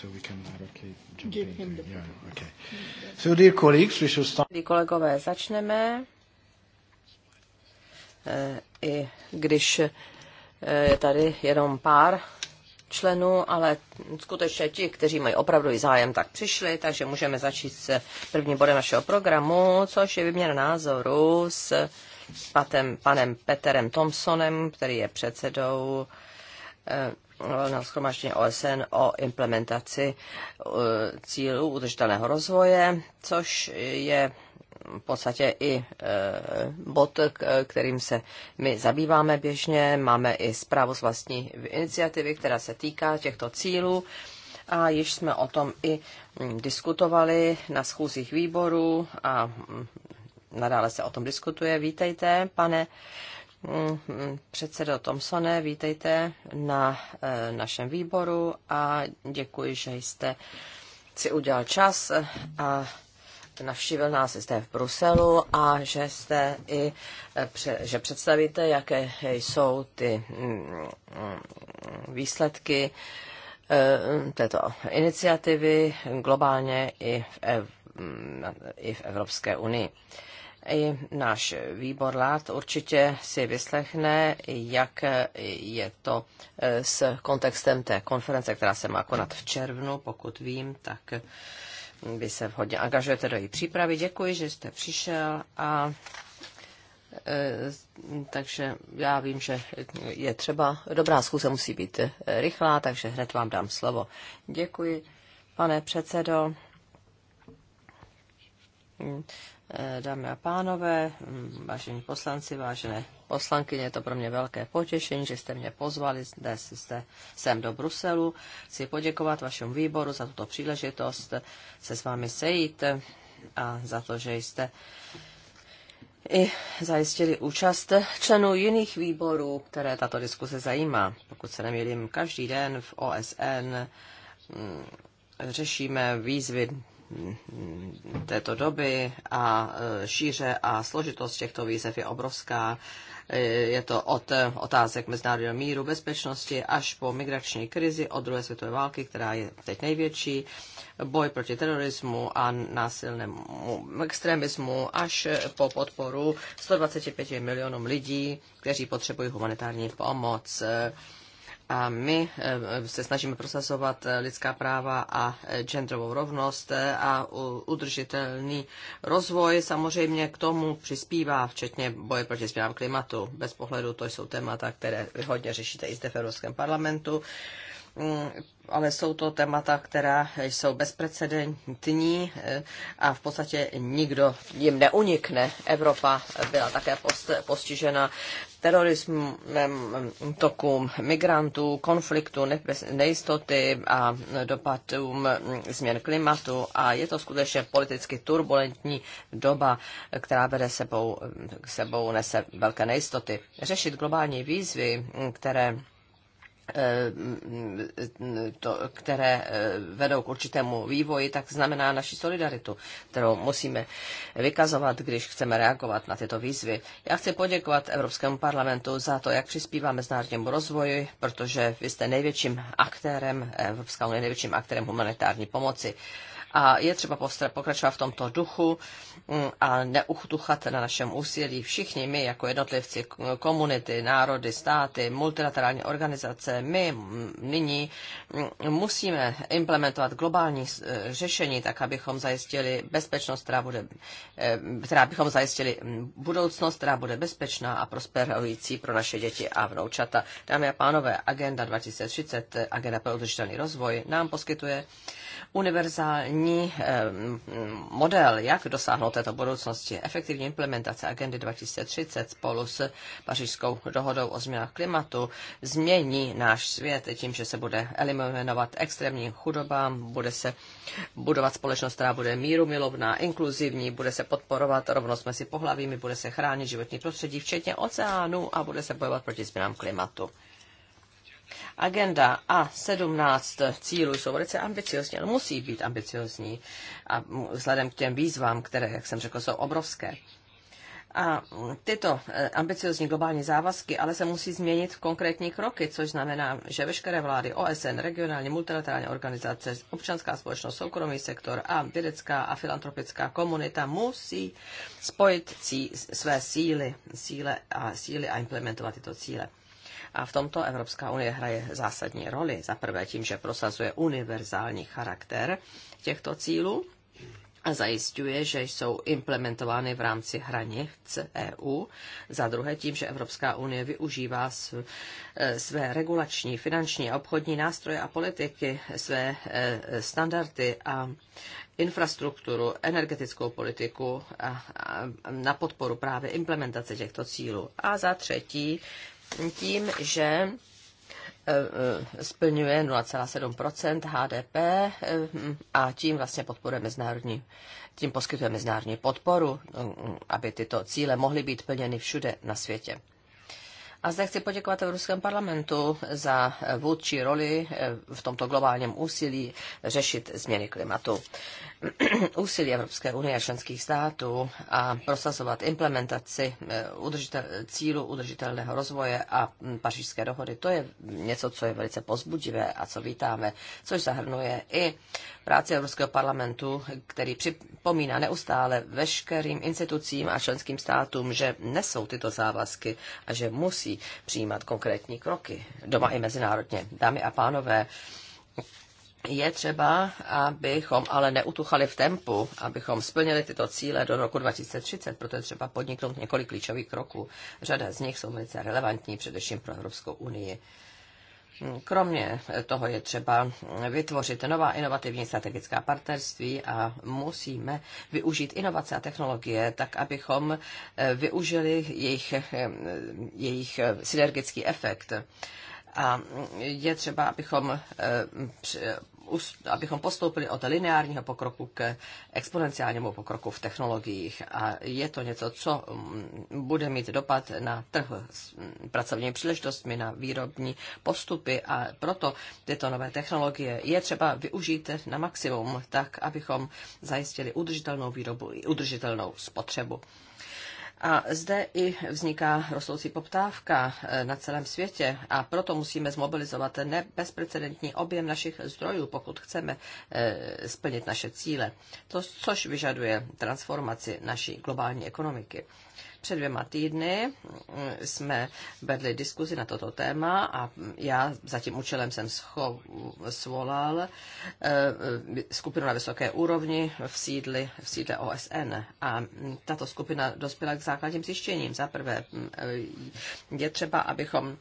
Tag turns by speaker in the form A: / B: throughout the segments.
A: so we can directly
B: jump Give him the yeah, okay. So dear colleagues, we should start. Kolegové, začneme. E, I když e, je tady jenom pár členů, ale skutečně ti, kteří mají opravdu zájem, tak přišli, takže můžeme začít s prvním bodem našeho programu, což je výměna názoru s patem, panem Peterem Thompsonem, který je předsedou e, na schromaždění OSN o implementaci uh, cílů udržitelného rozvoje, což je v podstatě i eh, bod, kterým se my zabýváme běžně. Máme i zprávu z vlastní iniciativy, která se týká těchto cílů. A již jsme o tom i mm, diskutovali na schůzích výboru a mm, nadále se o tom diskutuje. Vítejte, pane Mm, předsedo Tomsone, vítejte na eh, našem výboru a děkuji, že jste si udělal čas eh, a navštívil nás zde v Bruselu a že jste i, eh, že představíte, jaké jsou ty mm, výsledky této iniciativy globálně i v, mm, i v Evropské unii. I náš výbor LAT určitě si vyslechne, jak je to e, s kontextem té konference, která se má konat v červnu, pokud vím, tak vy se hodně angažujete do její přípravy. Děkuji, že jste přišel a e, takže já vím, že je třeba, dobrá schůze musí být rychlá, takže hned vám dám slovo. Děkuji, pane předsedo. Eh, dámy a pánové, mm, vážení poslanci, vážené poslankyně, je to pro mě velké potěšení, že jste mě pozvali dnes jste sem do Bruselu. Chci poděkovat vašemu výboru za tuto příležitost se s vámi sejít a za to, že jste i zajistili účast členů jiných výborů, které tato diskuse zajímá. Pokud se nemýlím, každý den v OSN mm, řešíme výzvy této doby a e, šíře a složitost těchto výzev je obrovská. E, je to od otázek mezinárodního míru, bezpečnosti až po migrační krizi od druhé světové války, která je teď největší, boj proti terorismu a násilnému extremismu až po podporu 125 milionům lidí, kteří potřebují humanitární pomoc. A my eh, se snažíme prosazovat eh, lidská práva a eh, genderovou rovnost a udržitelný rozvoj samozřejmě k tomu přispívá, včetně boje proti změnám klimatu. Bez pohledu to jsou témata, které vy hodně řešíte i zde v Evropském parlamentu mm, ale jsou to témata, která jsou bezprecedentní a v podstatě nikdo jim neunikne. Evropa byla také postižena terorismem, útokům migrantů, konfliktu, nejistoty a dopadům změn klimatu. A je to skutečně politicky turbulentní doba, která vede sebou, sebou nese velké nejistoty. Řešit globální výzvy, které to, které eh, vedou k určitému vývoji, tak znamená naši solidaritu, kterou musíme vykazovat, když chceme reagovat na tyto výzvy. Já chci poděkovat Evropskému parlamentu za to, jak přispívá mezinárodnímu rozvoji, protože vy jste největším aktérem, Evropská unie největším aktérem humanitární pomoci a je třeba pokračovat v tomto duchu mm, a neuchtuchat na našem úsilí všichni my jako jednotlivci, komunity, národy, státy, multilaterální organizace. My mm, nyní mm, musíme implementovat globální e, řešení tak, abychom zajistili bezpečnost, která bude, e, která bychom zajistili budoucnost, která bude bezpečná a prosperující pro naše děti a vnoučata. Dámy a pánové, Agenda 2030, Agenda pro udržitelný rozvoj, nám poskytuje univerzální eh, model, jak dosáhnout této budoucnosti. Efektivní implementace agendy 2030 spolu s pařížskou dohodou o změnách klimatu změní náš svět tím, že se bude eliminovat extrémní chudoba, bude se budovat společnost, která bude míru milovná, inkluzivní, bude se podporovat rovnost mezi pohlavími, bude se chránit životní prostředí, včetně oceánu, a bude se bojovat proti změnám klimatu. Agenda a 17 cílů jsou velice ambiciozní, ale musí být ambiciozní a vzhledem k těm výzvám, které, jak jsem řekl, jsou obrovské. A tyto eh, ambiciozní globální závazky ale se musí změnit v konkrétní kroky, což znamená, že veškeré vlády OSN, regionální, multilaterální organizace, občanská společnost, soukromý sektor a vědecká a filantropická komunita musí spojit cí, své síly, síle a síly a implementovat tyto cíle. A v tomto Evropská unie hraje zásadní roli. Za prvé tím, že prosazuje univerzální charakter těchto cílů a zajišťuje, že jsou implementovány v rámci hranic EU. Za druhé tím, že Evropská unie využívá e, své regulační, finanční a obchodní nástroje a politiky, své e, standardy a infrastrukturu, energetickou politiku a, a na podporu právě implementace těchto cílů. A za třetí tím, že e, e, splňuje 0,7 HDP e, a tím vlastně podporuje mezinárodní, tím poskytuje mezinárodní podporu, aby tyto cíle mohly být plněny všude na světě. A zde chci poděkovat Evropskému parlamentu za vůdčí roli eh, v tomto globálním úsilí řešit změny klimatu. úsilí Evropské unie a členských států a prosazovat implementaci eh, udržitel, cílu udržitelného rozvoje a hm, pařížské dohody, to je něco, co je velice pozbudivé a co vítáme, což zahrnuje i práci Evropského parlamentu, který připomíná neustále veškerým institucím a členským státům, že nesou tyto závazky a že musí musí přijímat konkrétní kroky doma i mezinárodně. Dámy a pánové, je třeba, abychom ale neutuchali v tempu, abychom splnili tyto cíle do roku 2030, proto je třeba podniknout několik klíčových kroků. Řada z nich jsou velice relevantní, především pro Evropskou unii. Kromě toho je třeba vytvořit nová inovativní strategická partnerství a musíme využít inovace a technologie tak, abychom eh, využili jejich, eh, jejich eh, synergický efekt. A je třeba, abychom abychom postoupili od lineárního pokroku k exponenciálnímu pokroku v technologiích. A je to něco, co mm, bude mít dopad na trh s mm, pracovními příležitostmi, na výrobní postupy a proto tyto nové technologie je třeba využít na maximum, tak abychom zajistili udržitelnou výrobu i udržitelnou spotřebu. A zde i vzniká rostoucí poptávka eh, na celém světě a proto musíme zmobilizovat ten bezprecedentní objem našich zdrojů, pokud chceme eh, splnit naše cíle, to, což vyžaduje transformaci naší globální ekonomiky. Před dvěma týdny eh, jsme vedli diskuzi na toto téma a já za tím účelem jsem scho- svolal eh, skupinu na vysoké úrovni v, sídli, v sídle OSN. A mm, tato skupina dospěla k základním zjištěním. Za prvé mm, eh, je třeba, abychom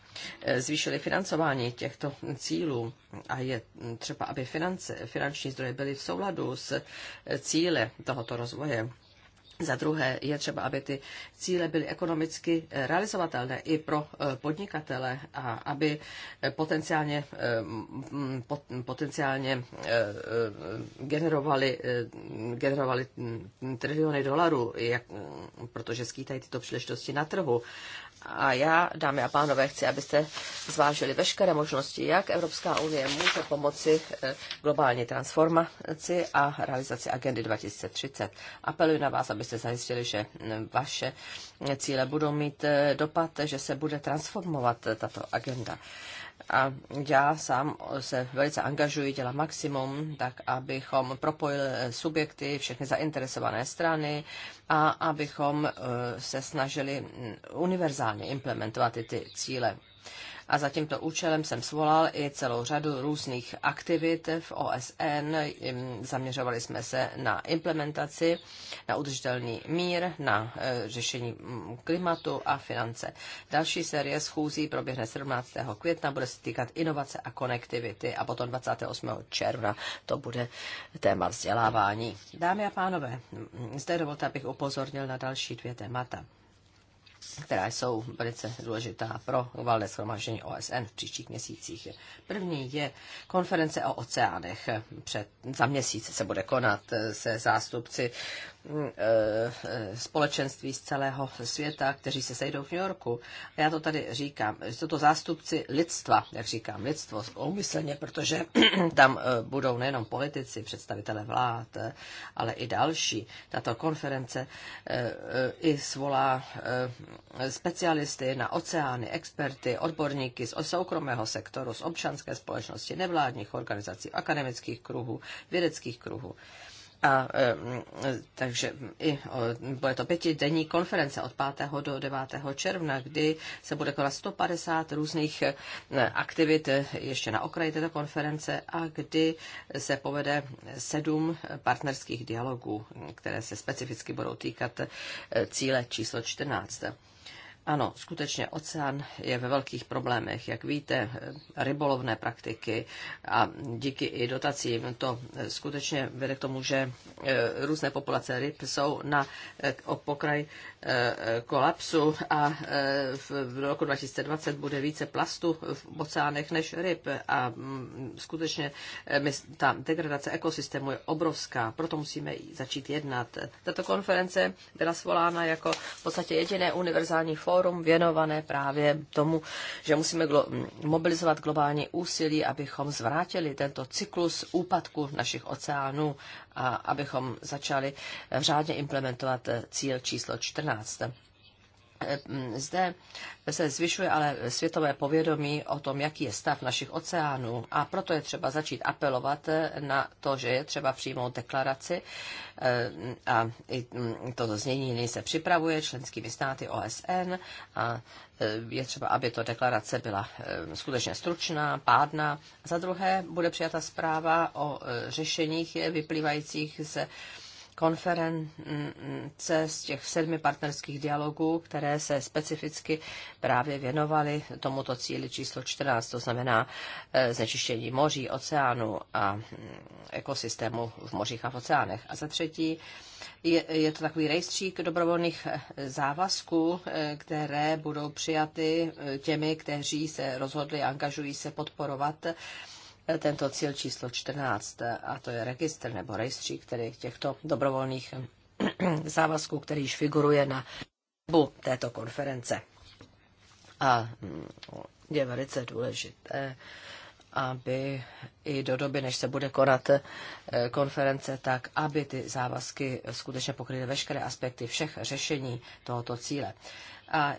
B: zvýšili financování těchto cílů a je mm, třeba, aby finance, finanční zdroje byly v souladu s cíle tohoto rozvoje. Za druhé je třeba, aby ty cíle byly ekonomicky eh, realizovatelné i pro eh, podnikatele a aby eh, potenciálně, potenciálně generovali, generovali mm, triliony dolarů, jak, mm, protože skýtají tyto příležitosti na trhu. A já, dámy a pánové, chci, abyste zvážili veškeré možnosti, jak Evropská unie může pomoci eh, globální transformaci a realizaci agendy 2030. Apeluji na vás, abyste zajistili, že eh, vaše eh, cíle budou mít dopad, že se bude transformovat tato agenda. A já sám se velice angažuji, dělám maximum, tak abychom propojili subjekty, všechny zainteresované strany a abychom eh, se snažili mm, univerzálně implementovat i ty cíle. A za tímto účelem jsem svolal i celou řadu různých aktivit v OSN. Zaměřovali jsme se na implementaci, na udržitelný mír, na e, řešení mm, klimatu a finance. Další série schůzí proběhne 17. května, bude se týkat inovace a konektivity a potom 28. června to bude téma vzdělávání. Dámy a pánové, zde dovolte, abych upozornil na další dvě témata která jsou velice důležitá pro valné schromáždění OSN v příštích měsících. První je konference o oceánech. Před, za měsíc se bude konat eh, se zástupci Eh, společenství z celého světa, kteří se sejdou v New Yorku. A já to tady říkám, jsou to zástupci lidstva, jak říkám, lidstvo umyslně, protože tam eh, budou nejenom politici, představitelé vlád, eh, ale i další. Tato konference i svolá specialisty na oceány, experty, odborníky z soukromého sektoru, z občanské společnosti, nevládních organizací, akademických kruhů, vědeckých kruhů. A, e, takže i, bude to pětidenní konference od 5. do 9. června, kdy se bude konat 150 různých e, aktivit e, ještě na okraji této konference a kdy se povede sedm partnerských dialogů, které se specificky budou týkat cíle číslo 14. Ano, skutečně oceán je ve velkých problémech, jak víte, rybolovné praktiky a díky i dotacím to skutečně vede k tomu, že eh, různé populace ryb jsou na eh, pokraji kolapsu a e, v roku 2020 bude více plastu v oceánech než ryb a mm, skutečně e, ta degradace ekosystému je obrovská, proto musíme začít jednat. Tato konference byla svolána jako v podstatě jediné univerzální fórum věnované právě tomu, že musíme glo- mobilizovat globální úsilí, abychom zvrátili tento cyklus úpadku našich oceánů a abychom začali řádně implementovat cíl číslo 14. Eh, zde se zvyšuje ale světové povědomí o tom, jaký je stav našich oceánů a proto je třeba začít apelovat eh, na to, že je třeba přijmout deklaraci eh, a mm, to znění se připravuje členskými státy OSN a je třeba, aby to deklarace byla skutečně stručná, pádná. Za druhé bude přijata zpráva o řešeních vyplývajících ze konference z těch sedmi partnerských dialogů, které se specificky právě věnovaly tomuto cíli číslo 14, to znamená eh, znečištění moří, oceánu a mm, ekosystému v mořích a v oceánech. A za třetí, je, to takový rejstřík dobrovolných eh, závazků, eh, které budou přijaty těmi, kteří se rozhodli, angažují se podporovat tento cíl číslo 14, a to je registr nebo rejstřík tedy těchto dobrovolných závazků, který již figuruje na webu této konference. A mm, je velice důležité, aby i do doby, než se bude konat eh, konference, tak aby ty závazky skutečně pokryly veškeré aspekty všech řešení tohoto cíle. A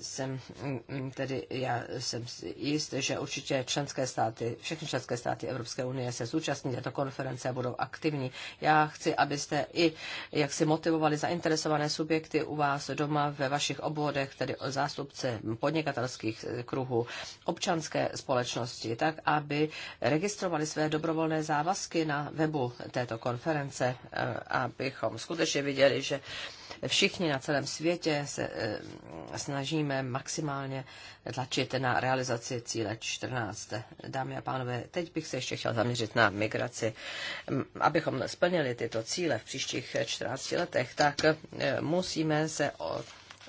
B: jsem mm, mm, tedy, já jsem jist, že určitě členské státy, všechny členské státy Evropské unie se zúčastní této konference a budou aktivní. Já chci, abyste i jak si motivovali zainteresované subjekty u vás doma ve vašich obvodech, tedy zástupce podnikatelských eh, kruhů, občanské společnosti, tak aby registrovali své dobrovolné závazky na webu této konference, eh, abychom skutečně viděli, že všichni na celém světě se eh, snažíme maximálně tlačit na realizaci cíle 14. Dámy a pánové, teď bych se ještě chtěl zaměřit na migraci. Abychom splnili tyto cíle v příštích 14 letech, tak eh, musíme se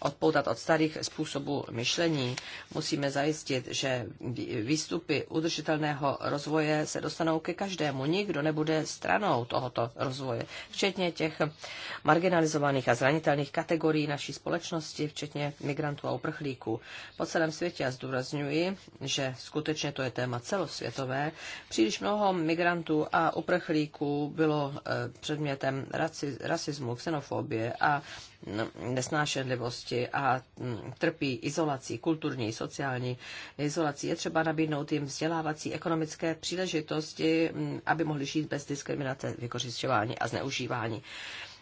B: odpoutat od starých způsobů myšlení. Musíme zajistit, že výstupy udržitelného rozvoje se dostanou ke každému. Nikdo nebude stranou tohoto rozvoje, včetně těch marginalizovaných a zranitelných kategorií naší společnosti, včetně migrantů a uprchlíků. Po celém světě já zdůrazňuji, že skutečně to je téma celosvětové. Příliš mnoho migrantů a uprchlíků bylo eh, předmětem rasismu, xenofobie a nesnášenlivosti a mm, trpí izolací, kulturní, sociální izolací. Je třeba nabídnout jim vzdělávací ekonomické příležitosti, mm, aby mohli žít bez diskriminace, vykořišťování a zneužívání.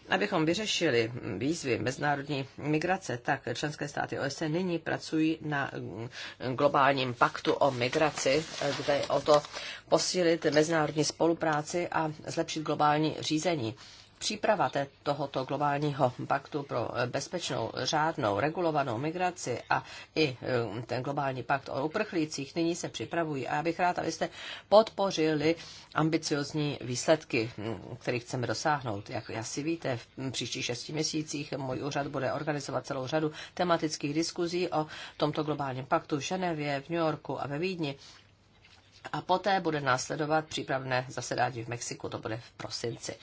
B: Abychom vyřešili výzvy mezinárodní migrace, tak členské státy OSN nyní pracují na mm, globálním paktu o migraci, kde je o to posílit mezinárodní spolupráci a zlepšit globální řízení. Příprava té, tohoto globálního paktu pro bezpečnou, řádnou, regulovanou migraci a i um, ten globální pakt o uprchlících nyní se připravují. A já bych rád, abyste podpořili ambiciozní výsledky, um, které chceme dosáhnout. Jak asi víte, v um, příštích šesti měsících můj úřad bude organizovat celou řadu tematických diskuzí o tomto globálním paktu v Ženevě, v New Yorku a ve Vídni. A poté bude následovat přípravné zasedání v Mexiku, to bude v prosinci.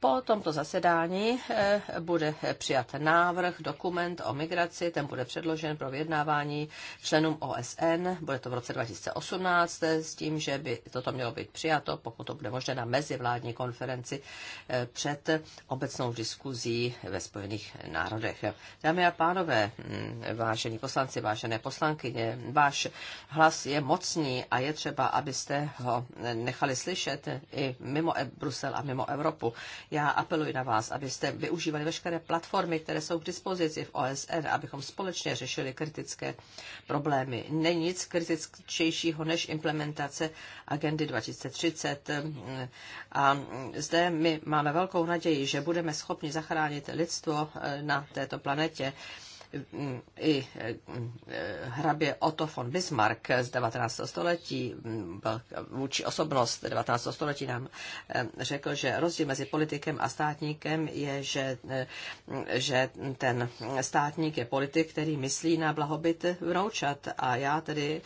B: Po tomto zasedání eh, bude přijat návrh, dokument o migraci, ten bude předložen pro vyjednávání členům OSN, bude to v roce 2018 eh, s tím, že by toto mělo být přijato, pokud to bude možné na mezivládní konferenci eh, před obecnou diskuzí ve Spojených národech. Dámy a pánové, mm, vážení poslanci, vážené poslankyně, váš hlas je mocný a je třeba, abyste ho nechali slyšet i mimo e- Brusel a mimo Evropu. Já apeluji na vás, abyste využívali veškeré platformy, které jsou k dispozici v OSN, abychom společně řešili kritické problémy. Není nic kritičtějšího než implementace agendy 2030 a zde my máme velkou naději, že budeme schopni zachránit lidstvo eh, na této planetě i eh, hrabě Otto von Bismarck z 19. století, mm, eh, vůči osobnost 19. století nám eh, řekl, že rozdíl mezi politikem a státníkem je, že, že ten státník je politik, který myslí na blahobyt vnoučat. A já tedy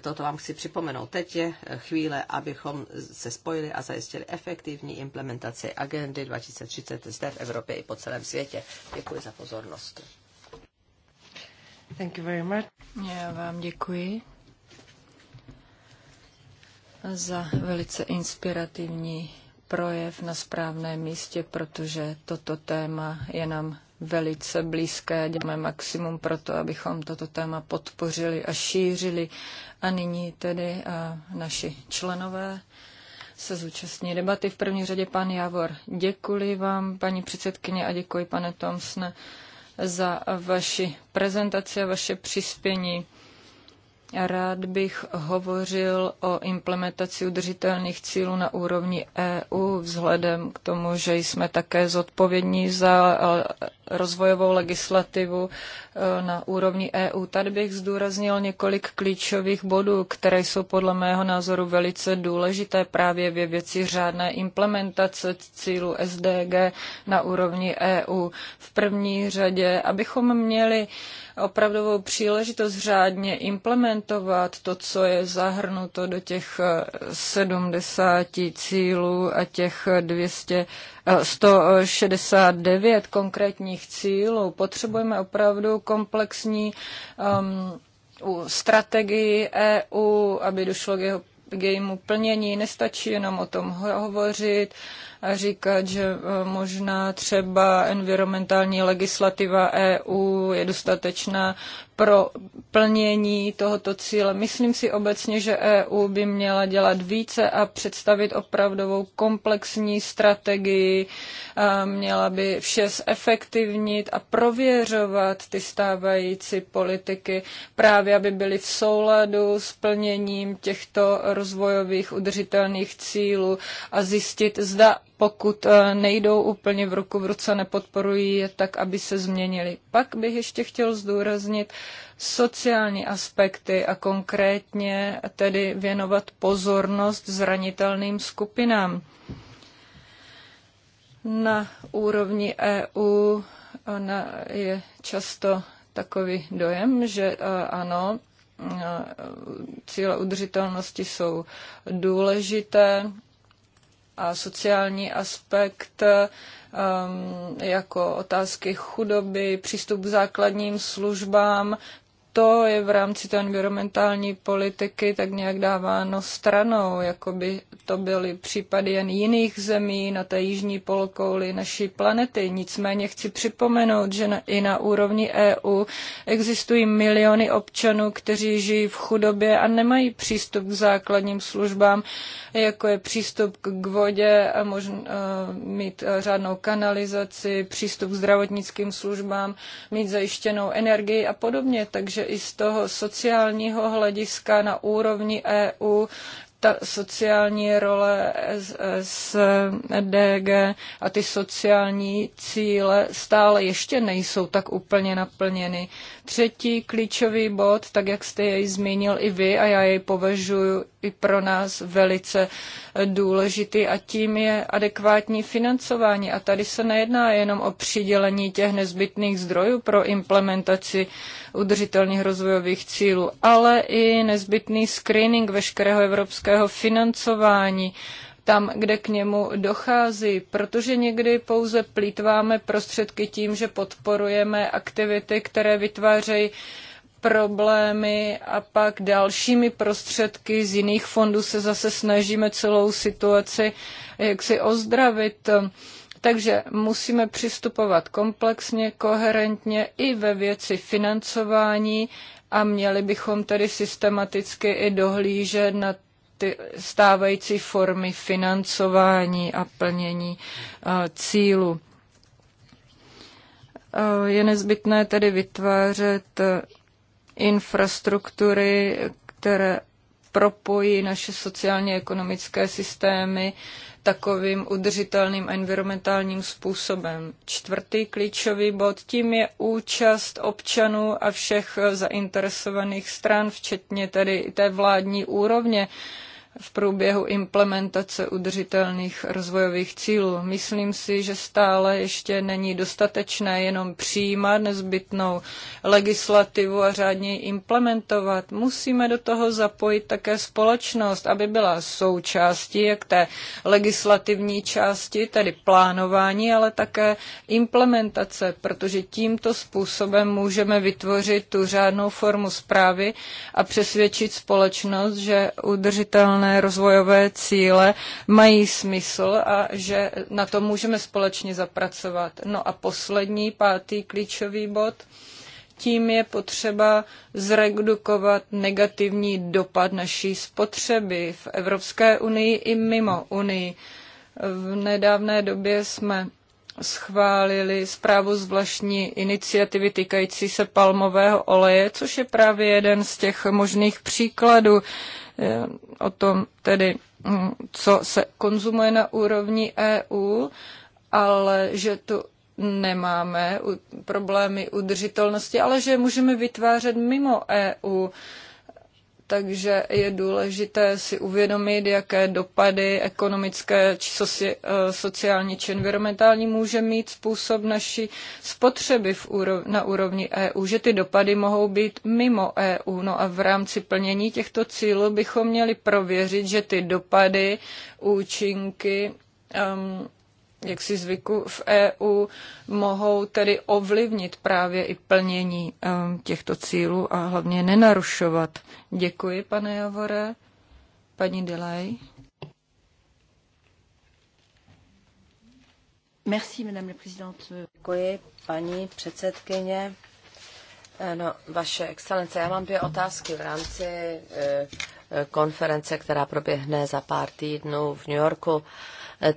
B: toto vám chci připomenout. Teď je chvíle, abychom se spojili a zajistili efektivní implementaci agendy 2030 zde v Evropě i po celém světě. Děkuji za pozornost.
A: Thank you very much. Já vám děkuji za velice inspirativní projev na správném místě, protože toto téma je nám velice blízké. Děláme maximum pro to, abychom toto téma podpořili a šířili. A nyní tedy a naši členové se zúčastní debaty. V první řadě pan Javor. Děkuji vám, paní předsedkyně, a děkuji, pane Tomsne, za vaši prezentaci a vaše přispění. Rád bych hovořil o implementaci udržitelných cílů na úrovni EU vzhledem k tomu, že jsme také zodpovědní za eh, rozvojovou legislativu eh, na úrovni EU. Tady bych zdůraznil několik klíčových bodů, které jsou podle mého názoru velice důležité právě ve věci řádné implementace cílů SDG na úrovni EU. V první řadě, abychom měli opravdovou příležitost řádně implementovat to, co je zahrnuto do těch 70 eh, cílů a těch 200, 169 eh, konkrétních cílů. Potřebujeme opravdu komplexní um, strategii EU, aby došlo k jeho k jejímu plnění. Nestačí jenom o tom hovořit, říkat, že eh, možná třeba environmentální legislativa EU je dostatečná pro plnění tohoto cíle. Myslím si obecně, že EU by měla dělat více a představit opravdovou komplexní strategii, měla by vše zefektivnit a prověřovat ty stávající politiky právě, aby byly v souladu s plněním těchto rozvojových udržitelných cílů a zjistit, zda pokud eh, nejdou úplně v ruku v ruce, nepodporují je tak, aby se změnili. Pak bych ještě chtěl zdůraznit sociální aspekty a konkrétně tedy věnovat pozornost zranitelným skupinám. Na úrovni EU ona eh, je často takový dojem, že eh, ano, cíle udržitelnosti jsou důležité, a sociální aspekt um, jako otázky chudoby, přístup k základním službám, to je v rámci té environmentální politiky tak nějak dáváno stranou, jako by to byly případy jen jiných zemí na té jižní polokouli naší planety. Nicméně chci připomenout, že na, i na úrovni EU existují miliony občanů, kteří žijí v chudobě a nemají přístup k základním službám, jako je přístup k vodě a možná mít řádnou kanalizaci, přístup k zdravotnickým službám, mít zajištěnou energii a podobně. Takže i z toho sociálního hlediska na úrovni EU ta sociální role s DG a ty sociální cíle stále ještě nejsou tak úplně naplněny. Třetí klíčový bod, tak jak jste jej zmínil i vy, a já jej považuji i pro nás velice důležitý, a tím je adekvátní financování. A tady se nejedná jenom o přidělení těch nezbytných zdrojů pro implementaci udržitelných rozvojových cílů, ale i nezbytný screening veškerého evropského financování tam, kde k němu dochází, protože někdy pouze plítváme prostředky tím, že podporujeme aktivity, které vytvářejí problémy a pak dalšími prostředky z jiných fondů se zase snažíme celou situaci jaksi ozdravit. Takže musíme přistupovat komplexně, koherentně i ve věci financování a měli bychom tedy systematicky i dohlížet na ty stávající formy financování a plnění eh, cílu. Eh, je nezbytné tedy vytvářet eh, infrastruktury, které propojí naše sociálně-ekonomické systémy takovým udržitelným environmentálním způsobem. Čtvrtý klíčový bod, tím je účast občanů a všech zainteresovaných stran, včetně tedy té vládní úrovně v průběhu implementace udržitelných rozvojových cílů. Myslím si, že stále ještě není dostatečné jenom přijímat nezbytnou legislativu a řádně ji implementovat. Musíme do toho zapojit také společnost, aby byla součástí jak té legislativní části, tedy plánování, ale také implementace, protože tímto způsobem můžeme vytvořit tu řádnou formu zprávy a přesvědčit společnost, že udržitelné dané rozvojové cíle mají smysl a že na to můžeme společně zapracovat. No a poslední, pátý klíčový bod tím je potřeba zredukovat negativní dopad naší spotřeby v Evropské unii i mimo unii. V nedávné době jsme schválili zprávu z vlastní iniciativy týkající se palmového oleje, což je právě jeden z těch možných příkladů, Eh, o tom tedy, mm, co se konzumuje na úrovni EU, ale že tu nemáme problémy udržitelnosti, ale že můžeme vytvářet mimo EU takže je důležité si uvědomit, jaké dopady ekonomické či soci, eh, sociální či environmentální může mít způsob naší spotřeby v úrov, na úrovni EU, že ty dopady mohou být mimo EU. No a v rámci plnění těchto cílů bychom měli prověřit, že ty dopady, účinky um, jak si zvyku v EU, mohou tedy ovlivnit právě i plnění ehm, těchto cílů a hlavně nenarušovat. Děkuji, pane Javore. Paní Delay.
B: Merci, madame la présidente. Děkuji, paní předsedkyně. Eh, no, vaše excelence, já mám dvě otázky v rámci eh, eh, konference, která proběhne za pár týdnů v New Yorku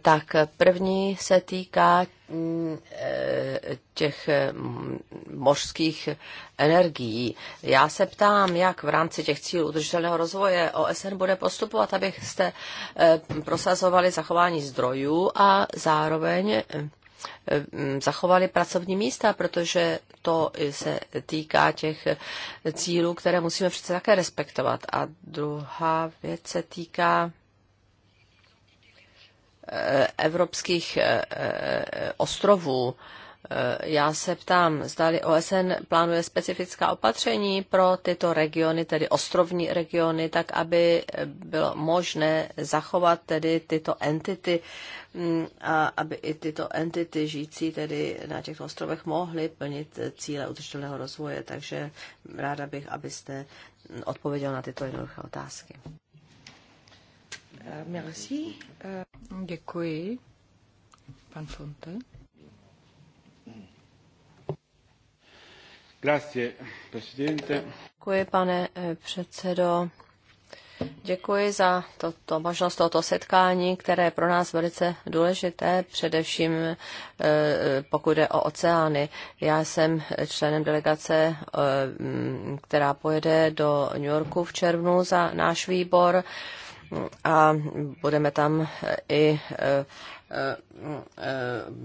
B: tak první se týká mm, eh, těch mm, mořských energií. Já se ptám, jak v rámci těch cílů udržitelného rozvoje OSN bude postupovat, abyste eh, prosazovali zachování zdrojů a zároveň eh, mm, zachovali pracovní místa, protože to se týká těch cílů, které musíme přece také respektovat. A druhá věc se týká evropských eh, eh, ostrovů. Eh, já se ptám, zdali OSN plánuje specifická opatření pro tyto regiony, tedy ostrovní regiony, tak aby bylo možné zachovat tedy tyto entity mm, a aby i tyto entity žijící tedy na těchto ostrovech mohly plnit cíle udržitelného rozvoje. Takže ráda bych, abyste odpověděl na tyto jednoduché otázky.
A: Merci. Děkuji. Pan Fonte. Děkuji,
B: pane eh, předsedo. Děkuji za toto, možnost tohoto setkání, které je pro nás velice důležité, především eh, pokud jde o oceány. Já jsem členem delegace, eh, která pojede do New Yorku v červnu za náš výbor a budeme tam eh, i eh, eh,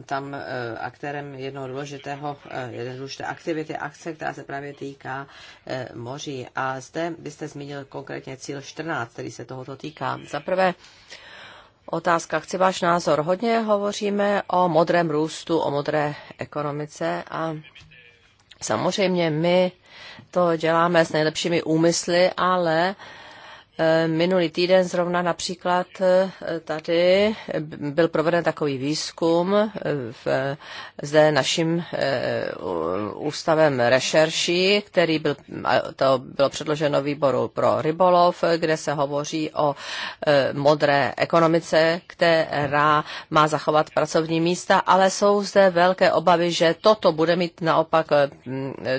B: tam aktérem jednoho důležitého, jedné důležité aktivity, akce, která se právě týká moří. A zde byste zmínil konkrétně cíl 14, který se tohoto týká. Za prvé, Otázka, chci váš názor. Hodně hovoříme o modrém růstu, o modré ekonomice a samozřejmě my to děláme s nejlepšími úmysly, ale Eh, minulý týden zrovna například eh, tady byl proveden takový výzkum eh, v, zde naším ústavem rešerší, který byl, to bylo předloženo výboru pro rybolov, kde se hovoří o modré ekonomice, která má zachovat pracovní místa, ale jsou zde velké obavy, že toto bude mít naopak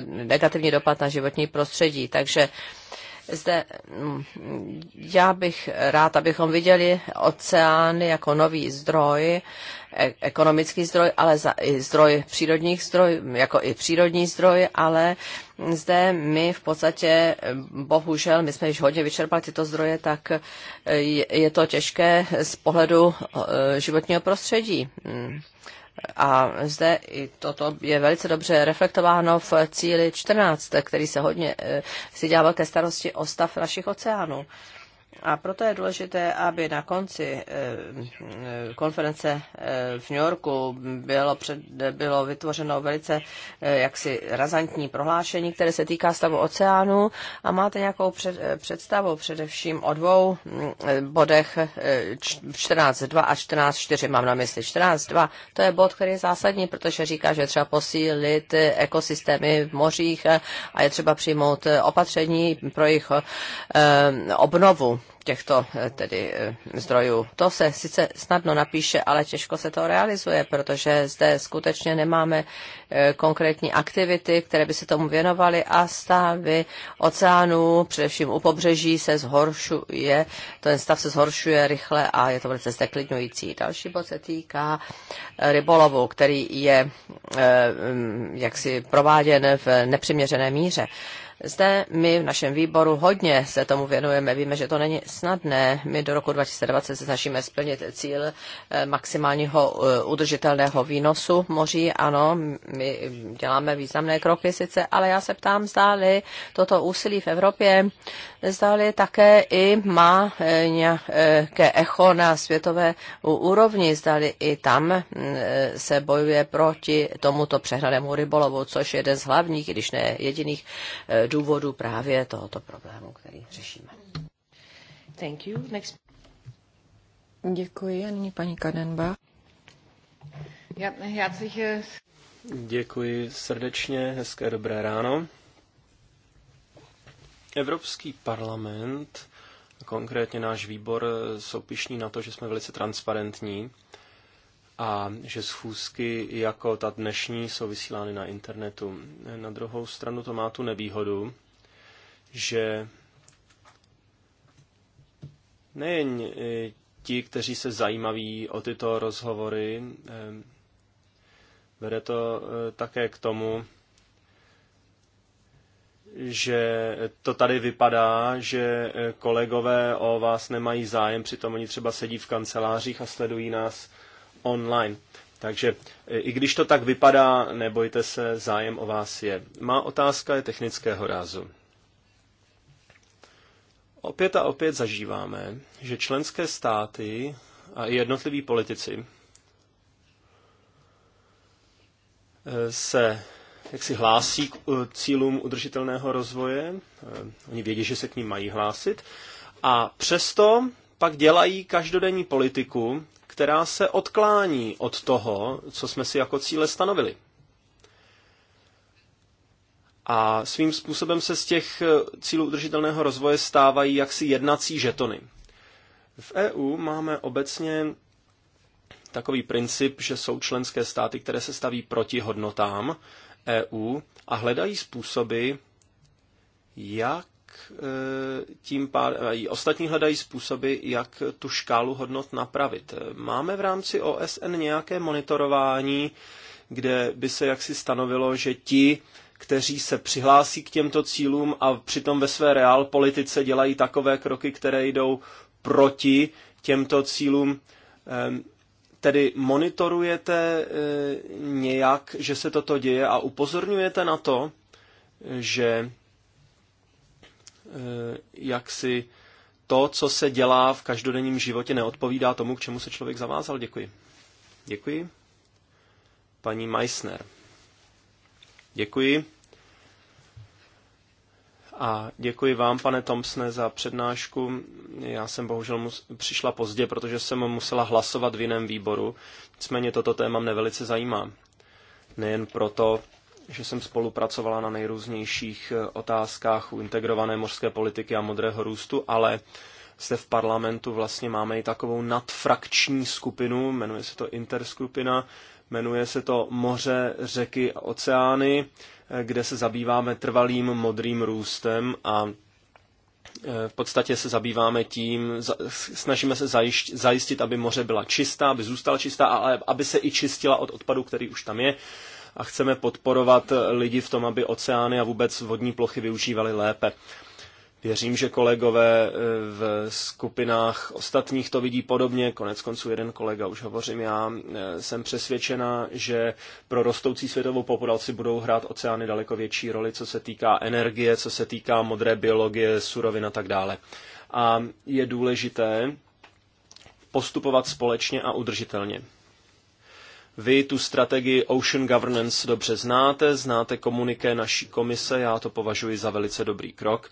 B: negativní dopad na životní prostředí. Takže zde mm, já bych rád, abychom viděli oceány jako nový zdroj, e, ekonomický zdroj, ale za, i zdroj přírodních zdroj, jako i přírodní zdroj, ale zde my v podstatě, bohužel, my jsme již hodně vyčerpali tyto zdroje, tak e, je to těžké z pohledu e, životního prostředí mm. A zde i toto je velice dobře reflektováno v cíli 14, který se hodně eh, si dělá velké starosti o stav našich oceánů. A proto je důležité, aby na konci eh, eh, konference eh, v New Yorku bylo, před, bylo vytvořeno velice jaksi razantní prohlášení, které se týká stavu oceánu a máte nějakou před, představu především o dvou mm, bodech 14.2 a 14.4, mám na mysli 14.2, to je bod, který je zásadní, protože říká, že třeba posílit ekosystémy v mořích a je třeba přijmout opatření pro jejich obnovu těchto eh, tedy eh, zdrojů. To se sice snadno napíše, ale těžko se to realizuje, protože zde skutečně nemáme eh, konkrétní aktivity, které by se tomu věnovaly a stavy oceánů, především u pobřeží, se zhoršuje, ten stav se zhoršuje rychle a je to velice zdeklidňující. Další bod se týká rybolovu, který je jaksi prováděn v nepřiměřené míře. Zde my v našem výboru hodně se tomu věnujeme. Víme, že to není snadné. My do roku 2020 se snažíme splnit cíl eh, maximálního eh, udržitelného výnosu moří. Ano, my děláme významné kroky sice, ale já se ptám, zdáli toto úsilí v Evropě, zdáli také i má eh, nějaké echo na světové úrovni, zdáli i tam se bojuje proti tomuto přehnanému rybolovu, což je jeden z hlavních, když ne jediných důvodu právě tohoto problému, který řešíme.
A: Thank you. Next. Děkuji. A nyní paní Kadenba. já herzliche... Eh,
C: Děkuji srdečně. Hezké dobré ráno. Evropský parlament, konkrétně náš výbor, jsou pišní na to, že jsme velice transparentní a že schůzky jako ta dnešní jsou vysílány na internetu. Na druhou stranu to má tu nevýhodu, že nejen e, ti, kteří se zajímaví o tyto rozhovory, e, vede to e, také k tomu, že to tady vypadá, že kolegové o vás nemají zájem, přitom oni třeba sedí v kancelářích a sledují nás online. Takže e, i když to tak vypadá, nebojte se, zájem o vás je. Má otázka je technického rázu. Opět a opět zažíváme, že členské státy a i jednotliví politici e, se jak si hlásí k e, cílům udržitelného rozvoje, oni vědí, že se k ním mají hlásit, a přesto pak dělají každodenní politiku, která se odklání od toho, co jsme si jako cíle stanovili. A svým způsobem se z těch eh, cílů udržitelného rozvoje stávají jaksi jednací žetony. V EU máme obecně takový princip, že jsou členské státy, které se staví proti hodnotám EU a hledají způsoby, jak Eh, tím pádem, i ostatní hledají způsoby, jak tu škálu hodnot napravit. Máme v rámci OSN nějaké monitorování, kde by se jaksi stanovilo, že ti, kteří se přihlásí k těmto cílům a přitom ve své reál politice dělají takové kroky, které jdou proti těmto cílům, Tedy monitorujete eh, nějak, že se toto děje a upozorňujete na to, že Eh, jaksi to, co se dělá v každodenním životě, neodpovídá tomu, k čemu se člověk zavázal. Děkuji. Děkuji. Paní Meissner. Děkuji. A děkuji vám, pane Thompsone, za přednášku. Já jsem bohužel mus- přišla pozdě, protože jsem musela hlasovat v jiném výboru. Nicméně toto téma mne velice zajímá. Nejen proto, že jsem spolupracovala na nejrůznějších eh, otázkách u integrované mořské politiky a modrého růstu, ale zde v parlamentu vlastně máme i takovou nadfrakční skupinu, jmenuje se to interskupina, jmenuje se to Moře, řeky a oceány, eh, kde se zabýváme trvalým modrým růstem a eh, v podstatě se zabýváme tím, snažíme se zajistit, aby moře byla čistá, aby zůstala čistá, ale aby se i čistila od odpadu, který už tam je a chceme podporovat lidi v tom, aby oceány a vůbec vodní plochy využívali lépe. Věřím, že kolegové e, v skupinách ostatních to vidí podobně. Konec konců jeden kolega už hovořím. Já e, jsem přesvědčena, že pro rostoucí světovou populaci budou hrát oceány daleko větší roli, co se týká energie, co se týká modré biologie, surovin a tak dále. A je důležité postupovat společně a udržitelně. Vy tu strategii Ocean Governance dobře znáte, znáte komuniké naší komise, já to považuji za velice dobrý krok.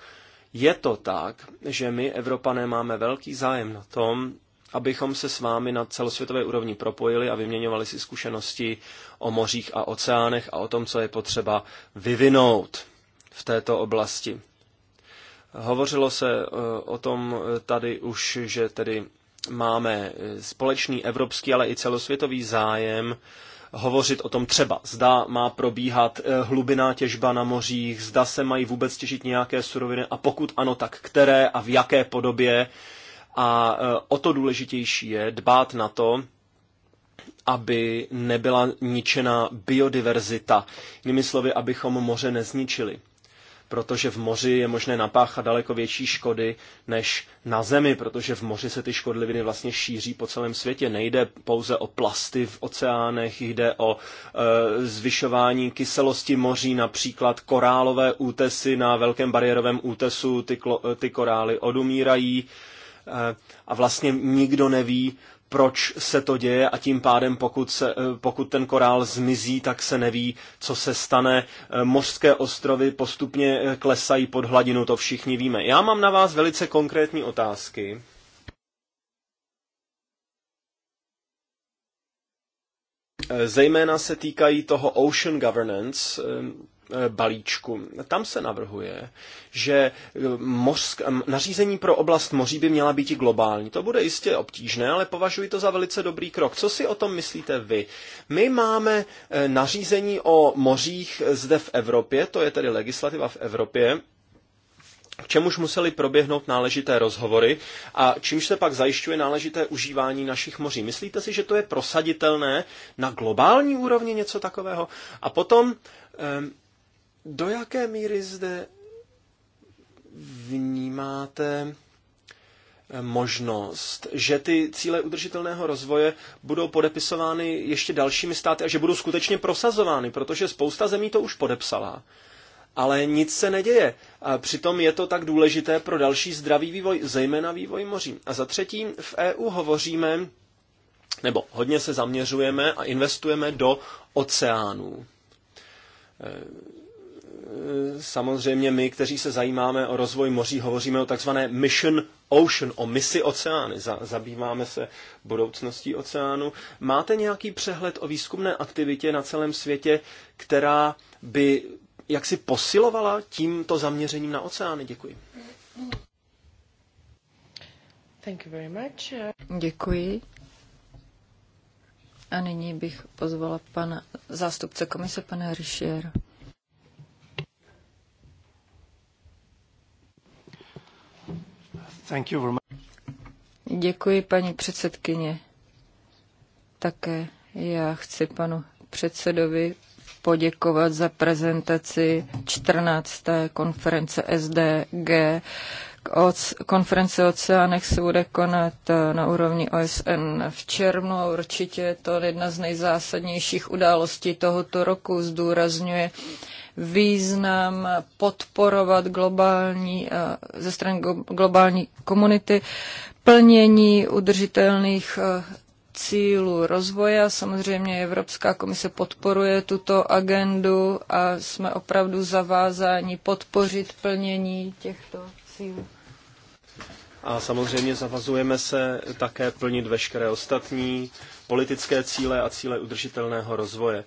C: Je to tak, že my, Evropané, máme velký zájem na tom, abychom se s vámi na celosvětové úrovni propojili a vyměňovali si zkušenosti o mořích a oceánech a o tom, co je potřeba vyvinout v této oblasti. Hovořilo se eh, o tom eh, tady už, že tedy máme e, společný evropský, ale i celosvětový zájem hovořit o tom třeba, zda má probíhat e, hlubiná těžba na mořích, zda se mají vůbec těžit nějaké suroviny a pokud ano, tak které a v jaké podobě. A e, o to důležitější je dbát na to, aby nebyla ničena biodiverzita. Jinými slovy, abychom moře nezničili protože v moři je možné napáchat daleko větší škody než na zemi, protože v moři se ty škodliviny vlastně šíří po celém světě. Nejde pouze o plasty v oceánech, jde o e, zvyšování kyselosti moří, například korálové útesy na velkém bariérovém útesu, ty, klo, e, ty korály odumírají e, a vlastně nikdo neví, proč se to děje a tím pádem, pokud, se, eh, pokud ten korál zmizí, tak se neví, co se stane. Eh, mořské ostrovy postupně eh, klesají pod hladinu, to všichni víme. Já mám na vás velice konkrétní otázky. Zejména se týkají toho ocean governance, E, balíčku. Tam se navrhuje, že e, mořsk, nařízení pro oblast moří by měla být i globální. To bude jistě obtížné, ale považuji to za velice dobrý krok. Co si o tom myslíte vy? My máme e, nařízení o mořích zde v Evropě, to je tedy legislativa v Evropě, k čemuž museli proběhnout náležité rozhovory a čímž se pak zajišťuje náležité užívání našich moří. Myslíte si, že to je prosaditelné na globální úrovni něco takového? A potom, do jaké míry zde vnímáte eh, možnost, že ty cíle udržitelného rozvoje budou podepisovány ještě dalšími státy a že budou skutečně prosazovány, protože spousta zemí to už podepsala. Ale nic se neděje. A přitom je to tak důležité pro další zdravý vývoj, zejména vývoj moří. A za třetí, v EU hovoříme, nebo hodně se zaměřujeme a investujeme do oceánů eh, Eh, samozřejmě my, kteří se zajímáme o rozvoj moří, hovoříme o takzvané mission ocean, o misi oceány. Zabýváme se budoucností oceánu. Máte nějaký přehled o výzkumné aktivitě na celém světě, která by jaksi posilovala tímto zaměřením na oceány? Děkuji.
A: Thank you very much. Děkuji. A nyní bych pozvala pana zástupce komise, pana Richiera. Děkuji, paní předsedkyně. Také já chci panu předsedovi poděkovat za prezentaci 14. konference SDG. Konference o oceánech se bude konat eh, na úrovni OSN v červnu a určitě je to jedna z nejzásadnějších událostí tohoto roku, zdůrazňuje uh, význam podporovat globální, eh, ze strany globální komunity plnění udržitelných eh, cílů rozvoje samozřejmě Evropská komise podporuje tuto agendu a jsme opravdu zavázáni podpořit plnění těchto cílů.
C: A samozřejmě zavazujeme se také plnit veškeré ostatní politické cíle a cíle udržitelného rozvoje.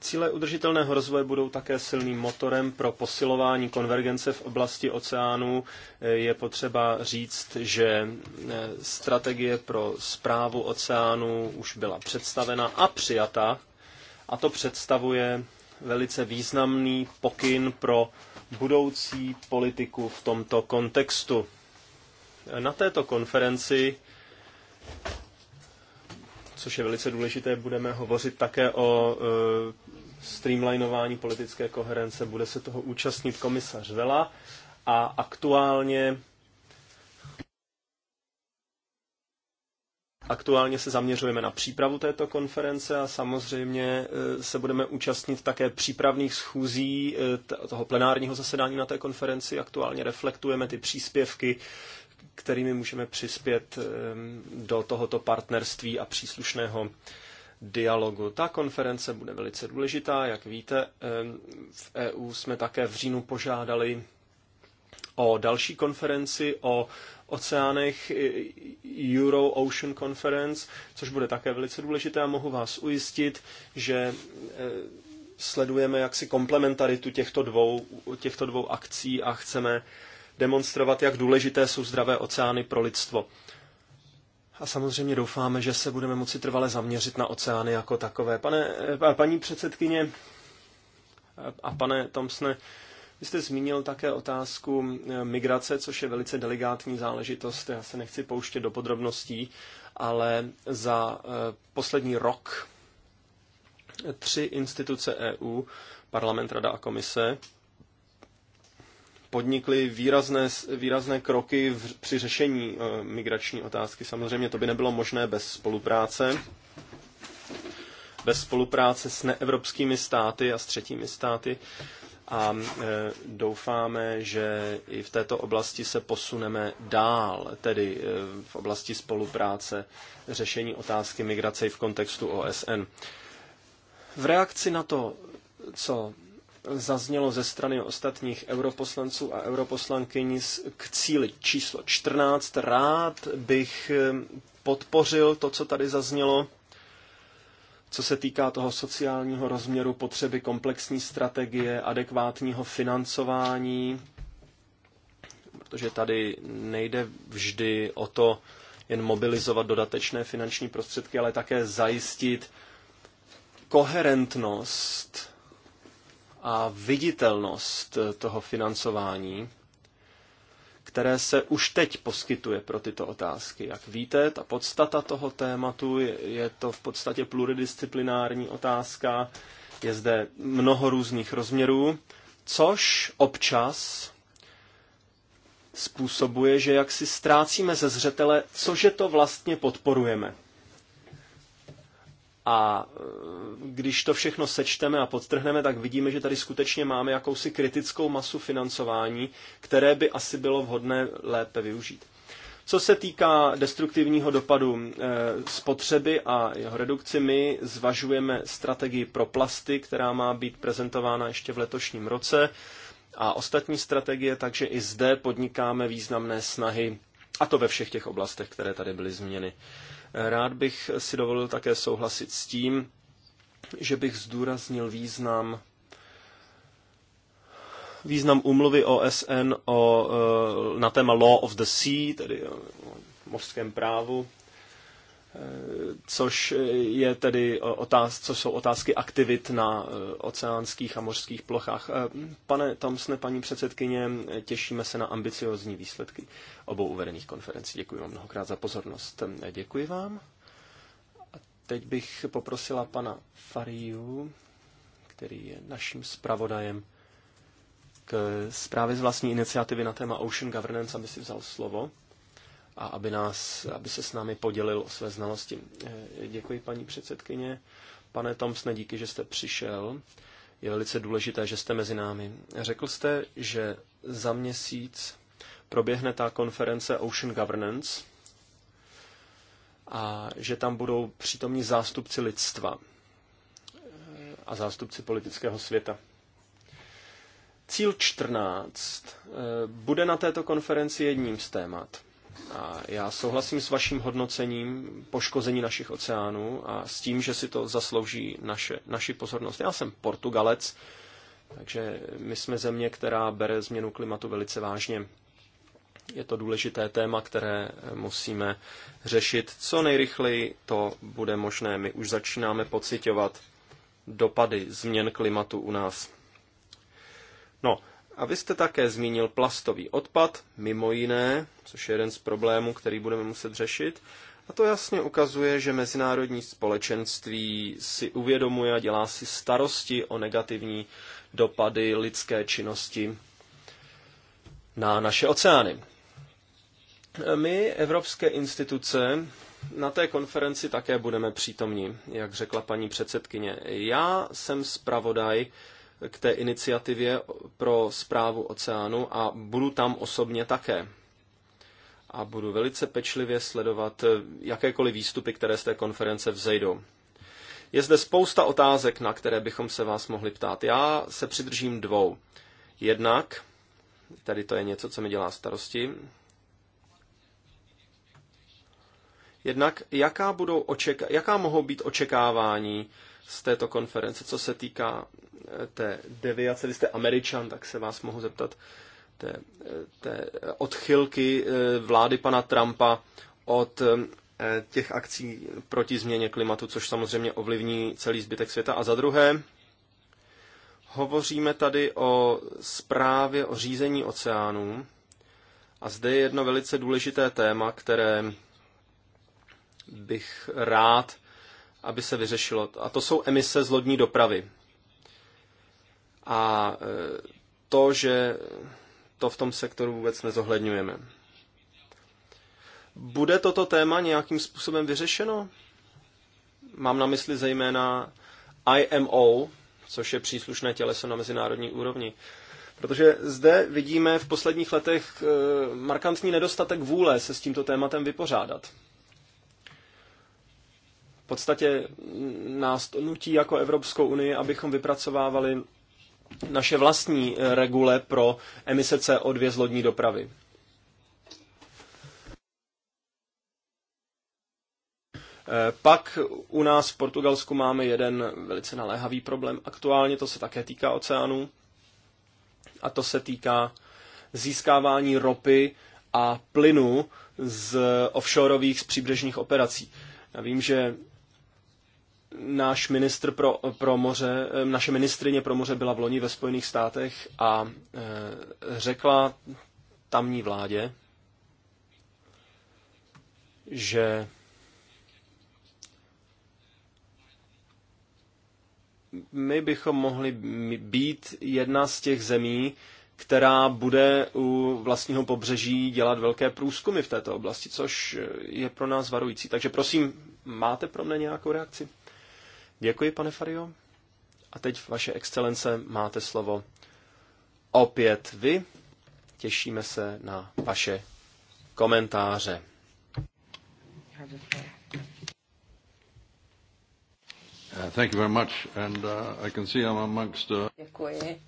C: Cíle udržitelného rozvoje budou také silným motorem pro posilování konvergence v oblasti oceánů. Je potřeba říct, že eh, strategie pro zprávu oceánů už byla představena a přijata a to představuje velice významný pokyn pro budoucí politiku v tomto kontextu. Na této konferenci což je velice důležité. Budeme hovořit také o e, streamlinování politické koherence. Bude se toho účastnit komisař Vela a aktuálně Aktuálně se zaměřujeme na přípravu této konference a samozřejmě e, se budeme účastnit také přípravných schůzí e, toho plenárního zasedání na té konferenci. Aktuálně reflektujeme ty příspěvky, kterými můžeme přispět eh, do tohoto partnerství a příslušného dialogu. Ta konference bude velice důležitá, jak víte. Eh, v EU jsme také v říjnu požádali o další konferenci o oceánech Euro Ocean Conference, což bude také velice důležité a mohu vás ujistit, že eh, sledujeme jaksi komplementaritu těchto dvou, těchto dvou akcí a chceme demonstrovat, jak důležité jsou zdravé oceány pro lidstvo. A samozřejmě doufáme, že se budeme moci trvale zaměřit na oceány jako takové. Pane, eh, paní předsedkyně a pane Tomsne, vy jste zmínil také otázku eh, migrace, což je velice delikátní záležitost. Já se nechci pouštět do podrobností, ale za eh, poslední rok tři instituce EU, parlament, rada a komise, podnikli výrazné, výrazné kroky v, při řešení e, migrační otázky. Samozřejmě to by nebylo možné bez spolupráce. Bez spolupráce s neevropskými státy a s třetími státy. A e, doufáme, že i v této oblasti se posuneme dál, tedy e, v oblasti spolupráce řešení otázky migrace v kontextu OSN. V reakci na to, co zaznělo ze strany ostatních europoslanců a europoslankyní k cíli číslo 14. Rád bych eh, podpořil to, co tady zaznělo, co se týká toho sociálního rozměru potřeby komplexní strategie, adekvátního financování, protože tady nejde vždy o to jen mobilizovat dodatečné finanční prostředky, ale také zajistit koherentnost a viditelnost toho financování, které se už teď poskytuje pro tyto otázky. Jak víte, ta podstata toho tématu je, je to v podstatě pluridisciplinární otázka, je zde mnoho různých rozměrů, což občas způsobuje, že jak si ztrácíme ze zřetele, cože to vlastně podporujeme. A eh, když to všechno sečteme a podtrhneme, tak vidíme, že tady skutečně máme jakousi kritickou masu financování, které by asi bylo vhodné lépe využít. Co se týká destruktivního dopadu eh, spotřeby a jeho redukci, my zvažujeme strategii pro plasty, která má být prezentována ještě v letošním roce a ostatní strategie, takže i zde podnikáme významné snahy, a to ve všech těch oblastech, které tady byly zmíněny. Rád bych si dovolil také souhlasit s tím, že bych zdůraznil význam význam umluvy OSN o, e, na téma Law of the Sea, tedy o mořském právu, což je tedy otáz, co jsou otázky aktivit na eh, oceánských a mořských plochách. Eh, pane Tomsne, paní předsedkyně, těšíme se na ambiciozní výsledky obou uvedených konferencí. Děkuji vám mnohokrát za pozornost. Eh, děkuji vám. A teď bych poprosila pana Fariu, který je naším zpravodajem k zprávě z vlastní iniciativy na téma Ocean Governance, aby si vzal slovo a aby, nás, aby se s námi podělil o své znalosti. Eh, děkuji, paní předsedkyně. Pane Tomsne, díky, že jste přišel. Je velice důležité, že jste mezi námi. Řekl jste, že za měsíc proběhne ta konference Ocean Governance a že tam budou přítomní zástupci lidstva eh, a zástupci politického světa. Cíl 14 eh, bude na této konferenci jedním z témat. A já souhlasím s vaším hodnocením poškození našich oceánů a s tím, že si to zaslouží naše, naši pozornost. Já jsem Portugalec, takže my jsme země, která bere změnu klimatu velice vážně. Je to důležité téma, které musíme řešit co nejrychleji, to bude možné. My už začínáme pocitovat dopady změn klimatu u nás. No, a vy jste také zmínil plastový odpad, mimo jiné, což je jeden z problémů, který budeme muset řešit. A to jasně ukazuje, že mezinárodní společenství si uvědomuje a dělá si starosti o negativní dopady lidské činnosti na naše oceány. My, evropské instituce, na té konferenci také budeme přítomni, jak řekla paní předsedkyně. Já jsem zpravodaj k té iniciativě pro zprávu oceánu a budu tam osobně také. A budu velice pečlivě sledovat eh, jakékoliv výstupy, které z té konference vzejdou. Je zde spousta otázek, na které bychom se vás mohli ptát. Já se přidržím dvou. Jednak, tady to je něco, co mi dělá starosti, Jednak, jaká, budou očeka- jaká mohou být očekávání z této konference, co se týká eh, té deviace, vy jste američan, tak se vás mohu zeptat, té, eh, té odchylky eh, vlády pana Trumpa od těch akcí proti změně klimatu, což samozřejmě ovlivní celý zbytek světa. A za druhé, hovoříme tady o zprávě o řízení oceánů. A zde je jedno velice důležité téma, které bych rád, aby se vyřešilo. A to jsou emise z lodní dopravy. A e, to, že to v tom sektoru vůbec nezohledňujeme. Bude toto téma nějakým způsobem vyřešeno? Mám na mysli zejména IMO, což je příslušné těleso na mezinárodní úrovni. Protože zde vidíme v posledních letech e, markantní nedostatek vůle se s tímto tématem vypořádat podstatě nás to nutí jako Evropskou unii, abychom vypracovávali naše vlastní eh, regule pro emise CO2 z lodní dopravy. Eh, pak u nás v Portugalsku máme jeden velice naléhavý problém. Aktuálně to se také týká oceánů a to se týká získávání ropy a plynu z offshoreových, z příbřežních operací. Já vím, že náš ministr pro, pro moře, eh, naše ministrině pro moře byla v loni ve Spojených státech a eh, řekla tamní vládě, že my bychom mohli být jedna z těch zemí, která bude u vlastního pobřeží dělat velké průzkumy v této oblasti, což je pro nás varující. Takže prosím, máte pro mě nějakou reakci? Děkuji, pane Fario. A teď, vaše excelence, máte slovo opět vy. Těšíme se na vaše komentáře. Uh, thank
A: you very much, and uh, I can see I'm amongst. Uh,
B: Děkuji.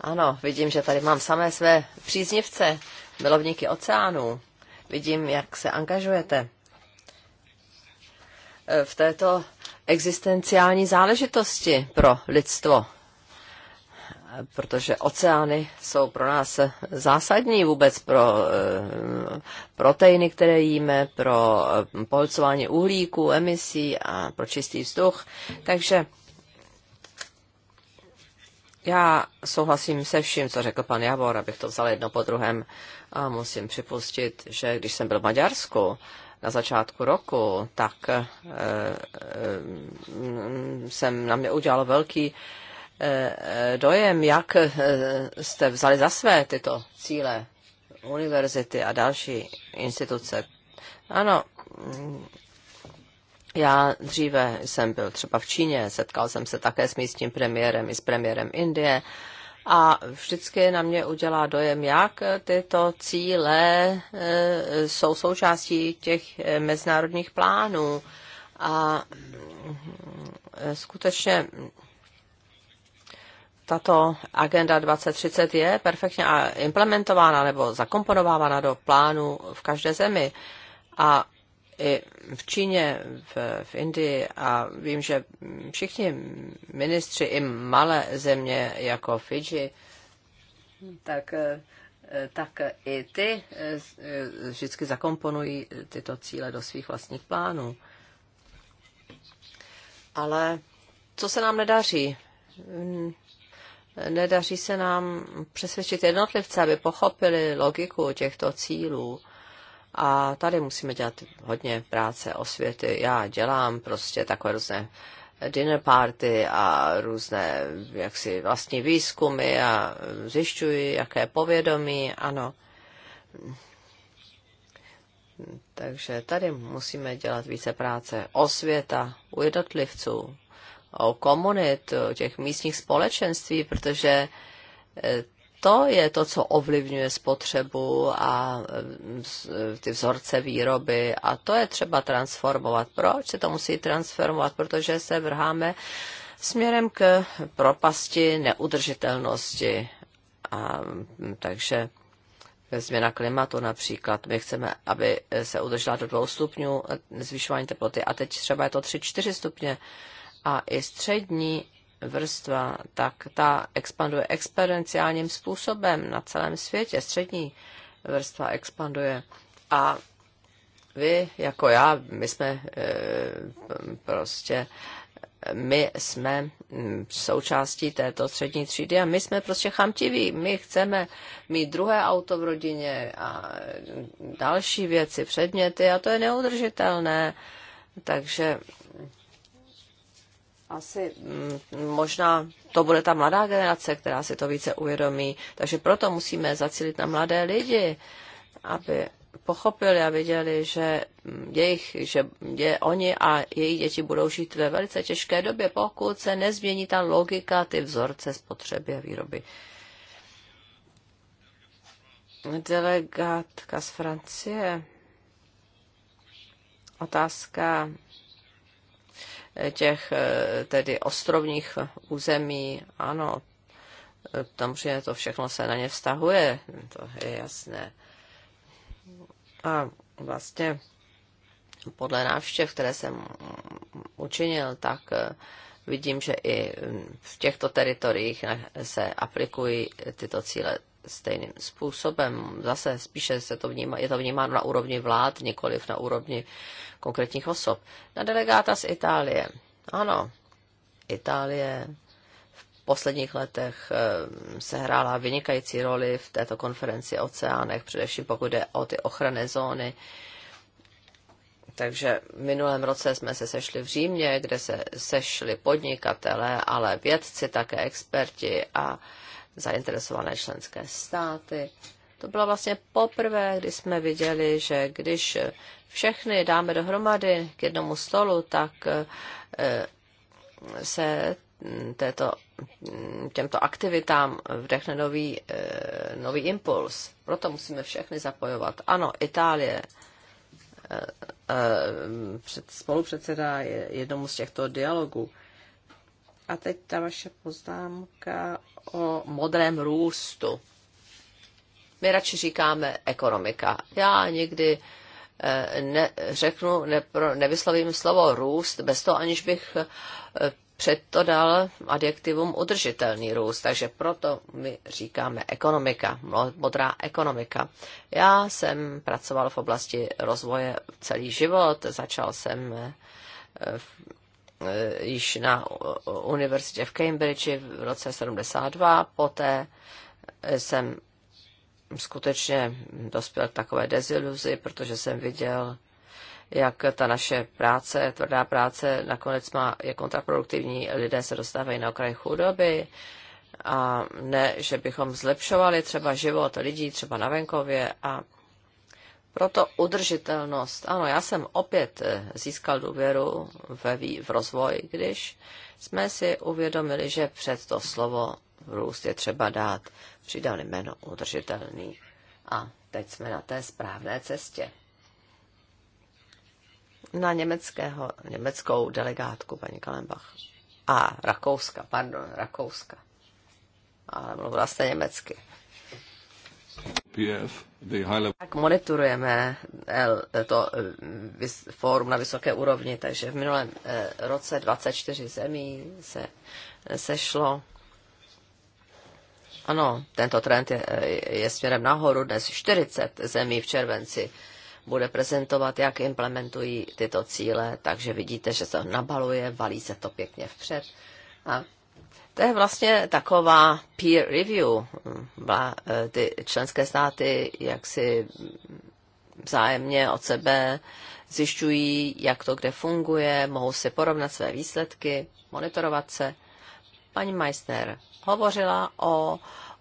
B: Ano, vidím, že tady mám samé své příznivce, milovníky oceánů. Vidím, jak se angažujete Eh, v této existenciální záležitosti pro lidstvo, protože oceány jsou pro nás zásadní vůbec pro eh, proteiny, které jíme, pro eh, pohlcování uhlíku, emisí a pro čistý vzduch. Takže já souhlasím se vším, co řekl pan Javor, abych to vzal jedno po druhém. A musím připustit, že když jsem byl v Maďarsku, na začátku roku, tak eh, eh, jsem na mě udělal velký eh, dojem, jak jste vzali za své tyto cíle univerzity a další instituce. Ano, já dříve jsem byl třeba v Číně, setkal jsem se také s místním premiérem i s premiérem Indie a vždycky na mě udělá dojem, jak tyto cíle eh, jsou součástí těch eh, mezinárodních plánů. A eh, skutečně tato agenda 2030 je perfektně implementována nebo zakomponovávána do plánu v každé zemi. A i v Číně, v, v Indii a vím, že všichni ministři i malé země jako Fidži, tak, eh, tak i ty eh, vždycky zakomponují tyto cíle do svých vlastních plánů. Ale co se nám nedaří? Hmm, nedaří se nám přesvědčit jednotlivce, aby pochopili logiku těchto cílů a tady musíme dělat hodně práce osvěty. Já dělám prostě takové různé dinner party a různé jaksi vlastní výzkumy a zjišťuji, jaké povědomí, ano. Takže tady musíme dělat více práce osvěta u jednotlivců, o komunit, o těch místních společenství, protože eh, to je to, co ovlivňuje spotřebu a mm, e, ty vzorce výroby a to je třeba transformovat. Proč se to musí transformovat? Protože se vrháme směrem k propasti neudržitelnosti. A, mm, takže změna klimatu například. My chceme, aby se udržela do dvou stupňů zvyšování teploty a teď třeba je to 3-4 stupně. A i střední vrstva, tak ta expanduje exponenciálním způsobem na celém světě. Střední vrstva expanduje. A vy, jako já, my jsme e, prostě my jsme mm, součástí této střední třídy a my jsme prostě chamtiví. My chceme mít druhé auto v rodině a další věci, předměty a to je neudržitelné. Takže asi mm, možná to bude ta mladá generace, která si to více uvědomí. Takže proto musíme zacílit na mladé lidi, aby pochopili a viděli, že, mm, jejich, že je, oni a jejich děti budou žít ve velice těžké době, pokud se nezmění ta logika, ty vzorce spotřeby a výroby. Delegátka z Francie. Otázka těch eh, tedy ostrovních území, ano, tam, že to všechno se na ně vztahuje, to je jasné. A vlastně podle návštěv, které jsem učinil, tak eh, vidím, že i v těchto teritoriích se aplikují tyto cíle stejným způsobem. Zase spíše se to vnímá, je to vnímáno na úrovni vlád, nikoliv na úrovni konkrétních osob. Na delegáta z Itálie. Ano, Itálie v posledních letech eh, se hrála vynikající roli v této konferenci o oceánech, především pokud jde o ty ochranné zóny. Takže v minulém roce jsme se sešli v Římě, kde se sešli podnikatele, ale vědci, také experti a zainteresované členské státy. To bylo vlastně poprvé, kdy jsme viděli, že když všechny dáme dohromady k jednomu stolu, tak eh, se této, těmto aktivitám vdechne nový, eh, nový impuls. Proto musíme všechny zapojovat. Ano, Itálie eh, spolupředsedá jednomu z těchto dialogů. A teď ta vaše poznámka o modrém růstu. My radši říkáme ekonomika. Já někdy eh, ne, řeknu, nepro, nevyslovím slovo růst, bez toho aniž bych eh, před to dal adjektivum udržitelný růst, takže proto my říkáme ekonomika, modrá ekonomika. Já jsem pracoval v oblasti rozvoje celý život, začal jsem eh, Eh, již na univerzitě v Cambridge v roce 72. Poté eh, jsem skutečně dospěl k takové deziluzi, protože jsem viděl, jak ta naše práce, tvrdá práce, nakonec má, je kontraproduktivní. Lidé se dostávají na okraj chudoby a ne, že bychom zlepšovali třeba život lidí třeba na venkově a proto udržitelnost. Ano, já jsem opět eh, získal důvěru ve, v rozvoj, když jsme si uvědomili, že před to slovo růst je třeba dát přidali jméno udržitelný. A teď jsme na té správné cestě. Na německého, německou delegátku, paní Kalembach. A Rakouska, pardon, Rakouska. Ale mluvila jste německy. PF, tak monitorujeme to eh, fórum na vysoké úrovni, takže v minulém eh, roce 24 zemí se eh, sešlo. Ano, tento trend je, je směrem nahoru. Dnes 40 zemí v červenci bude prezentovat, jak implementují tyto cíle, takže vidíte, že se nabaluje, valí se to pěkně vpřed. A to je vlastně taková peer review. E, ty členské státy jak si vzájemně od sebe zjišťují, jak to kde funguje, mohou si porovnat své výsledky, monitorovat se. Paní Meissner hovořila o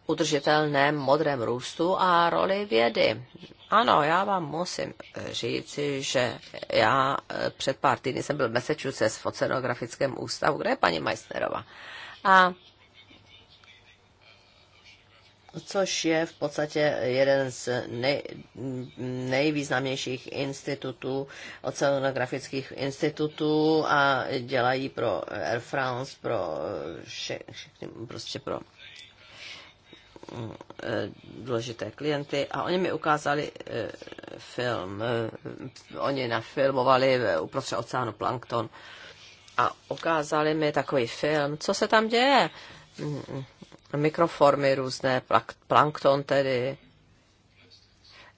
B: udržitelném modrém růstu a roli vědy. Ano, já vám musím říci, že já e, před pár týdny jsem byl v Massachusetts v oceanografickém ústavu, kde je paní Meissnerová a což je v podstatě jeden z nej, nejvýznamnějších institutů, oceanografických institutů a dělají pro Air France, pro vše, všechny, prostě pro eh, důležité klienty a oni mi ukázali eh, film. Eh, oni nafilmovali uprostřed oceánu plankton a ukázali mi takový film, co se tam děje. Mikroformy různé, plankton tedy.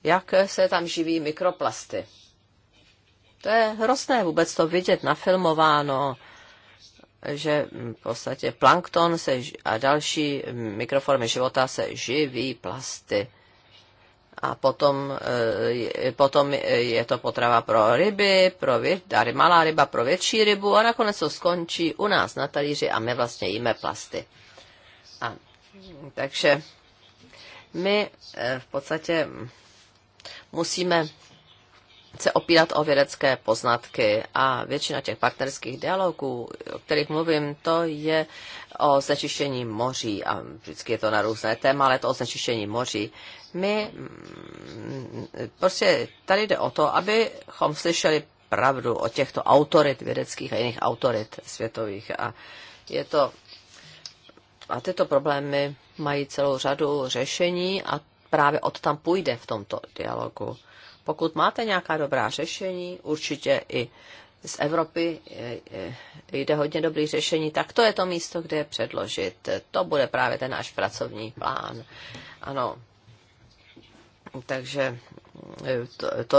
B: Jak se tam živí mikroplasty. To je hrozné vůbec to vidět nafilmováno, že v podstatě plankton se, a další mikroformy života se živí plasty a potom, eh, potom je to potrava pro ryby, pro vět, malá ryba pro větší rybu a nakonec to skončí u nás na talíři a my vlastně jíme plasty. A, takže my eh, v podstatě musíme se opírat o vědecké poznatky a většina těch partnerských dialogů, o kterých mluvím, to je o znečištění moří a vždycky je to na různé téma, ale to o znečištění moří. My mm, prostě tady jde o to, abychom slyšeli pravdu o těchto autorit vědeckých a jiných autorit světových. A je to a tyto problémy mají celou řadu řešení a právě od tam půjde v tomto dialogu. Pokud máte nějaká dobrá řešení, určitě i z Evropy e, e, jde hodně dobrých řešení, tak to je to místo, kde je předložit. To bude právě ten náš pracovní plán. Ano, takže eh, to, to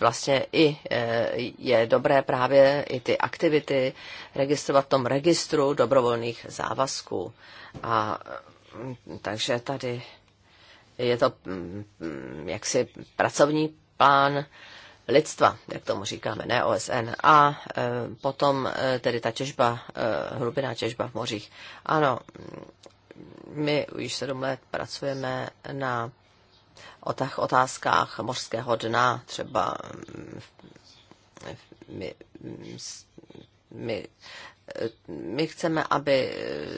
B: vlastně i eh, je dobré právě i ty aktivity registrovat v tom registru dobrovolných závazků. A mm, takže tady je to mm, jaksi pracovní plán lidstva, jak tomu říkáme, ne OSN. A eh, potom tedy ta těžba, hlubiná těžba v mořích. Ano, mm, my už sedm let pracujeme na o těch otázkách mořského dna, třeba mm, my, mm, my, my chceme, aby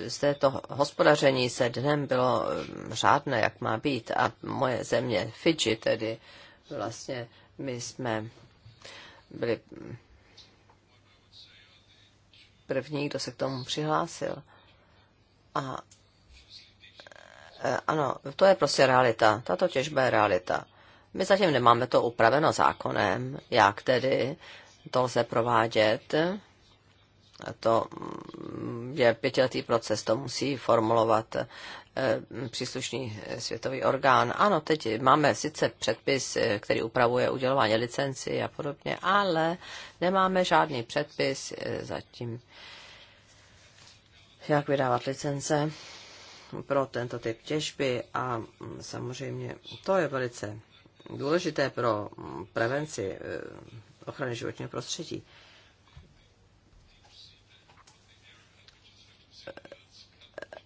B: z to hospodaření se dnem bylo mm, řádné, jak má být. A moje země, Fidži tedy, vlastně my jsme byli první, kdo se k tomu přihlásil. A Eh, ano, to je prostě realita. Tato těžba je realita. My zatím nemáme to upraveno zákonem, jak tedy to lze provádět. to mm, je pětiletý proces, to musí formulovat eh, příslušný světový orgán. Ano, teď máme sice předpis, eh, který upravuje udělování licenci a podobně, ale nemáme žádný předpis zatím, jak vydávat licence pro tento typ těžby a mm, samozřejmě to je velice důležité pro mm, prevenci e, ochrany životního prostředí.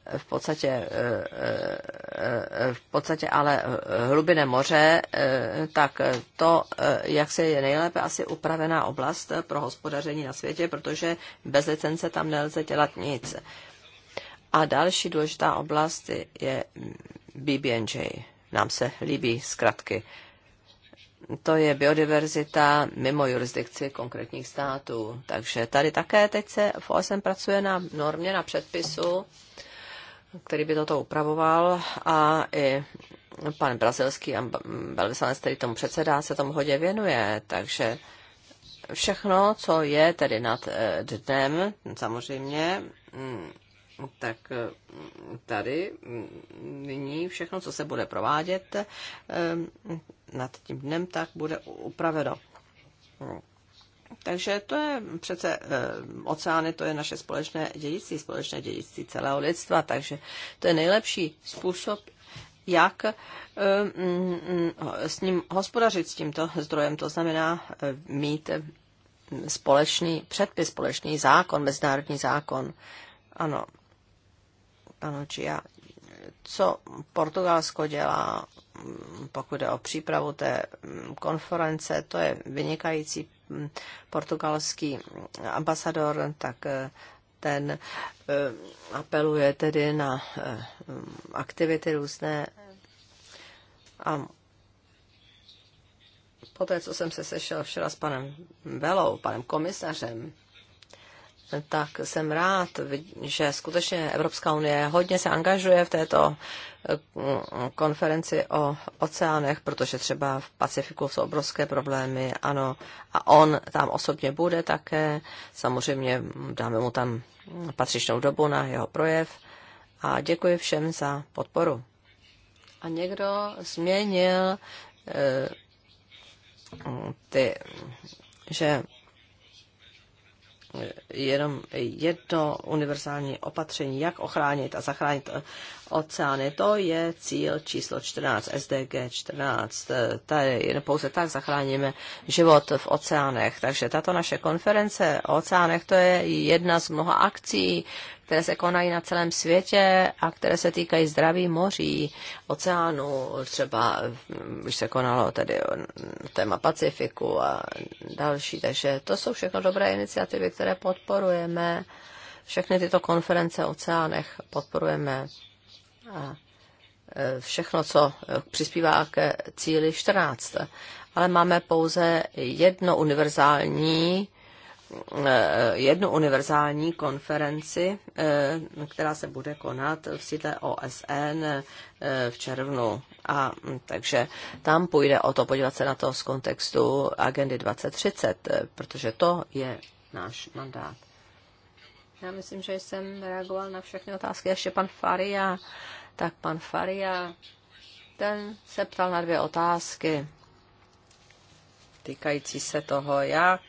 B: E, v podstatě, e, v podstatě ale hlubiné moře, tak to, jak se je nejlépe asi upravená oblast pro hospodaření na světě, protože bez licence tam nelze dělat nic. A další důležitá oblast je BBNJ. Nám se líbí zkratky. To je biodiverzita mimo jurisdikci konkrétních států. Takže tady také teď se v OSN pracuje na normě, na předpisu, který by toto upravoval a i pan brazilský velvyslanec, který tomu předsedá, se tomu hodně věnuje, takže všechno, co je tedy nad eh, dnem, samozřejmě mm, tak eh, tady mm, nyní všechno, co se bude provádět eh, nad tím dnem, tak bude upraveno. Takže to je přece eh, oceány, to je naše společné dědictví, společné dědictví celého lidstva, takže to je nejlepší způsob, jak mm, s ním hospodařit, s tímto zdrojem. To znamená mít společný předpis, společný zákon, mezinárodní zákon. Ano, ano, či já, co Portugalsko dělá, mm, pokud jde o přípravu té mm, konference, to je vynikající mm, portugalský ambasador, tak eh, ten eh, apeluje tedy na eh, aktivity různé a poté, co jsem se sešel včera s panem Velou, panem komisařem, tak jsem rád, že skutečně Evropská unie hodně se angažuje v této eh, konferenci o oceánech, protože třeba v Pacifiku jsou obrovské problémy, ano, a on tam osobně bude také, samozřejmě dáme mu tam patřičnou dobu na jeho projev a děkuji všem za podporu. A někdo změnil eh, ty, že jenom jedno univerzální opatření, jak ochránit a zachránit oceány. To je cíl číslo 14, SDG 14. Tady jen pouze tak zachráníme život v oceánech. Takže tato naše konference o oceánech, to je jedna z mnoha akcí, které se konají na celém světě a které se týkají zdraví moří, oceánu, třeba když mm, se konalo tedy téma Pacifiku a další. Takže to jsou všechno dobré iniciativy, které podporujeme. Všechny tyto konference o oceánech podporujeme. A e, všechno, co e, přispívá ke cíli 14. Ale máme pouze jedno univerzální jednu univerzální konferenci, eh, která se bude konat v sídle OSN eh, v červnu. A mm, takže tam půjde o to podívat se na to z kontextu agendy 2030, eh, protože to je náš mandát. Já myslím, že jsem reagoval na všechny otázky. Ještě pan Faria. Tak pan Faria, ten se ptal na dvě otázky týkající se toho, jak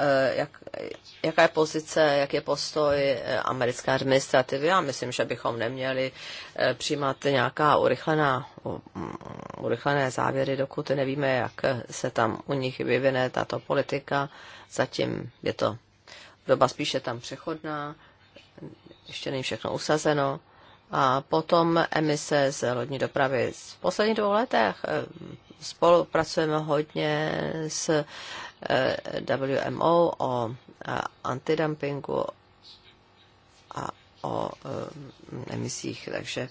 B: Eh, jak, jaká je pozice, jak je postoj eh, americké administrativy. Já myslím, že bychom neměli eh, přijímat nějaká urychlená, mm, urychlené závěry, dokud nevíme, jak se tam u nich vyvine tato politika. Zatím je to doba spíše tam přechodná, ještě není všechno usazeno. A potom emise z lodní dopravy. V posledních dvou letech spolupracujeme hodně s Eh, WMO, o eh, antidumpingu a o eh, emisích, takže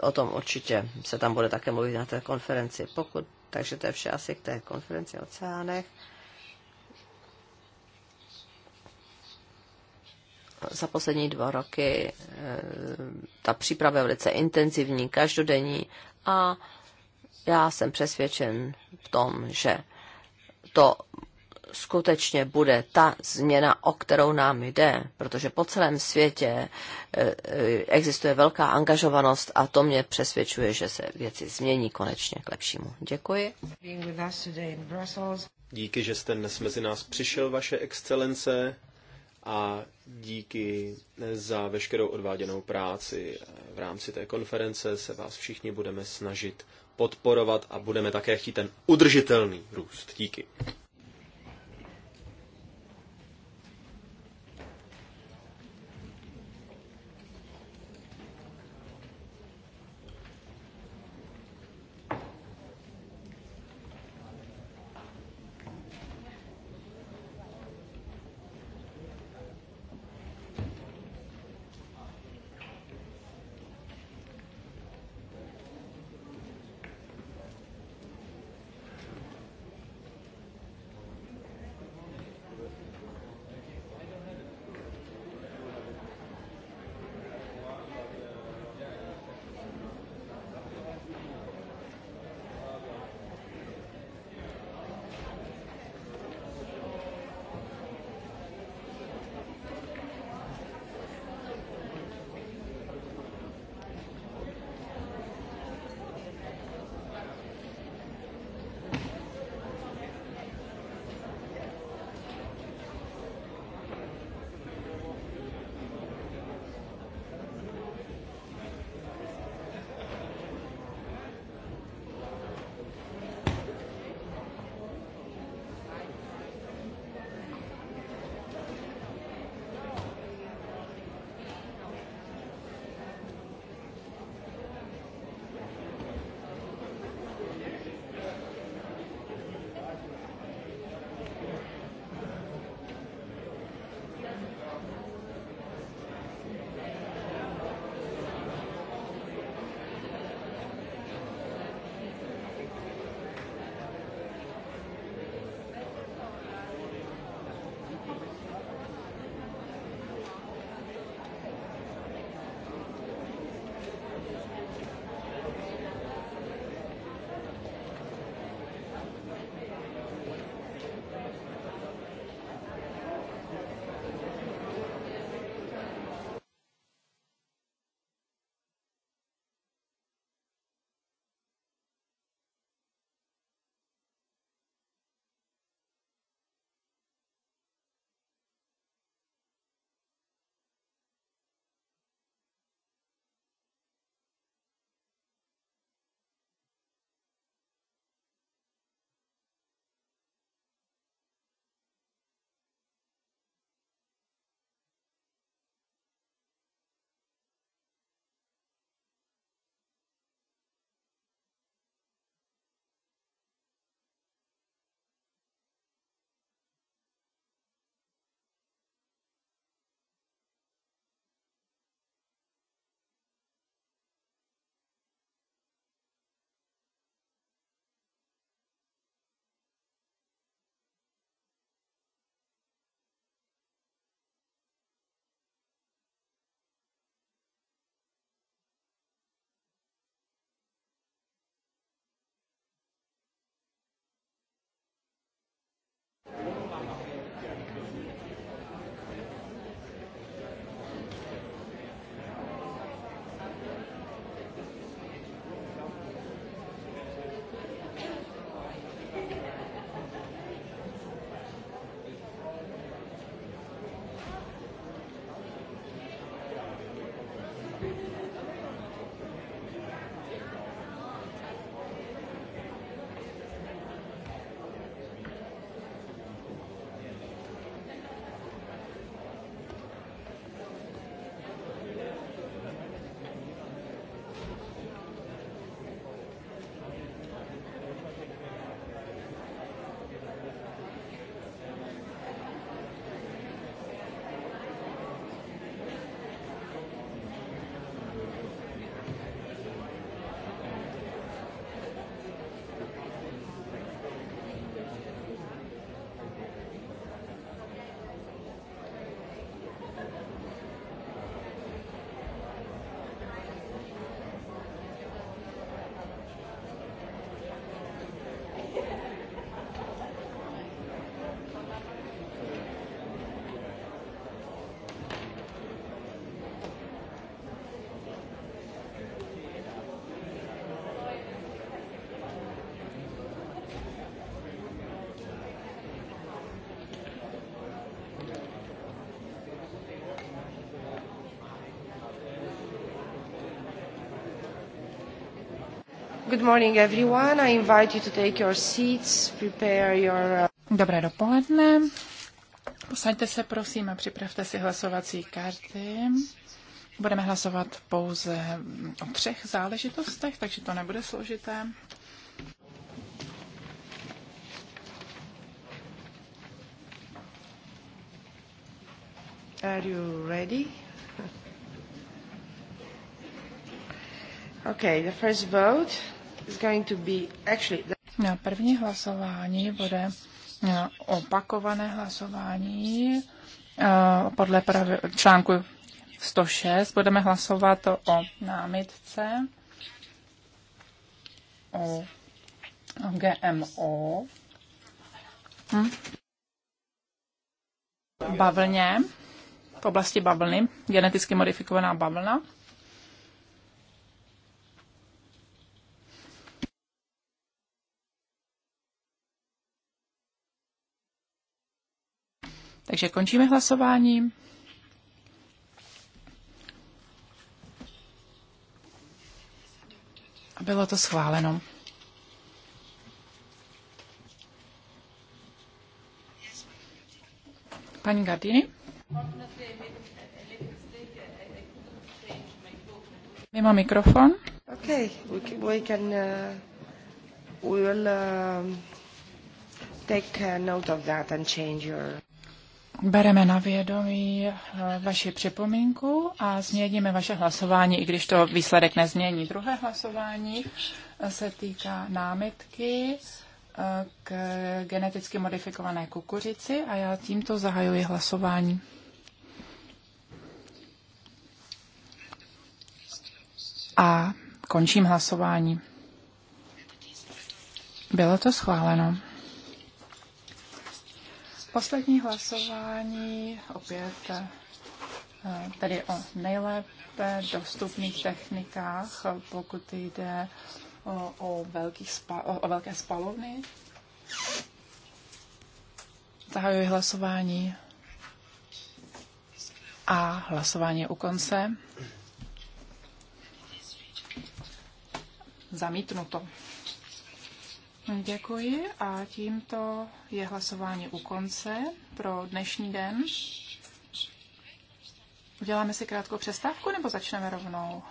B: o tom určitě se tam bude také mluvit na té konferenci. Pokud, takže to je vše asi k té konferenci o oceánech. Za poslední dva roky ta příprava je velice intenzivní, každodenní a já jsem přesvědčen v tom, že to skutečně bude ta změna, o kterou nám jde, protože po celém světě e, e, existuje velká angažovanost a to mě přesvědčuje, že se věci změní konečně k lepšímu. Děkuji.
C: Díky, že jste dnes mezi nás přišel, vaše excelence, a díky za veškerou odváděnou práci. V rámci té konference se vás všichni budeme snažit podporovat a budeme také chtít ten udržitelný růst. Díky.
D: Dobré dopoledne. Posaďte se prosím a připravte si hlasovací karty. Budeme hlasovat pouze o třech záležitostech, takže to nebude složité. Are you ready? Okay, the first vote. Na první hlasování bude eh, opakované hlasování eh, podle článku 106. Budeme hlasovat o námitce, o GMO, hm? bavlně, v oblasti bavlny, geneticky modifikovaná bavlna. Takže končíme hlasování. A bylo to schváleno. Paní Gardini? Mimo mikrofon.
A: Okay, we can, we can uh, we will um, uh, take note of that and change your
D: Bereme na vědomí eh, vaši připomínku a změníme vaše hlasování, i když to výsledek nezmění. Druhé hlasování eh, se týká námitky eh, k geneticky modifikované kukuřici a já tímto zahajuji hlasování. A končím hlasování. Bylo to schváleno. Poslední hlasování opět eh, tedy o nejlépe dostupných technikách, pokud jde o, o, velkých spa, o, o velké spalovny. Zahajuji hlasování a hlasování u konce. Zamítnuto. Děkuji a tímto je hlasování u konce pro dnešní den. Uděláme si krátkou přestávku nebo začneme rovnou?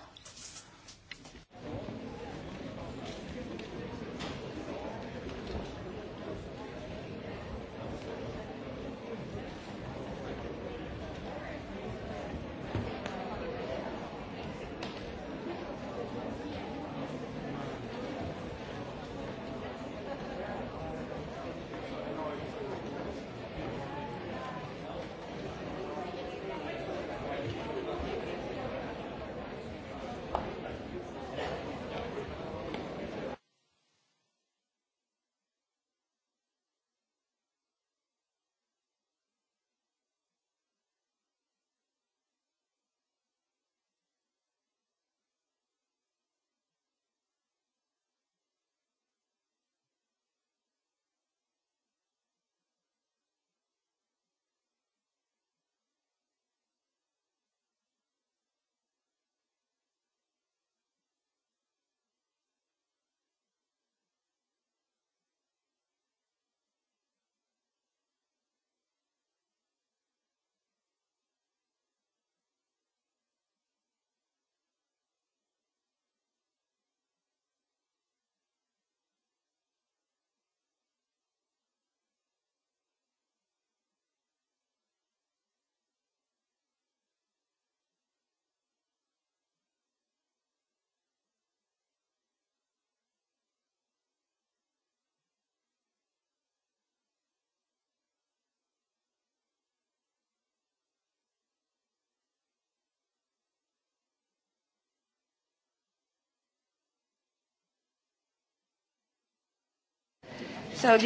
C: Uh,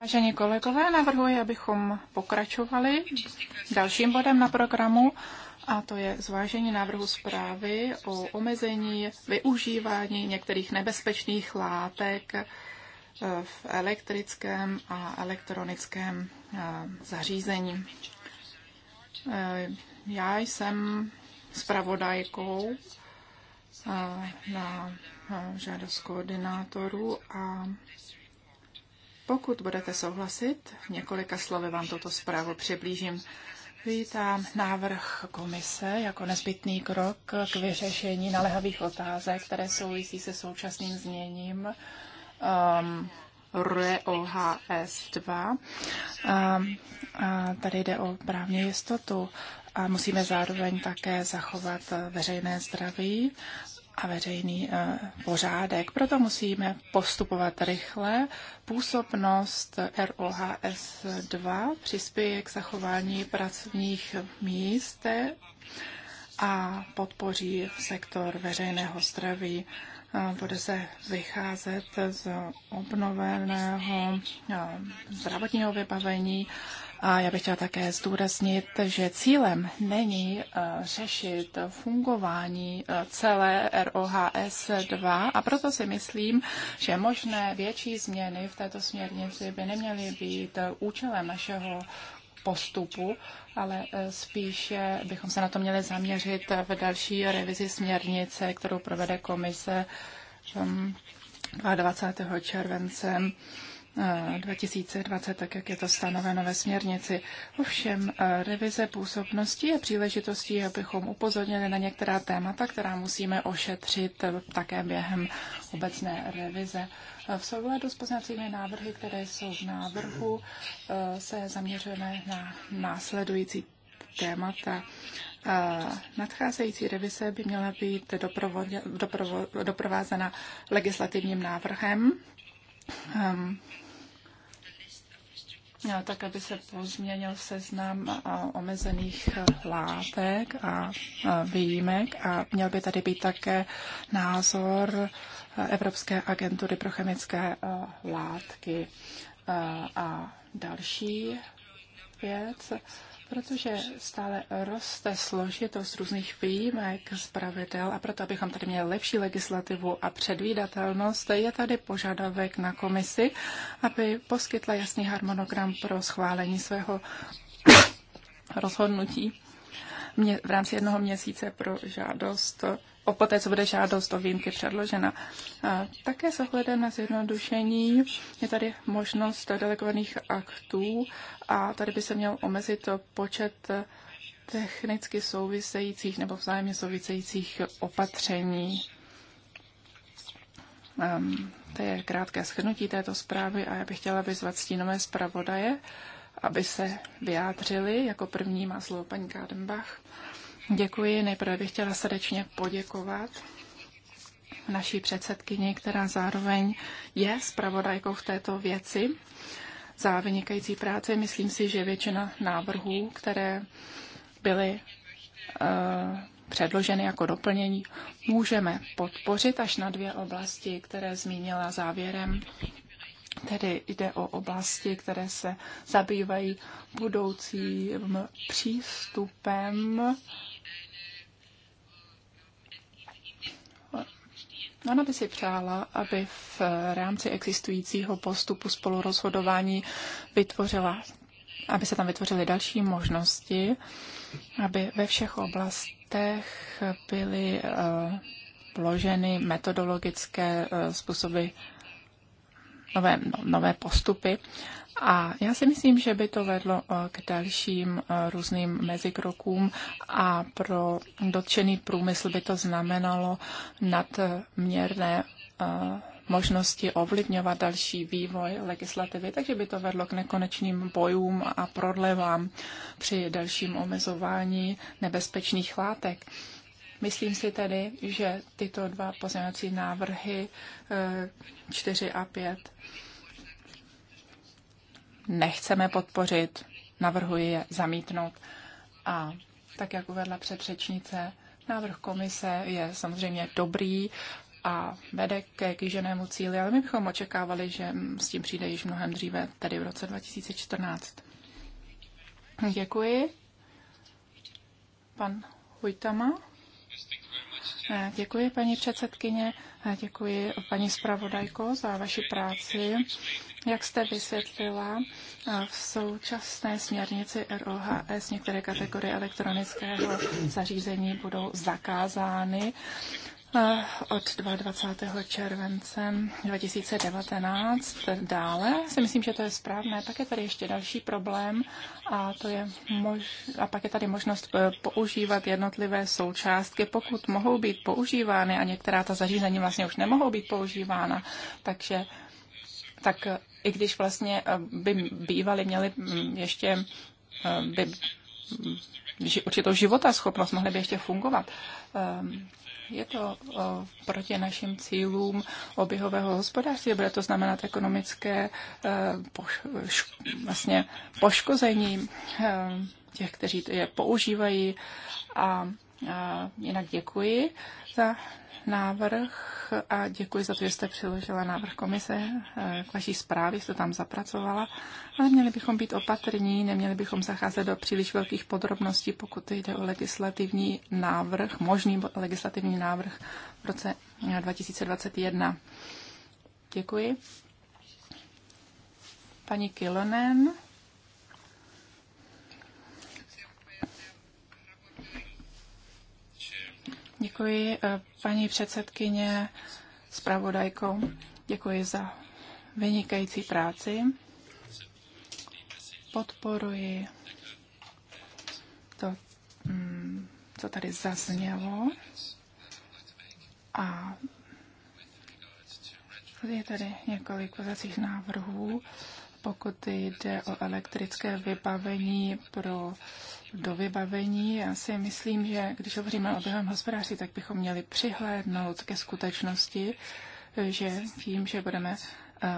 B: Vážení
D: kolegové, navrhuji, abychom pokračovali dalším bodem na programu, a to je zvážení návrhu zprávy o omezení využívání některých nebezpečných látek uh, v elektrickém a elektronickém uh, zařízení. Já jsem zpravodajkou na žádost koordinátorů a pokud budete souhlasit, několika slovy vám toto zprávu přiblížím. Vítám návrh komise jako nezbytný krok k vyřešení naléhavých otázek, které souvisí se současným změním um, ROHS 2. Um, tady jde o právní jistotu a musíme zároveň také zachovat eh, veřejné zdraví a veřejný eh, pořádek. Proto musíme postupovat rychle. Působnost ROHS 2 přispěje k zachování pracovních míst a podpoří sektor veřejného zdraví. Eh, bude se vycházet z obnoveného zdravotního vybavení a já bych chtěla také zdůraznit, že cílem není eh, řešit fungování eh, celé ROHS 2 a proto si myslím, že možné větší změny v této směrnici by neměly být eh, účelem našeho postupu, ale spíše bychom se na to měli zaměřit v další revizi směrnice, kterou provede komise ehm, 22. července 2020, eh, tak jak je to stanoveno ve směrnici. Ovšem, eh, revize působnosti je příležitostí, abychom upozornili na některá témata, která musíme ošetřit také během obecné revize. Eh, v souladu s poznacími návrhy, které jsou v návrhu, se zaměřujeme na následující témata. Nadcházející revize by měla být doprovázena legislativním návrhem ehm, No, tak aby se pozměnil seznam omezených e, látek a e, výjimek a měl by tady být také názor e, Evropské agentury pro chemické látky a další věc. Protože stále roste složitost různých výjimek z pravidel a proto, abychom tady měli lepší legislativu a předvídatelnost, je tady požadavek na komisi, aby poskytla jasný harmonogram pro schválení svého rozhodnutí v rámci jednoho měsíce pro žádost o poté, co bude žádost o výjimky předložena. A také se hledá na zjednodušení. Je tady možnost delegovaných aktů a tady by se měl omezit počet technicky souvisejících nebo vzájemně souvisejících opatření. Um, to je krátké shrnutí této zprávy a já bych chtěla vyzvat stínové zpravodaje, aby se vyjádřili. Jako první má slovo paní Kádenbach. Děkuji. Nejprve bych chtěla srdečně poděkovat naší předsedkyni, která zároveň je zpravodajkou v této věci za vynikající práci. Myslím si, že většina návrhů, které byly uh, předloženy jako doplnění, můžeme podpořit až na dvě oblasti, které zmínila závěrem. Tedy jde o oblasti, které se zabývají budoucím přístupem Ona by si přála, aby v rámci existujícího postupu spolurozhodování vytvořila, aby se tam vytvořily další možnosti, aby ve všech oblastech byly eh, vloženy metodologické eh, způsoby nové, no, nové postupy. A já si myslím, že by to vedlo eh, k dalším eh, různým mezikrokům a pro dotčený průmysl by to znamenalo nadměrné eh, možnosti ovlivňovat další vývoj legislativy, takže by to vedlo k nekonečným bojům a prodlevám při dalším omezování nebezpečných látek. Myslím si tedy, že tyto dva pozměňovací návrhy 4 eh, a 5 nechceme podpořit, navrhuji je zamítnout. A tak, jak uvedla předřečnice, návrh komise je samozřejmě dobrý a vede ke kýženému cíli, ale my bychom očekávali, že s tím přijde již mnohem dříve, tedy v roce 2014. Děkuji. Pan Hujtama. Eh, děkuji, paní předsedkyně, eh, děkuji paní zpravodajko za vaši práci. Jak jste vysvětlila, eh, v současné směrnici ROHS některé kategorie elektronického zařízení budou zakázány Eh, od 22. července 2019 dále. Si myslím, že to je správné. Pak je tady ještě další problém a, to je mož... a pak je tady možnost eh, používat jednotlivé součástky. Pokud mohou být používány a některá ta zařízení vlastně už nemohou být používána, takže tak eh, i když vlastně by bývali měli mm, ještě by mm, určitou životaschopnost, mohly by ještě fungovat. Ehm, je to proti našim cílům oběhového hospodářství, bude to znamenat ekonomické e, vlastně poškození e, těch, kteří je používají a jinak děkuji za návrh a děkuji za to, že jste přiložila návrh komise eh, k vaší zprávě, jste tam zapracovala, ale měli bychom být opatrní, neměli bychom zacházet do příliš velkých podrobností, pokud jde o legislativní návrh, možný legislativní návrh v roce 2021. Eh, děkuji. Paní Kilonen. Děkuji eh, paní předsedkyně zpravodajkou. Děkuji za vynikající práci. Podporuji to, mm, co tady zaznělo. A je tady několik pozacích návrhů, pokud jde o elektrické vybavení pro do vybavení. Já si myslím, že když hovoříme o během hospodářství, tak bychom měli přihlédnout ke skutečnosti, že tím, že budeme eh,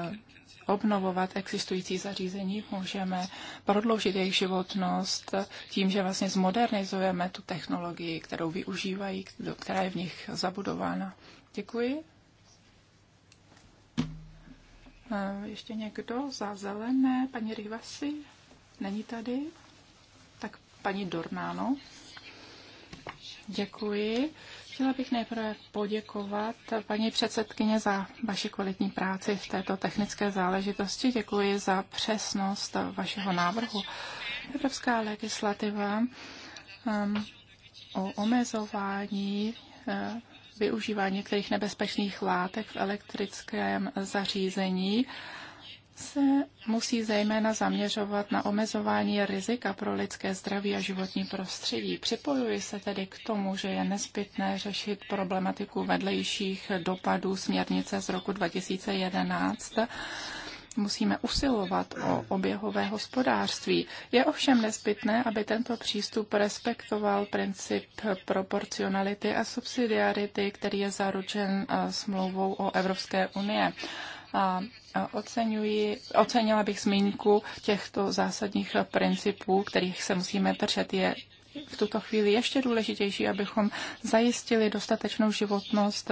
D: obnovovat existující zařízení, můžeme prodloužit jejich životnost tím, že vlastně zmodernizujeme tu technologii, kterou využívají, která je v nich zabudována. Děkuji. Eh, ještě někdo za zelené? Paní Rivasi? Není tady? paní Dornáno. Děkuji. Chtěla bych nejprve poděkovat paní předsedkyně za vaši kvalitní práci v této technické záležitosti. Děkuji za přesnost vašeho návrhu. Evropská legislativa um, o omezování uh, využívání některých nebezpečných látek v elektrickém zařízení uh, se musí zejména zaměřovat na omezování rizika pro lidské zdraví a životní prostředí. Připojuji se tedy k tomu, že je nezbytné řešit problematiku vedlejších dopadů směrnice z roku 2011 musíme usilovat o oběhové hospodářství. Je ovšem nezbytné, aby tento přístup respektoval princip proporcionality a subsidiarity, který je zaručen eh, smlouvou o Evropské unie a oceňuji, ocenila bych zmínku těchto zásadních principů, kterých se musíme držet. Je v tuto chvíli ještě důležitější, abychom zajistili dostatečnou životnost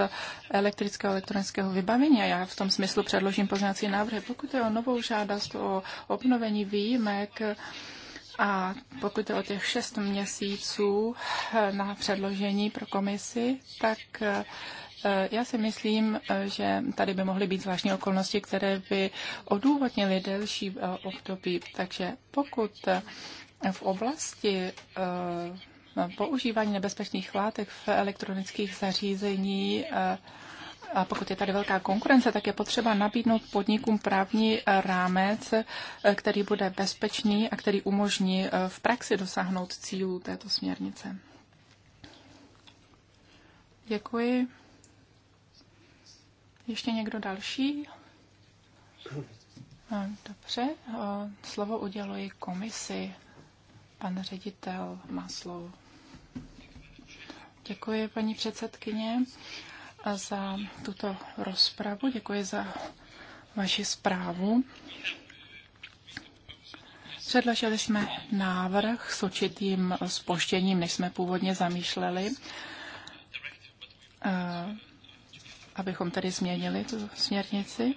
D: elektrického a elektronického vybavení. A já v tom smyslu předložím pozměňovací návrhy. Pokud je o novou žádost o obnovení výjimek, a pokud je o těch šest měsíců na předložení pro komisi, tak Eh, já si myslím, eh, že tady by mohly být zvláštní okolnosti, které by odůvodnily delší eh, období. Takže pokud v oblasti používání nebezpečných látek v elektronických zařízení a pokud je tady velká konkurence, tak je potřeba nabídnout podnikům právní rámec, který bude bezpečný a který umožní v praxi dosáhnout cílů této směrnice. Děkuji. Ještě někdo další? No, dobře, eh, slovo uděluji komisi. Pan ředitel má slovo. Děkuji, paní předsedkyně, za tuto rozpravu. Děkuji za vaši zprávu. Předložili jsme návrh s určitým spoštěním, než jsme původně zamýšleli. Eh, abychom tady změnili tu směrnici.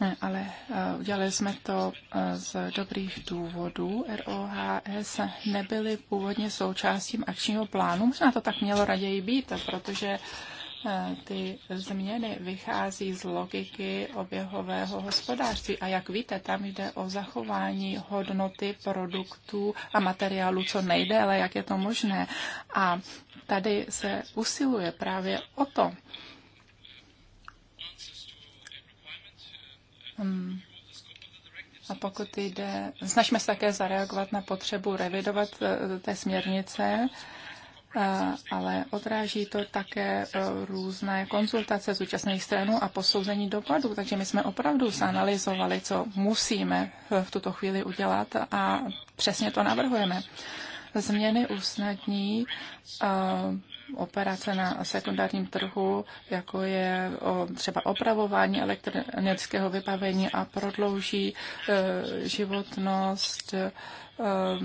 D: Ne, ale uh, udělali jsme to uh, z dobrých důvodů. ROHS nebyly původně součástím akčního plánu. Možná to tak mělo raději být, protože Eh, ty změny vychází z logiky oběhového hospodářství. A jak víte, tam jde o zachování hodnoty produktů a materiálu co nejde, ale jak je to možné. A tady se usiluje právě o to. Hmm. A pokud jde, snažíme se také zareagovat na potřebu revidovat eh, té směrnice, Eh, ale odráží to také eh, různé konzultace účastných stranů a posouzení dopadů. Takže my jsme opravdu zanalizovali, co musíme eh, v tuto chvíli udělat a přesně to navrhujeme. Změny usnadní operace na sekundárním trhu, jako je o třeba opravování elektronického vybavení a prodlouží e, životnost e,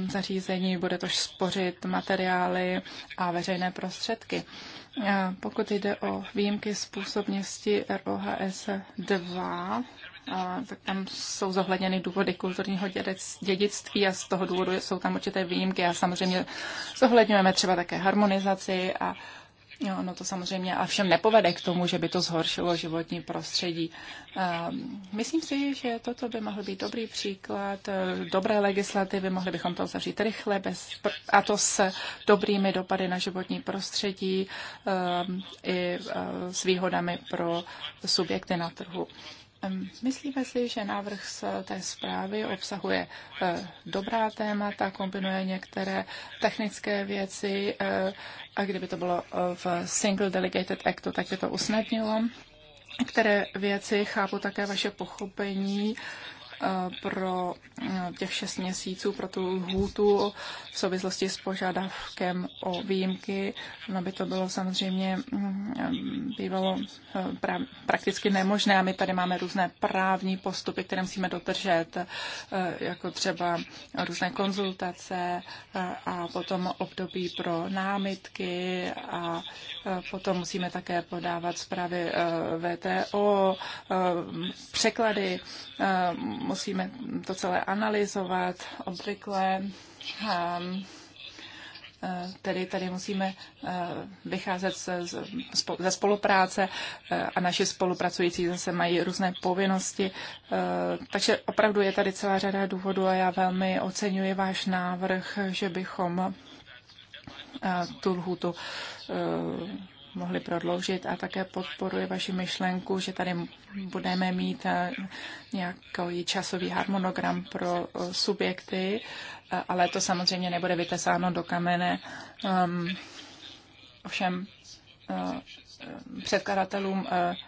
D: zařízení, bude to spořit materiály a veřejné prostředky. E, pokud jde o výjimky způsobnosti ROHS 2, tak tam jsou zohledněny důvody kulturního dědictví a z toho důvodu jsou tam určité výjimky a samozřejmě zohledňujeme třeba také harmonizaci a Jo, no, no to samozřejmě a všem nepovede k tomu, že by to zhoršilo životní prostředí. Myslím si, že toto by mohl být dobrý příklad e, dobré legislativy, mohli bychom to zavřít rychle bez, a to s dobrými dopady na životní prostředí e, i e, s výhodami pro subjekty na trhu. Myslíme si, že návrh z té zprávy obsahuje eh, dobrá témata, kombinuje některé technické věci eh, a kdyby to bylo eh, v Single Delegated Actu, tak by to usnadnilo. Které věci chápu také vaše pochopení Eh, pro eh, těch šest měsíců, pro tu lhůtu v souvislosti s požadavkem o výjimky. No by to bylo samozřejmě mm, eh, bývalo pra, prakticky nemožné a my tady máme různé právní postupy, které musíme dotržet, jako třeba různé konzultace a potom období pro námitky a potom musíme také podávat zprávy VTO, překlady, musíme to celé analyzovat, obvykle ehm, eh, Tedy tady musíme eh, vycházet ze spolupráce eh, a naši spolupracující zase mají různé povinnosti. Takže opravdu je tady celá řada důvodů a já velmi oceňuji váš návrh, že bychom tu lhutu mohli prodloužit a také podporuje vaši myšlenku, že tady budeme mít eh, nějaký časový harmonogram pro eh, subjekty, eh, ale to samozřejmě nebude vytesáno do kamene. Um, ovšem uh, předkladatelům uh,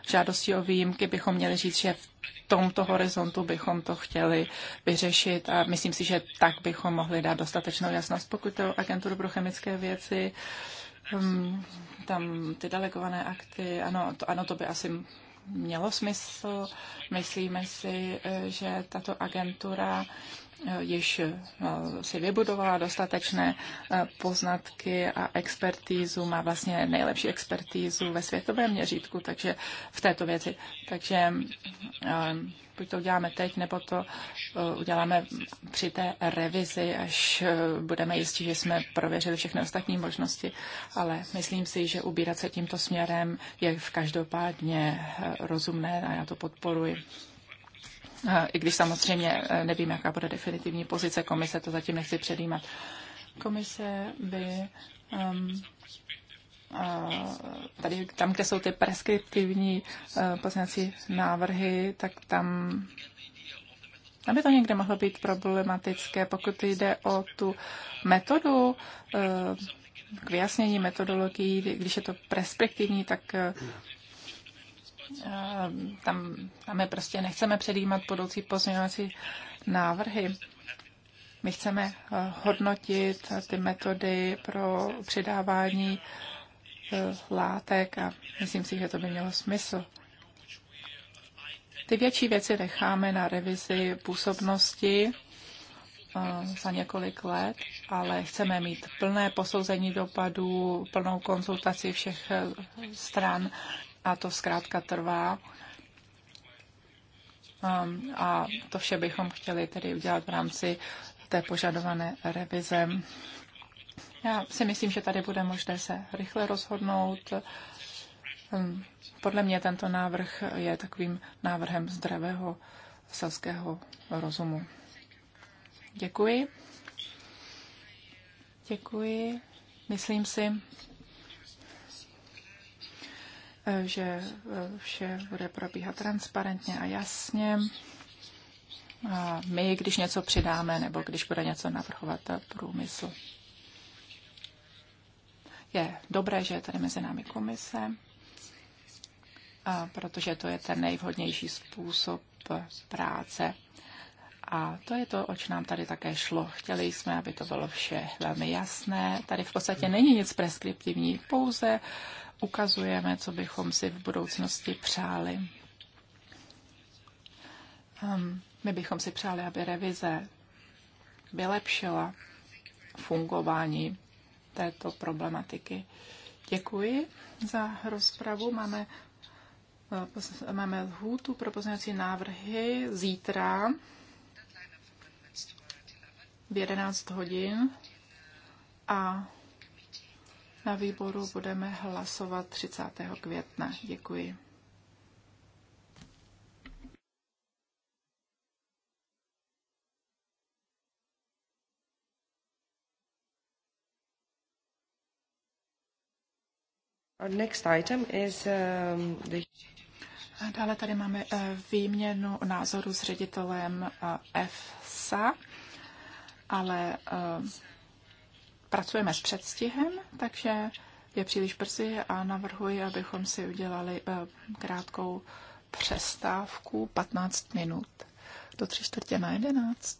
D: žádosti o výjimky bychom měli říct, že v tomto horizontu bychom to chtěli vyřešit a myslím si, že tak bychom mohli dát dostatečnou jasnost. Pokud to agenturu pro chemické věci, uh, Hm, tam ty delegované akty, ano to, ano, to by asi mělo smysl. Myslíme si, eh, že tato agentura již eh, si vybudovala dostatečné eh, poznatky a expertízu, má vlastně nejlepší expertízu ve světovém měřítku, takže v této věci. Takže eh, buď to uděláme teď, nebo to uděláme při té revizi, až budeme jistí, že jsme prověřili všechny ostatní možnosti. Ale myslím si, že ubírat se tímto směrem je v každopádně rozumné a já to podporuji i když samozřejmě eh, nevím, jaká bude definitivní pozice komise, to zatím nechci předjímat. Komise by um, tady, tam, kde jsou ty preskriptivní eh, poznací návrhy, tak tam aby to někde mohlo být problematické, pokud jde o tu metodu eh, k vyjasnění metodologií, když je to perspektivní, tak Ehm, tam, tam my prostě nechceme předjímat budoucí pozměňovací návrhy. My chceme eh, hodnotit ty metody pro přidávání eh, látek a myslím si, že to by mělo smysl. Ty větší věci necháme na revizi působnosti eh, za několik let, ale chceme mít plné posouzení dopadů, plnou konzultaci všech stran a to zkrátka trvá. Um, a to vše bychom chtěli tedy udělat v rámci té požadované revize. Já si myslím, že tady bude možné se rychle rozhodnout. Um, podle mě tento návrh je takovým návrhem zdravého selského rozumu. Děkuji. Děkuji. Myslím si, Eh, že eh, vše bude probíhat transparentně a jasně. A my, když něco přidáme, nebo když bude něco navrhovat eh, průmysl. Je dobré, že je tady mezi námi komise, a protože to je ten nejvhodnější způsob práce a to je to, oč nám tady také šlo. Chtěli jsme, aby to bylo vše velmi jasné. Tady v podstatě není nic preskriptivní, pouze ukazujeme, co bychom si v budoucnosti přáli. Um, my bychom si přáli, aby revize vylepšila fungování této problematiky. Děkuji za rozpravu. Máme, uh, máme lhůtu pro pozměňovací návrhy zítra v 11 hodin a na výboru budeme hlasovat 30. května. Děkuji.
A: Next item is, um, the...
D: Dále tady máme eh, výměnu názoru s ředitelem eh, FSA ale eh, pracujeme s předstihem, takže je příliš brzy a navrhuji, abychom si udělali eh, krátkou přestávku 15 minut do 3 čtvrtě na 11.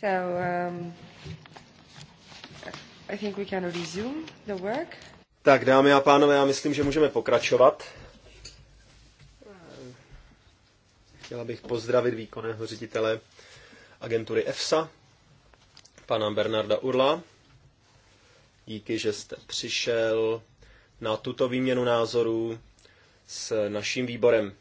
A: So um, I think we can resume the work.
C: Tak dámy a pánové, já myslím, že můžeme pokračovat. Chtěla bych pozdravit výkonného ředitele agentury EFSA, pana Bernarda Urla. Díky, že jste přišel na tuto výměnu názorů s naším výborem.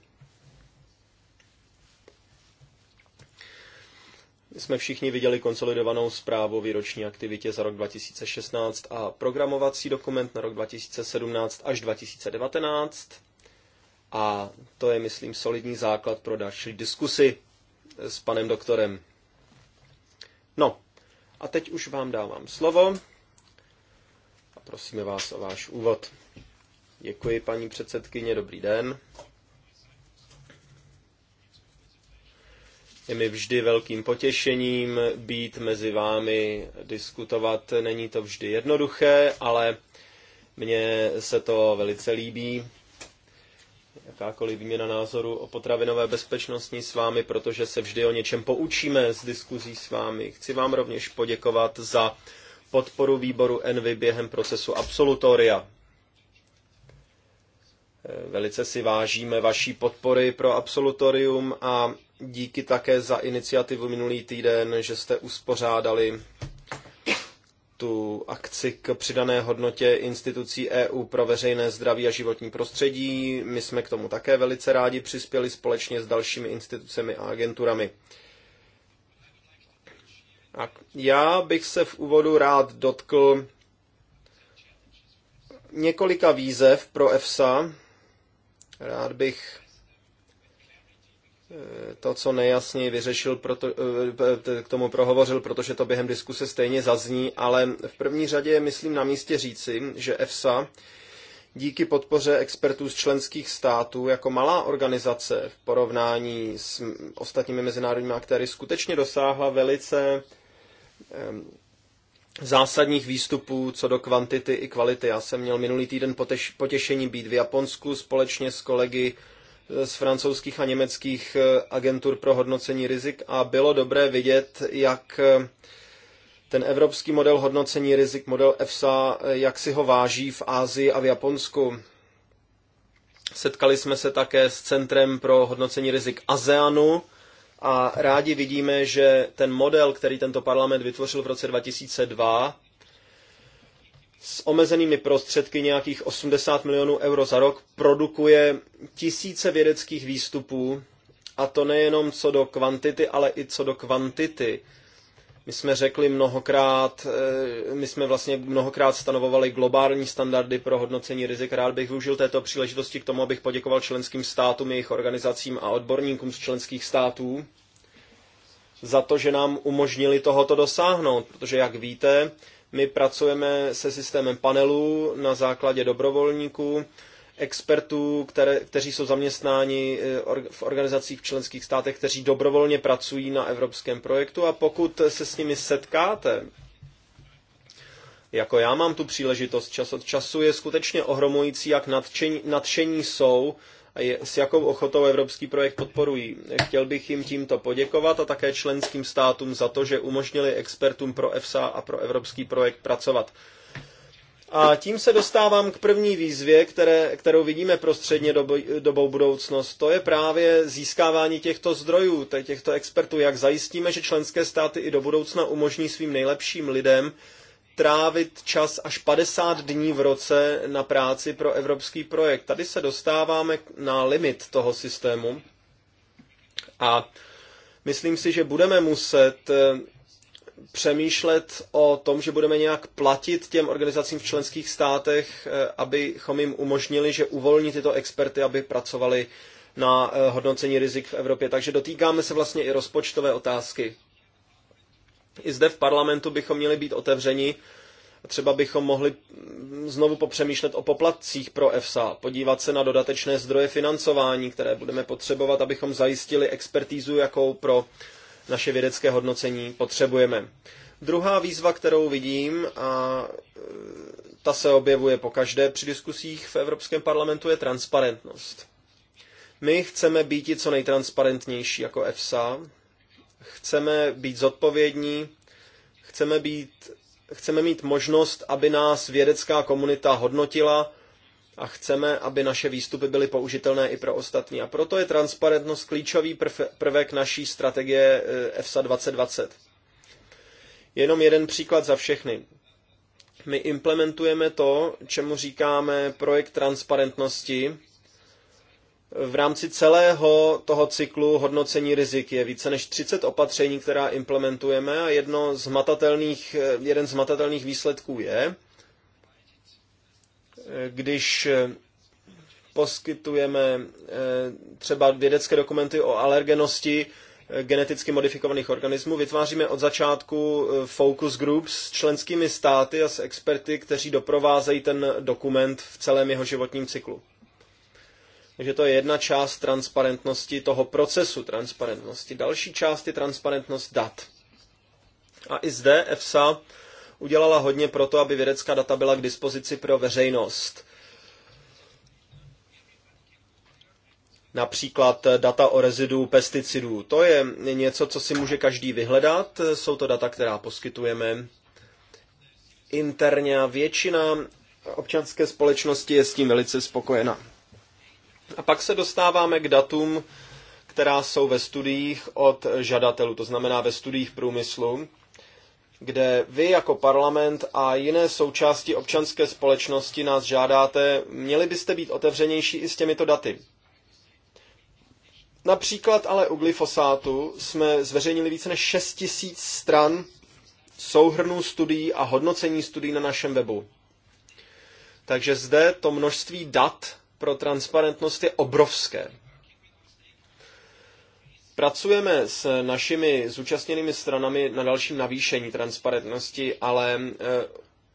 C: jsme všichni viděli konsolidovanou zprávu výroční aktivitě za rok 2016 a programovací dokument na rok 2017 až 2019. A to je, myslím, solidní základ pro další diskusy s panem doktorem. No, a teď už vám dávám slovo a prosíme vás o váš úvod. Děkuji, paní předsedkyně, dobrý den. Je mi vždy velkým potěšením být mezi vámi, diskutovat. Není to vždy jednoduché, ale mně se to velice líbí. Jakákoliv výměna názoru o potravinové bezpečnosti s vámi, protože se vždy o něčem poučíme z diskuzí s vámi. Chci vám rovněž poděkovat za podporu výboru Envy během procesu absolutoria. Velice si vážíme vaší podpory pro absolutorium a díky také za iniciativu minulý týden, že jste uspořádali tu akci k přidané hodnotě institucí EU pro veřejné zdraví a životní prostředí. My jsme k tomu také velice rádi přispěli společně s dalšími institucemi a agenturami. A já bych se v úvodu rád dotkl několika výzev pro EFSA, Rád bych eh, to, co nejasněji vyřešil, proto, eh, k tomu prohovořil, protože to během diskuse stejně zazní, ale v první řadě je, myslím, na místě říci, že EFSA díky podpoře expertů z členských států jako malá organizace v porovnání s ostatními mezinárodními aktéry skutečně dosáhla velice eh, zásadních výstupů co do kvantity i kvality. Já jsem měl minulý týden potěšení být v Japonsku společně s kolegy e, z francouzských a německých e, agentur pro hodnocení rizik a bylo dobré vidět, jak e, ten evropský model hodnocení rizik, model EFSA, jak si ho váží v Ázii a v Japonsku. Setkali jsme se také s Centrem pro hodnocení rizik ASEANu, a rádi vidíme, že ten model, který tento parlament vytvořil v roce 2002, s omezenými prostředky nějakých 80 milionů euro za rok produkuje tisíce vědeckých výstupů, a to nejenom co do kvantity, ale i co do kvantity. My jsme řekli mnohokrát, eh, my jsme vlastně mnohokrát stanovovali globální standardy pro hodnocení rizik. Rád bych využil této příležitosti k tomu, abych poděkoval členským státům, jejich organizacím a odborníkům z členských států za to, že nám umožnili tohoto dosáhnout, protože jak víte, my pracujeme se systémem panelů na základě dobrovolníků expertů, které, kteří jsou zaměstnáni eh, v organizacích v členských státech, kteří dobrovolně pracují na evropském projektu a pokud se s nimi setkáte, jako já mám tu příležitost čas od času, je skutečně ohromující, jak nadšení, nadšení jsou a je, s jakou ochotou evropský projekt podporují. Chtěl bych jim tímto poděkovat a také členským státům za to, že umožnili expertům pro EFSA a pro evropský projekt pracovat. A tím se dostávám k první výzvě, které, kterou vidíme prostředně dobu, dobou budoucnost. To je právě získávání těchto zdrojů, těchto expertů. Jak zajistíme, že členské státy i do budoucna umožní svým nejlepším lidem trávit čas až 50 dní v roce na práci pro evropský projekt. Tady se dostáváme na limit toho systému a myslím si, že budeme muset eh, přemýšlet o tom, že budeme nějak platit těm organizacím v členských státech, eh, abychom jim umožnili, že uvolní tyto experty, aby pracovali na eh, hodnocení rizik v Evropě. Takže dotýkáme se vlastně i rozpočtové otázky. I zde v parlamentu bychom měli být otevřeni. Třeba bychom mohli mm, znovu popřemýšlet o poplatcích pro EFSA, podívat se na dodatečné zdroje financování, které budeme potřebovat, abychom zajistili expertízu, jakou pro naše vědecké hodnocení potřebujeme. Druhá výzva, kterou vidím, a e, ta se objevuje po každé při diskusích v Evropském parlamentu, je transparentnost. My chceme být co nejtransparentnější jako EFSA, chceme být zodpovědní, chceme, být, chceme mít možnost, aby nás vědecká komunita hodnotila a chceme, aby naše výstupy byly použitelné i pro ostatní. A proto je transparentnost klíčový prvek naší strategie eh, EFSA 2020. Jenom jeden příklad za všechny. My implementujeme to, čemu říkáme projekt transparentnosti, v rámci celého toho cyklu hodnocení rizik je více než 30 opatření, která implementujeme a jedno z matatelných, eh, jeden z matatelných výsledků je, když eh, poskytujeme eh, třeba vědecké dokumenty o alergenosti eh, geneticky modifikovaných organismů, vytváříme od začátku focus groups s členskými státy a s experty, kteří doprovázejí ten dokument v celém jeho životním cyklu. Takže to je jedna část transparentnosti toho procesu transparentnosti. Další část je transparentnost dat. A i zde EFSA udělala hodně pro to, aby vědecká data byla k dispozici pro veřejnost. Například data o rezidu pesticidů. To je něco, co si může každý vyhledat. Jsou to data, která poskytujeme interně a většina občanské společnosti je s tím velice spokojena. A pak se dostáváme k datům, která jsou ve studiích od žadatelů, to znamená ve studiích průmyslu, kde vy jako parlament a jiné součásti občanské společnosti nás žádáte, měli byste být otevřenější i s těmito daty. Například ale u glyfosátu jsme zveřejnili více než 6 000 stran souhrnů studií a hodnocení studií na našem webu. Takže zde to množství dat pro transparentnost je obrovské. Pracujeme s našimi zúčastněnými stranami na dalším navýšení transparentnosti, ale eh,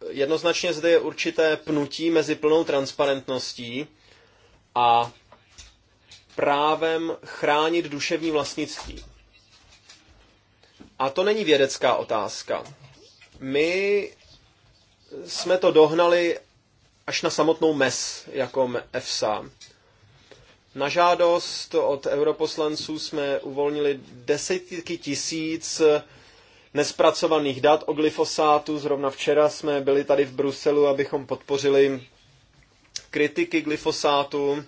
C: jednoznačně zde je určité pnutí mezi plnou transparentností a právem chránit duševní vlastnictví. A to není vědecká otázka. My jsme to dohnali až na samotnou MES jako EFSA. Na žádost od europoslanců jsme uvolnili desítky tisíc nespracovaných dat o glyfosátu. Zrovna včera jsme byli tady v Bruselu, abychom podpořili kritiky glyfosátu,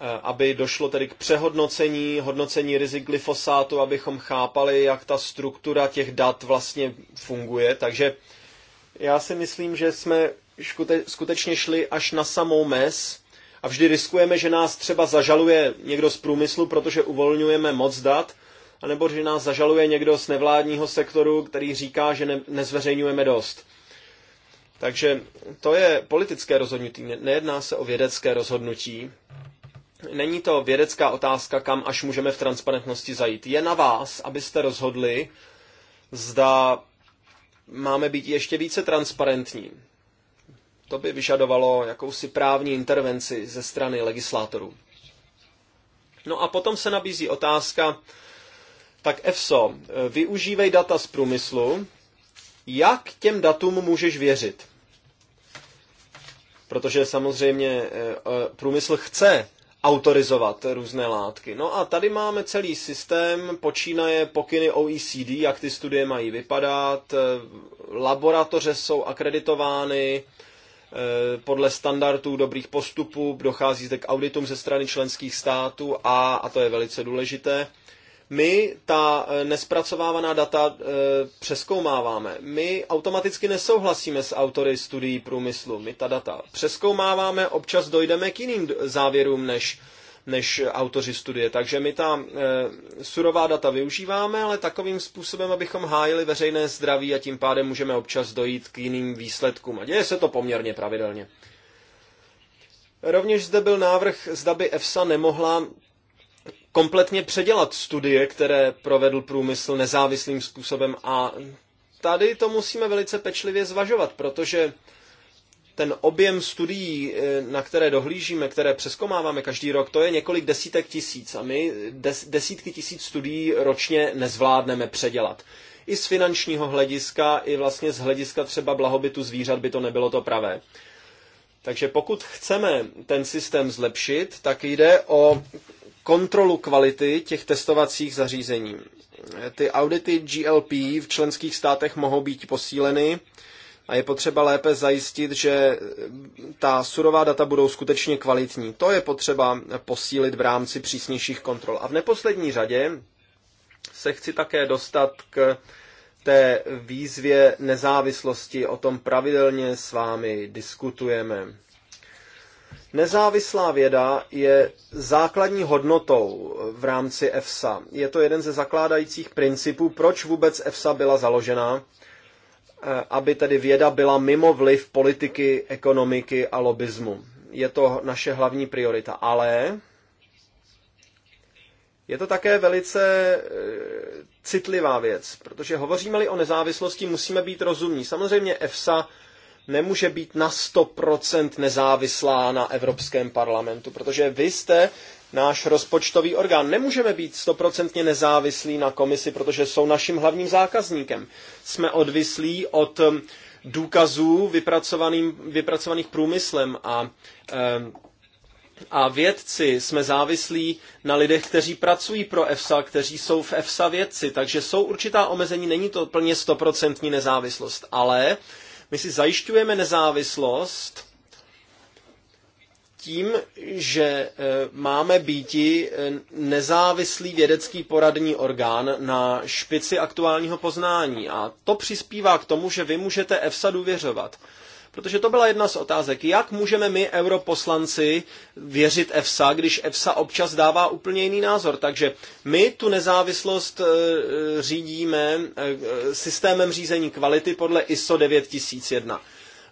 C: eh, aby došlo tedy k přehodnocení, hodnocení rizik glyfosátu, abychom chápali, jak ta struktura těch dat vlastně funguje. Takže já si myslím, že jsme skutečně šli až na samou mez, a vždy riskujeme, že nás třeba zažaluje někdo z průmyslu, protože uvolňujeme moc dat, anebo že nás zažaluje někdo z nevládního sektoru, který říká, že ne, nezveřejňujeme dost. Takže to je politické rozhodnutí, nejedná se o vědecké rozhodnutí. Není to vědecká otázka, kam až můžeme v transparentnosti zajít. Je na vás, abyste rozhodli, zda máme být ještě více transparentní. To by vyžadovalo jakousi právní intervenci ze strany legislátorů. No a potom se nabízí otázka, tak EFSO, eh, využívej data z průmyslu, jak těm datům můžeš věřit? Protože samozřejmě eh, eh, průmysl chce autorizovat různé látky. No a tady máme celý systém, počínaje pokyny OECD, jak ty studie mají vypadat, laboratoře jsou akreditovány, Eh, podle standardů dobrých postupů, dochází zde k auditům ze strany členských států a, a to je velice důležité, my ta eh, nespracovávaná data e, přeskoumáváme. My automaticky nesouhlasíme s autory studií průmyslu. My ta data přeskoumáváme, občas dojdeme k jiným závěrům, než než autoři studie. Takže my ta eh, surová data využíváme, ale takovým způsobem, abychom hájili veřejné zdraví a tím pádem můžeme občas dojít k jiným výsledkům. A děje se to poměrně pravidelně. Rovněž zde byl návrh, zda by EFSA nemohla kompletně předělat studie, které provedl průmysl nezávislým způsobem a tady to musíme velice pečlivě zvažovat, protože ten objem studií, eh, na které dohlížíme, které přeskomáváme každý rok, to je několik desítek tisíc a my des, desítky tisíc studií ročně nezvládneme předělat. I z finančního hlediska, i vlastně z hlediska třeba blahobytu zvířat by to nebylo to pravé. Takže pokud chceme ten systém zlepšit, tak jde o kontrolu kvality těch testovacích zařízení. Ty audity GLP v členských státech mohou být posíleny a je potřeba lépe zajistit, že ta surová data budou skutečně kvalitní. To je potřeba posílit v rámci přísnějších kontrol. A v neposlední řadě se chci také dostat k té výzvě nezávislosti. O tom pravidelně s vámi diskutujeme. Nezávislá věda je základní hodnotou v rámci EFSA. Je to jeden ze zakládajících principů, proč vůbec EFSA byla založena Eh, aby tedy věda byla mimo vliv politiky, ekonomiky a lobismu. Je to naše hlavní priorita. Ale je to také velice eh, citlivá věc, protože hovoříme-li o nezávislosti, musíme být rozumní. Samozřejmě EFSA nemůže být na 100% nezávislá na Evropském parlamentu, protože vy jste náš rozpočtový orgán. Nemůžeme být stoprocentně nezávislí na komisi, protože jsou naším hlavním zákazníkem. Jsme odvislí od um, důkazů vypracovaným vypracovaných průmyslem a um, a vědci jsme závislí na lidech, kteří pracují pro EFSA, kteří jsou v EFSA vědci, takže jsou určitá omezení, není to plně stoprocentní nezávislost, ale my si zajišťujeme nezávislost tím, že e, máme býti e, nezávislý vědecký poradní orgán na špici aktuálního poznání. A to přispívá k tomu, že vy můžete EFSA důvěřovat. Protože to byla jedna z otázek. Jak můžeme my, europoslanci, věřit EFSA, když EFSA občas dává úplně jiný názor? Takže my tu nezávislost e, řídíme systémem řízení kvality podle ISO 9001.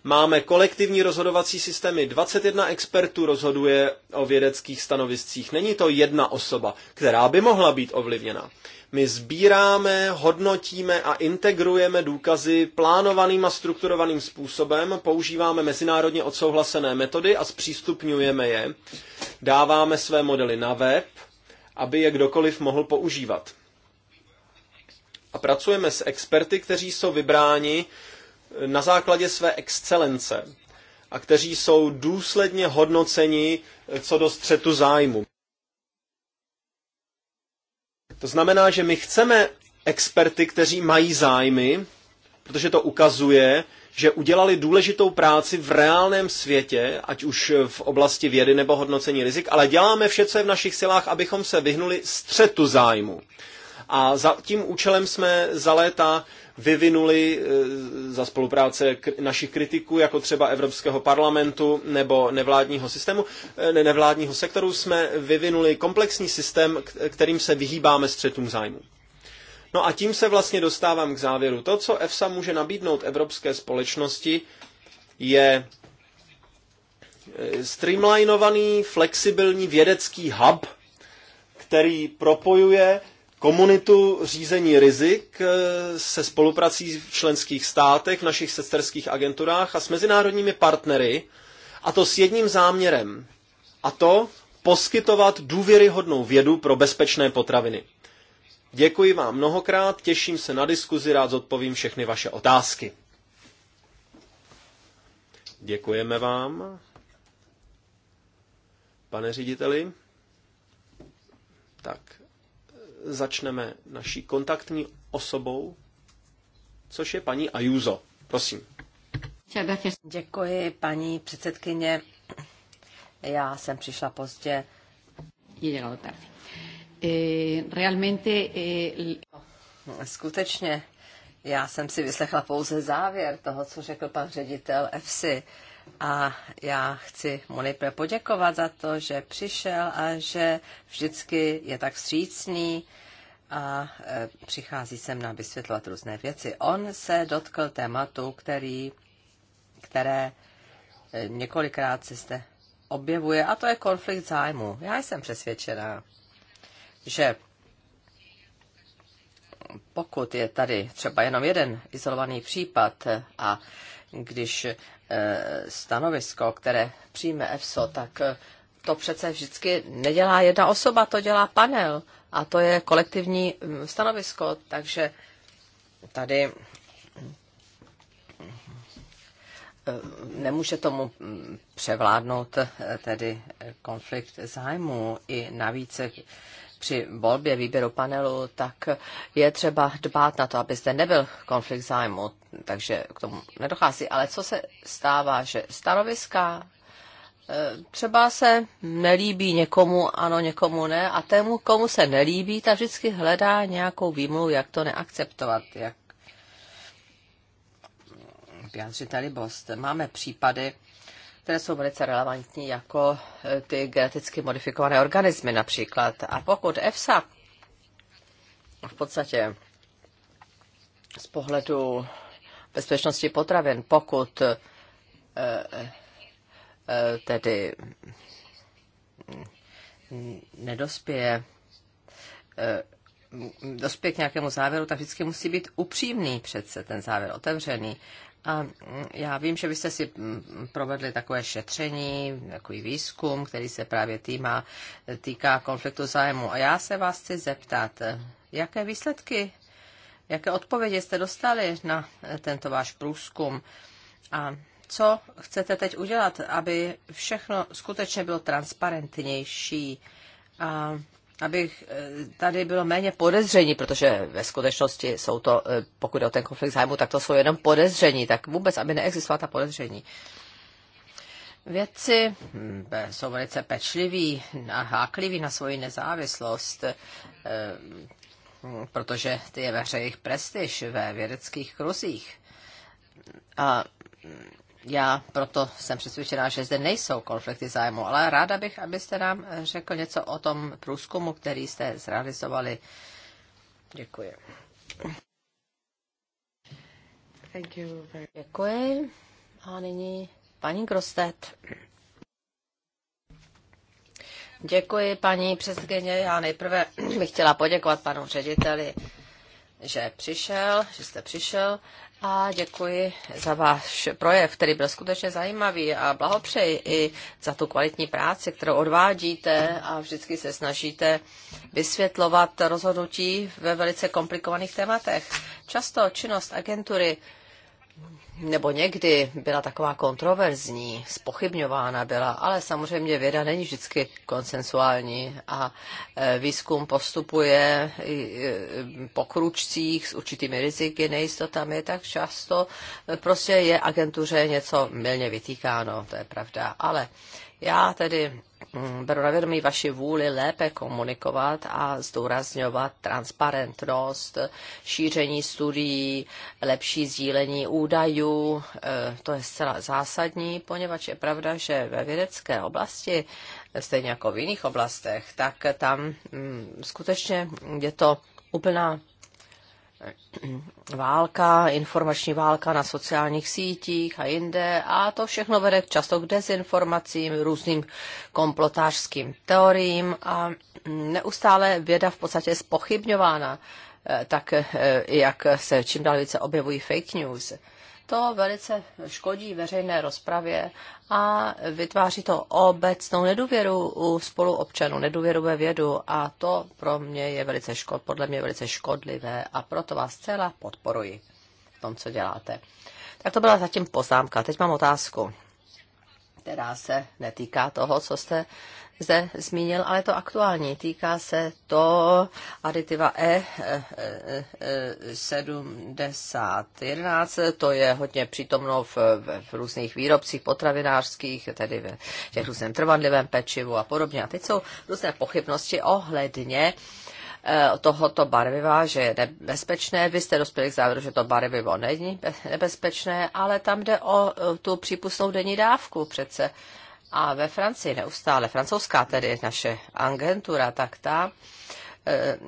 C: Máme kolektivní rozhodovací systémy, 21 expertů rozhoduje o vědeckých stanoviscích. Není to jedna osoba, která by mohla být ovlivněna. My sbíráme, hodnotíme a integrujeme důkazy plánovaným a strukturovaným způsobem, používáme mezinárodně odsouhlasené metody a zpřístupňujeme je. Dáváme své modely na web, aby je kdokoliv mohl používat. A pracujeme s experty, kteří jsou vybráni na základě své excelence a kteří jsou důsledně hodnoceni eh, co do střetu zájmu. To znamená, že my chceme experty, kteří mají zájmy, protože to ukazuje, že udělali důležitou práci v reálném světě, ať už v oblasti vědy nebo hodnocení rizik, ale děláme vše, co je v našich silách, abychom se vyhnuli střetu zájmu. A za tím účelem jsme za léta vyvinuli e, za spolupráce našich kritiků, jako třeba Evropského parlamentu nebo nevládního systému, e, ne, nevládního sektoru, jsme vyvinuli komplexní systém, kterým se vyhýbáme střetům zájmu. No a tím se vlastně dostávám k závěru. To, co EFSA může nabídnout evropské společnosti, je e, streamlinovaný, flexibilní vědecký hub, který propojuje komunitu řízení rizik eh, se spoluprací v členských státech, v našich sesterských agenturách a s mezinárodními partnery, a to s jedním záměrem, a to poskytovat důvěryhodnou vědu pro bezpečné potraviny. Děkuji vám mnohokrát, těším se na diskuzi, rád zodpovím všechny vaše otázky. Děkujeme vám, pane řediteli. Tak, začneme naší kontaktní osobou, což je paní Ajuzo. Prosím.
B: Děkuji, paní předsedkyně. Já jsem přišla pozdě. E, e, Skutečně, já jsem si vyslechla pouze závěr toho, co řekl pan ředitel EFSI. A já chci mu nejprve poděkovat za to, že přišel a že vždycky je tak vstřícný a e, přichází sem na vysvětlovat různé věci. On se dotkl tématu, který, které e, několikrát se zde objevuje, a to je konflikt zájmu. Já jsem přesvědčená, že pokud je tady třeba jenom jeden izolovaný případ a když Eh, stanovisko, které přijme EFSO, tak eh, to přece vždycky nedělá jedna osoba, to dělá panel a to je kolektivní mm, stanovisko, takže tady eh, nemůže tomu mm, převládnout tedy konflikt zájmu i navíc při volbě výběru panelu, tak je třeba dbát na to, aby zde nebyl konflikt zájmu, takže k tomu nedochází. Ale co se stává, že stanoviska eh, třeba se nelíbí někomu, ano, někomu ne, a tému, komu se nelíbí, ta vždycky hledá nějakou výmluvu, jak to neakceptovat, jak vyjádřit nelibost. Máme případy, které jsou velice relevantní, jako e, ty geneticky modifikované organismy například. A pokud EFSA v podstatě z pohledu bezpečnosti potravin, pokud e, e, tedy nedospěje dospět k nějakému závěru, tak vždycky musí být upřímný přece ten závěr, otevřený. A mm, já vím, že vy jste si mm, provedli takové šetření, takový výzkum, který se právě týma, týká konfliktu zájmu. A já se vás chci zeptat, jaké výsledky, jaké odpovědi jste dostali na tento váš průzkum a co chcete teď udělat, aby všechno skutečně bylo transparentnější a abych eh, tady bylo méně podezření, protože ve skutečnosti jsou to, eh, pokud je o ten konflikt zájmu, tak to jsou jenom podezření, tak vůbec, aby neexistovala ta podezření. Vědci hm, eh, jsou velice pečliví a hákliví na svoji nezávislost, hm, protože ty je ve jejich prestiž ve vědeckých kruzích. A hm, já proto jsem přesvědčená, že zde nejsou konflikty zájmu, ale ráda bych, abyste nám řekl něco o tom průzkumu, který jste zrealizovali. Děkuji. Thank you very... Děkuji. A nyní paní Grostet. Děkuji, paní předsedkyně. Já nejprve bych chtěla poděkovat panu řediteli, že přišel, že jste přišel a děkuji za váš projev, který byl skutečně zajímavý a blahopřeji i za tu kvalitní práci, kterou odvádíte a vždycky se snažíte vysvětlovat rozhodnutí ve velice komplikovaných tématech. Často činnost agentury nebo někdy byla taková kontroverzní, spochybňována byla, ale samozřejmě věda není vždycky konsensuální a e, výzkum postupuje e, po kručcích s určitými riziky, nejistotami, tak často e, prostě je agentuře něco milně vytýkáno, to je pravda. Ale já tedy mm, beru na vědomí vaši vůli lépe komunikovat a zdůrazňovat transparentnost, šíření studií, lepší sdílení údajů. E, to je zcela zásadní, poněvadž je pravda, že ve vědecké oblasti, stejně jako v jiných oblastech, tak tam mm, skutečně je to úplná válka, informační válka na sociálních sítích a jinde a to všechno vede často k dezinformacím, různým komplotářským teoriím a neustále věda v podstatě je spochybňována, eh, tak eh, jak se čím dál více objevují fake news. To velice škodí veřejné rozpravě a vytváří to obecnou nedůvěru u spoluobčanů, nedůvěru ve vědu a to pro mě je velice škod, podle mě velice škodlivé a proto vás celá podporuji v tom, co děláte. Tak to byla zatím poznámka. Teď mám otázku, která se netýká toho, co jste zde zmínil, ale to aktuální. Týká se to aditiva E7011, e, e, to je hodně přítomno v, v různých výrobcích potravinářských, tedy v těch různém trvanlivém pečivu a podobně. A teď jsou různé pochybnosti ohledně e, tohoto barviva, že je nebezpečné. Vy jste dospěli k závěru, že to barvivo není nebezpečné, ale tam jde o tu přípustnou denní dávku přece. A ve Francii neustále, francouzská tedy naše agentura, tak ta eh,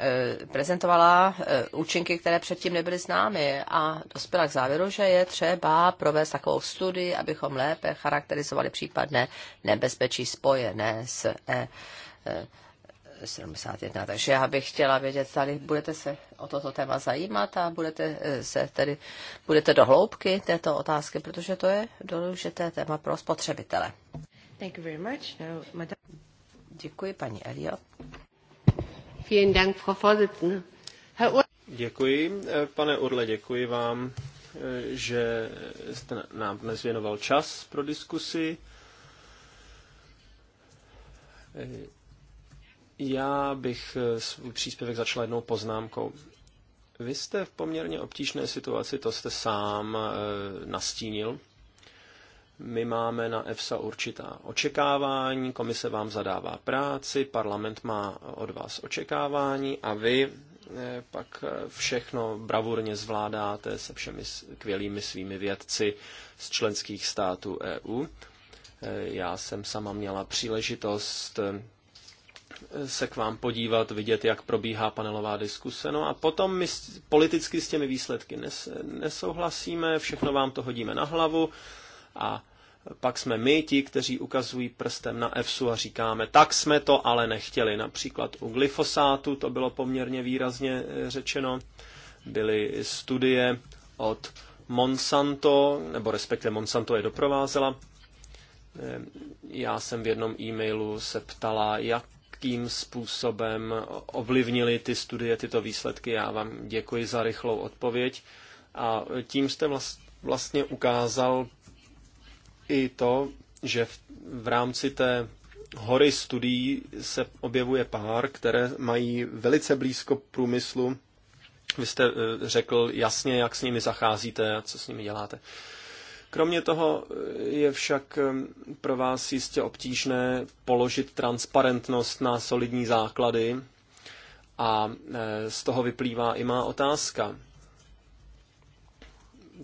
B: eh, prezentovala eh, účinky, které předtím nebyly známy a dospěla k závěru, že je třeba provést takovou studii, abychom lépe charakterizovali případné nebezpečí spojené s e, 71. Takže já bych chtěla vědět, tady budete se o toto téma zajímat a budete eh, se tedy, budete do hloubky této otázky, protože to je důležité téma pro spotřebitele. Thank you very much. Now, madame... Děkuji, paní Elio. Vielen Dank, Frau Vorsitzende.
C: Děkuji, eh, pane Urle, děkuji vám, eh, že jste nám dnes věnoval čas pro diskusi. Já bych eh, svůj příspěvek začal jednou poznámkou. Vy jste v poměrně obtížné situaci, to jste sám eh, nastínil. My máme na EFSA určitá očekávání, komise vám zadává práci, parlament má od vás očekávání a vy eh, pak všechno bravurně zvládáte se všemi kvělými svými vědci z členských států EU. já jsem sama měla příležitost se k vám podívat, vidět, jak probíhá panelová diskuse. No a potom my politicky s těmi výsledky nes, nesouhlasíme, všechno vám to hodíme na hlavu a pak jsme my ti, kteří ukazují prstem na EFSU a říkáme, tak jsme to ale nechtěli. Například u glyfosátu to bylo poměrně výrazně eh, řečeno. Byly studie od Monsanto, nebo respektive Monsanto je doprovázela. Eh, já jsem v jednom e-mailu se ptala, jak jakým způsobem ovlivnili ty studie, tyto výsledky. Já vám děkuji za rychlou odpověď. A tím jste vlastně ukázal i to, že v rámci té hory studií se objevuje pár, které mají velice blízko průmyslu. Vy jste eh, řekl jasně, jak s nimi zacházíte a co s nimi děláte. Kromě toho eh, je však ehm, pro vás jistě obtížné položit transparentnost na solidní základy a eh, z toho vyplývá i má otázka.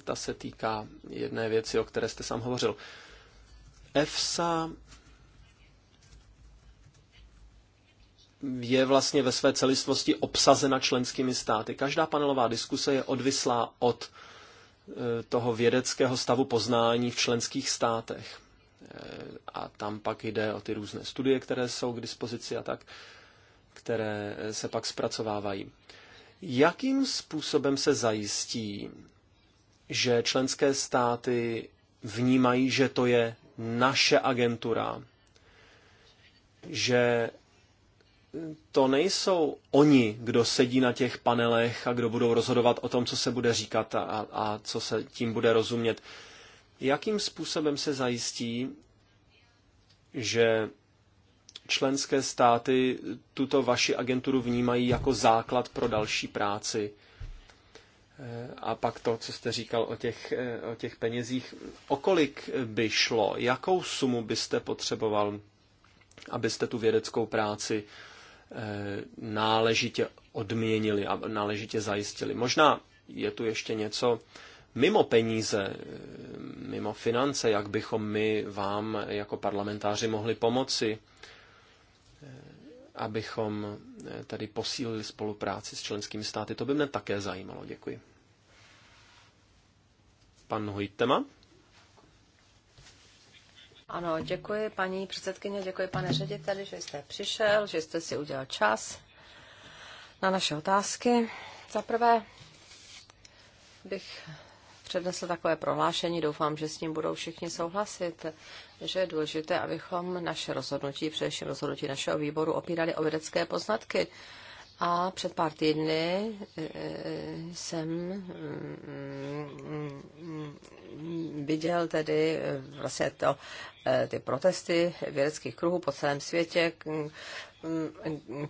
C: Ta se týká jedné věci, o které jste sám hovořil. EFSA je vlastně ve své celistvosti obsazena členskými státy. Každá panelová diskuse je odvislá od Eh, toho vědeckého stavu poznání v členských státech. Eh, a tam pak jde o ty různé studie, které jsou k dispozici a tak, které eh, se pak zpracovávají. Jakým způsobem se zajistí, že členské státy vnímají, že to je naše agentura, že to nejsou oni, kdo sedí na těch panelech a kdo budou rozhodovat o tom, co se bude říkat a, a co se tím bude rozumět. Jakým způsobem se zajistí, že členské státy tuto vaši agenturu vnímají jako základ pro další práci? Eh, a pak to, co jste říkal o těch, eh, o těch penězích, o kolik by šlo, jakou sumu byste potřeboval, abyste tu vědeckou práci Eh, náležitě odměnili a náležitě zajistili. Možná je tu ještě něco mimo peníze, eh, mimo finance, jak bychom my vám jako parlamentáři mohli pomoci, eh, abychom tady posílili spolupráci s členskými státy. To by mě také zajímalo. Děkuji. Pan Hojtema.
B: Ano, děkuji paní předsedkyně, děkuji pane řediteli, že jste přišel, že jste si udělal čas na naše otázky. Za prvé bych přednesl takové prohlášení, doufám, že s ním budou všichni souhlasit, že je důležité, abychom naše rozhodnutí, především rozhodnutí našeho výboru, opírali o vědecké poznatky. A před pár týdny eh, jsem mm, mm, viděl tedy eh, vlastně to, eh, ty protesty vědeckých kruhů po celém světě, mm,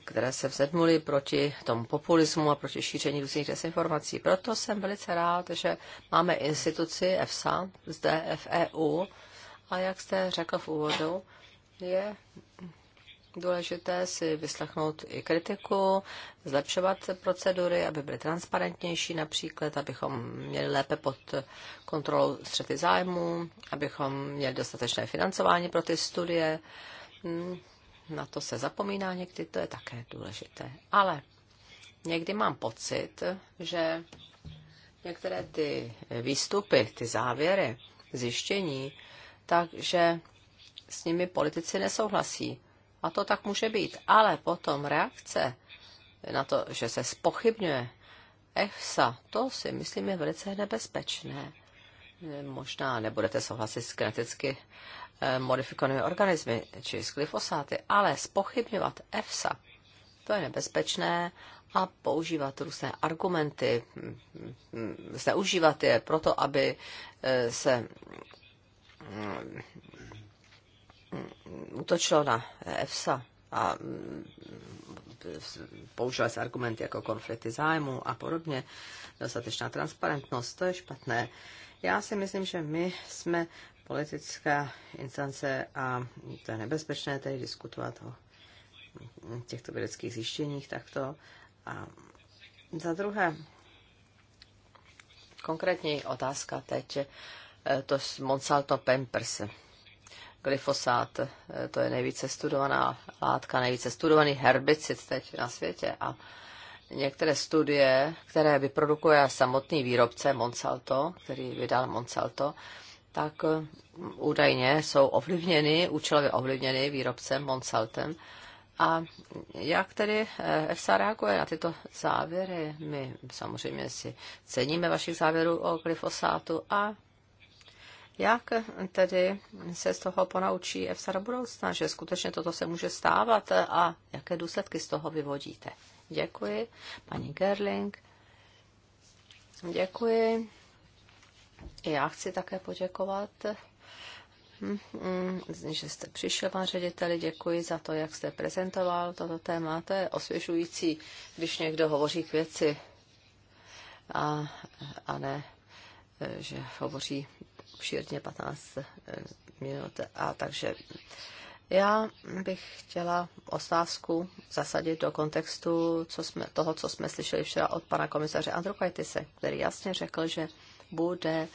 B: které se vzedmuly proti tomu populismu a proti šíření různých desinformací. Proto jsem velice rád, že máme instituci EFSA zde v EU a jak jste řekl v úvodu, je důležité si vyslechnout i kritiku, zlepšovat procedury, aby byly transparentnější například, abychom měli lépe pod kontrolou střety zájmu, abychom měli dostatečné financování pro ty studie. Hmm, na to se zapomíná někdy, to je také důležité. Ale někdy mám pocit, že některé ty výstupy, ty závěry, zjištění, takže s nimi politici nesouhlasí a to tak může být. Ale potom reakce na to, že se spochybňuje EFSA, to si myslím je velice nebezpečné. Možná nebudete souhlasit s geneticky eh, modifikovanými organismy či s glyfosáty, ale spochybňovat EFSA, to je nebezpečné a používat různé argumenty, hm, hm, zneužívat je proto, aby eh, se hm, Mm, útočilo na eh, EFSA a mm, používali se argumenty jako konflikty zájmu a podobně, dostatečná transparentnost, to je špatné. Já si myslím, že my jsme politická instance a to je nebezpečné tady diskutovat o těchto vědeckých zjištěních takto. A za druhé, konkrétní otázka teď, eh, to je Monsanto Pampers glyfosát, eh, to je nejvíce studovaná látka, nejvíce studovaný herbicid teď na světě. A některé studie, které vyprodukuje samotný výrobce Monsanto, který vydal Monsanto, tak mm, údajně jsou ovlivněny, účelově ovlivněny výrobcem Monsaltem. A jak tedy EFSA eh, reaguje na tyto závěry? My samozřejmě si ceníme vašich závěrů o glyfosátu a jak tedy se z toho ponaučí EFSA do budoucna, že skutečně toto se může stávat a jaké důsledky z toho vyvodíte? Děkuji. Paní Gerling. Děkuji. Já chci také poděkovat, hm, hm, že jste přišel, pan řediteli. Děkuji za to, jak jste prezentoval toto téma. To je osvěžující, když někdo hovoří k věci a, a ne, že hovoří obšírně 15 eh, minut. A takže já bych chtěla otázku zasadit do kontextu co jsme, toho, co jsme slyšeli včera od pana komisaře Andrukaitise, který jasně řekl, že bude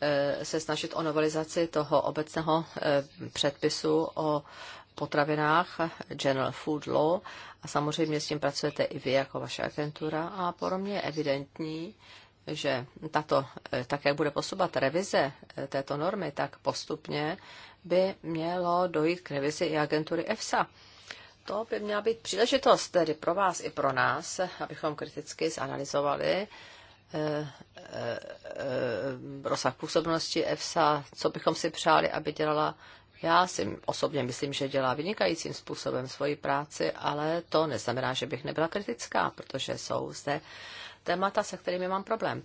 B: eh, se snažit o novelizaci toho obecného eh, předpisu o potravinách General Food Law a samozřejmě s tím pracujete i vy jako vaše agentura a pro mě je evidentní, že tato, eh, tak jak bude postupovat revize eh, této normy, tak postupně by mělo dojít k revizi i agentury EFSA. To by měla být příležitost tedy pro vás i pro nás, abychom kriticky zanalizovali eh, rozsah působnosti EFSA, co bychom si přáli, aby dělala. Já si osobně myslím, že dělá vynikajícím způsobem svoji práci, ale to neznamená, že bych nebyla kritická, protože jsou zde témata, se kterými mám problém.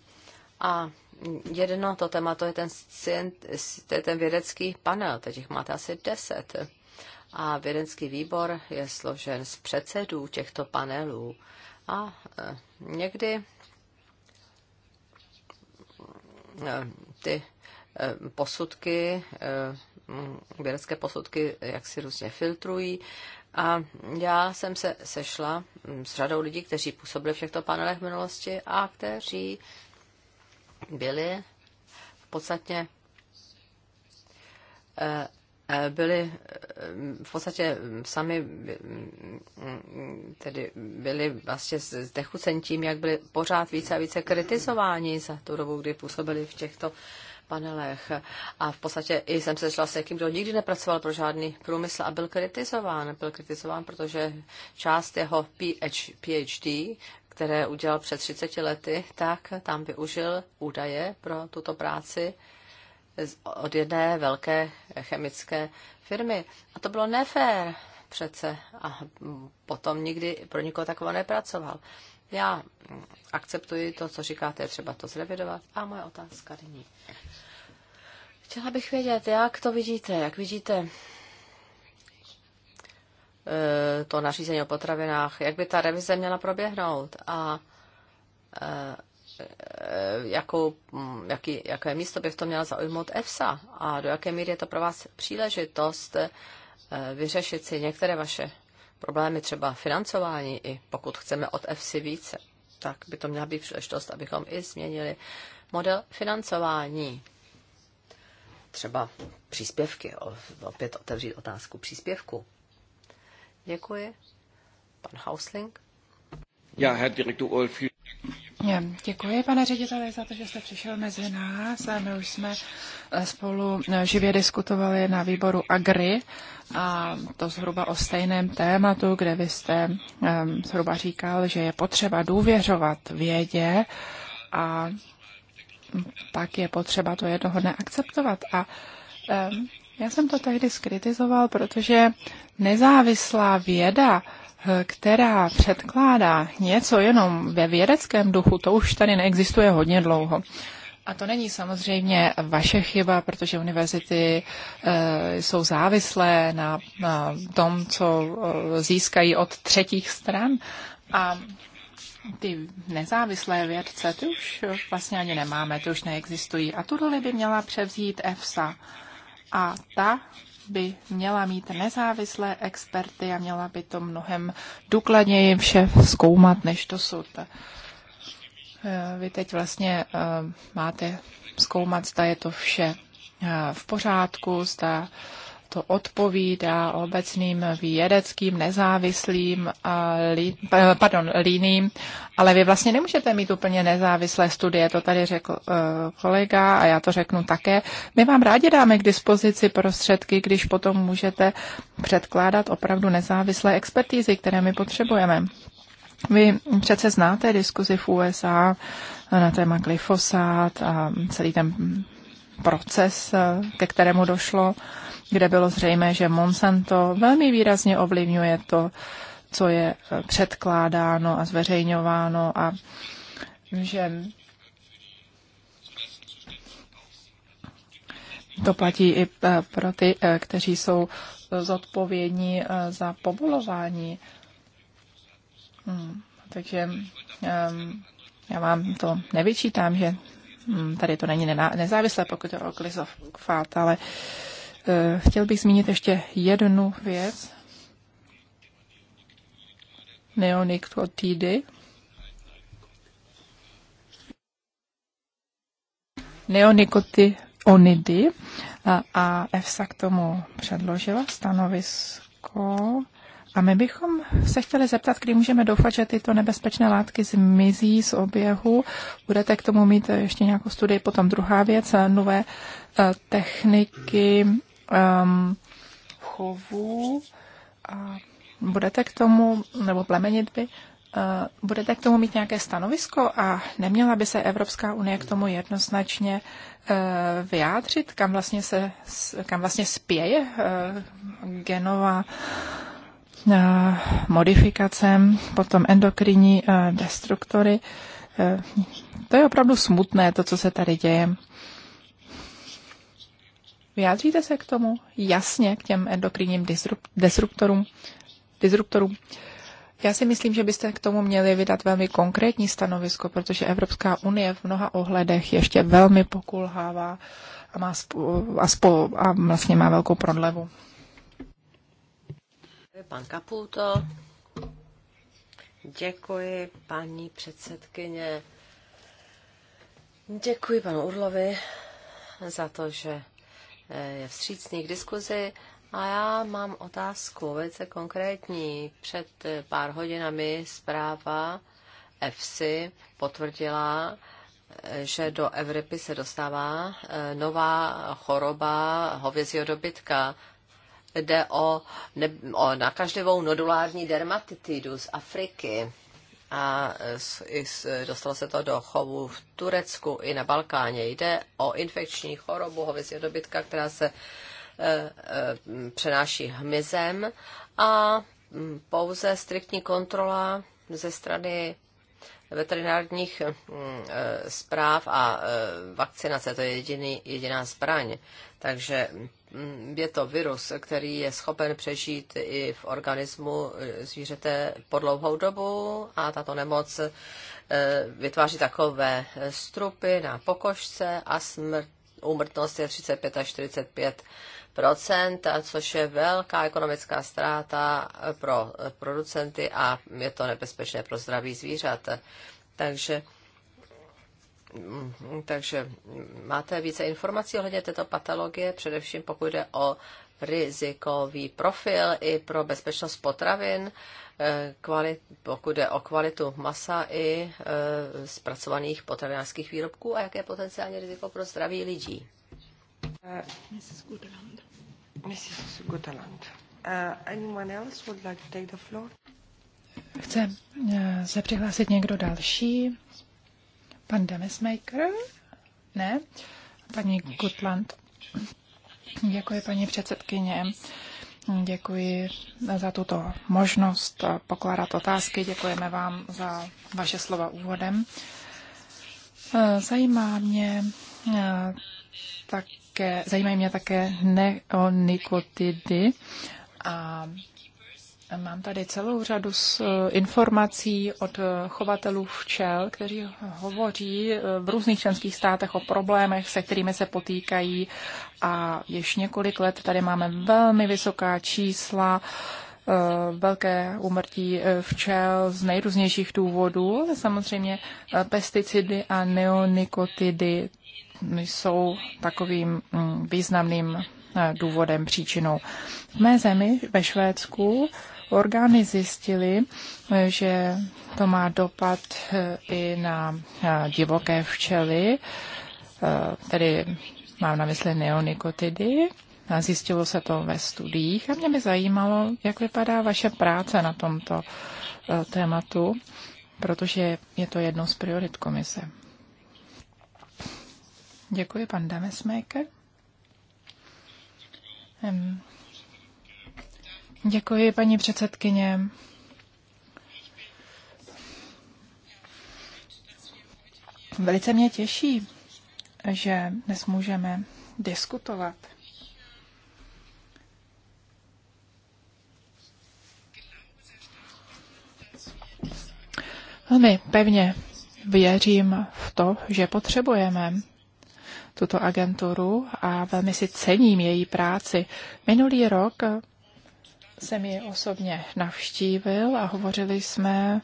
B: A jedno to téma, to je ten, to je ten vědecký panel, teď jich máte asi deset. A vědecký výbor je složen z předsedů těchto panelů. A e, někdy e, ty e, posudky, vědecké posudky, jak si různě filtrují a já jsem se sešla mm, s řadou lidí, kteří působili v těchto panelech v minulosti a kteří byli v podstatě eh, eh, byli eh, v podstatě mm, sami mm, tedy byli vlastně znechucen tím, jak byli pořád více a více kritizováni za tu dobu, kdy působili v těchto panelech. A v podstatě i jsem se začala s někým, kdo nikdy nepracoval pro žádný průmysl a byl kritizován. Byl kritizován, protože část jeho PhD, které udělal před 30 lety, tak tam využil údaje pro tuto práci od jedné velké chemické firmy. A to bylo nefér přece. A potom nikdy pro nikoho takového nepracoval. Já akceptuji to, co říkáte, je třeba to zrevidovat. A moje otázka nyní. Chtěla bych vědět, jak to vidíte, jak vidíte eh, to nařízení o potravinách, jak by ta revize měla proběhnout a eh, eh, jakou, hm, jaký, jaké místo by v tom měla zaujmout EFSA a do jaké míry je to pro vás příležitost vyřešit si některé vaše problémy, třeba financování, i pokud chceme od EFSA více, tak by to měla být příležitost, abychom i změnili model financování třeba příspěvky, opět otevřít otázku příspěvku. Děkuji. Pan Hausling.
C: Já, Herr Direktor Olf,
D: Děkuji, pane řediteli, za to, že jste přišel mezi nás. My už jsme eh, spolu eh, živě diskutovali na výboru Agri a to zhruba o stejném tématu, kde vy jste eh, zhruba říkal, že je potřeba důvěřovat vědě a pak je potřeba to jednoho dne akceptovat. A já jsem to tehdy skritizoval, protože nezávislá věda, eh, která předkládá něco jenom ve vědeckém duchu, to už tady neexistuje hodně dlouho. A to není samozřejmě vaše chyba, protože univerzity e, jsou závislé na, na tom, co eh, získají od třetích stran. A ty nezávislé vědce, ty už vlastně ani nemáme, ty už neexistují. A tu roli by měla převzít EFSA. A ta by měla mít nezávislé experty a měla by to mnohem důkladněji vše zkoumat než jsou. E, vy teď vlastně e, máte zkoumat, zda je to vše e, v pořádku, zda to odpovídá obecným vědeckým, nezávislým pardon, líním, ale vy vlastně nemůžete mít úplně nezávislé studie, to tady řekl eh, kolega a já to řeknu také. My vám rádi dáme k dispozici prostředky, když potom můžete předkládat opravdu nezávislé expertízy, které my potřebujeme. Vy přece znáte diskuzi v USA na téma glyfosát a celý ten proces, eh, ke kterému došlo. Uh, kde bylo zřejmé, že Monsanto velmi výrazně ovlivňuje to, co je eh, předkládáno a zveřejňováno a že to platí i eh, pro ty, eh, kteří jsou zodpovědní za povolování. Hmm, takže ehm, já vám to nevyčítám, že hm, tady to není nezávislé, pokud je o glyzofát, ale uh, Eh, chtěl bych zmínit ještě jednu věc. Neonikotidy, Neonikotionidy a, a EFSA k tomu předložila stanovisko. A my bychom se chtěli zeptat, kdy můžeme doufat, že tyto nebezpečné látky zmizí z oběhu. Budete k tomu mít ještě nějakou studii. Potom druhá věc, nové eh, techniky um, chovu a budete k tomu, nebo uh, budete k tomu mít nějaké stanovisko a neměla by se Evropská unie k tomu jednoznačně uh, vyjádřit, kam vlastně, se, kam vlastně spěje uh, genová uh, modifikacem, potom endokrinní destruktory. To je opravdu smutné, to, co se tady děje. Vyjádříte se k tomu jasně, k těm endokrinním disruptorům? disruptorům. Já si myslím, že byste k tomu měli vydat velmi konkrétní stanovisko, protože Evropská unie v mnoha ohledech ještě velmi pokulhává a, má spo, a, spo, a vlastně má velkou prodlevu.
B: Pan Kaputo. Děkuji, paní předsedkyně. Děkuji panu Urlovi za to, že je eh, vstřícný k diskuzi. A já mám otázku velice konkrétní. Před eh, pár hodinami zpráva EFSI potvrdila, eh, že do Evropy se dostává nová choroba hovězího dobytka. Jde o, ne, o nakažlivou nodulární dermatitidu z Afriky a dostalo se to do chovu v Turecku i na Balkáně. Jde o infekční chorobu hovězího dobytka, která se e, e, přenáší hmyzem a pouze striktní kontrola ze strany veterinárních e, zpráv a vakcinace, to je jediný, jediná zbraň. Takže Mm, je to virus, který je schopen přežít i v organismu eh, zvířete po dlouhou dobu a tato nemoc eh, vytváří takové eh, strupy na pokožce a smrt, úmrtnost je 35 až 45 což je velká ekonomická ztráta pro producenty a je to nebezpečné pro zdraví zvířat. Takže takže máte více informací ohledně této patologie, především pokud jde o rizikový profil i pro bezpečnost potravin, eh, kvalit, pokud jde o kvalitu masa i eh, zpracovaných potravinářských výrobků a jaké je potenciální riziko pro zdraví lidí. Uh, eh,
A: Mrs. Guterland. Mrs. Guterland. Uh, anyone else would like to take the floor?
D: Chce se přihlásit někdo další? Pan Demesmaker? Ne. Paní Gutland. Děkuji, paní předsedkyně. Děkuji za tuto možnost pokládat otázky. Děkujeme vám za vaše slova úvodem. Zajímá mě eh, také, zajímají mě také neonikotidy a Mám tady celou řadu z, eh, informací od eh, chovatelů včel, kteří hovoří eh, v různých členských státech o problémech, se kterými se potýkají a již několik let tady máme velmi vysoká čísla velké úmrtí včel z nejrůznějších důvodů, samozřejmě pesticidy a neonikotidy jsou takovým mm, významným důvodem, příčinou. V mé zemi ve Švédsku Orgány zjistily, že to má dopad eh, i na eh, divoké včely, eh, tedy mám na mysli neonikotidy. zjistilo se to ve studiích a mě by zajímalo, jak vypadá vaše práce na tomto tématu, protože je to jedno z priorit komise. Děkuji, pan Damesmaker. Děkuji, paní předsedkyně. Velice mě těší, že dnes můžeme diskutovat. Velmi pevně věřím v to, že potřebujeme tuto agenturu a velmi si cením její práci. Minulý rok jsem ji osobně navštívil a hovořili jsme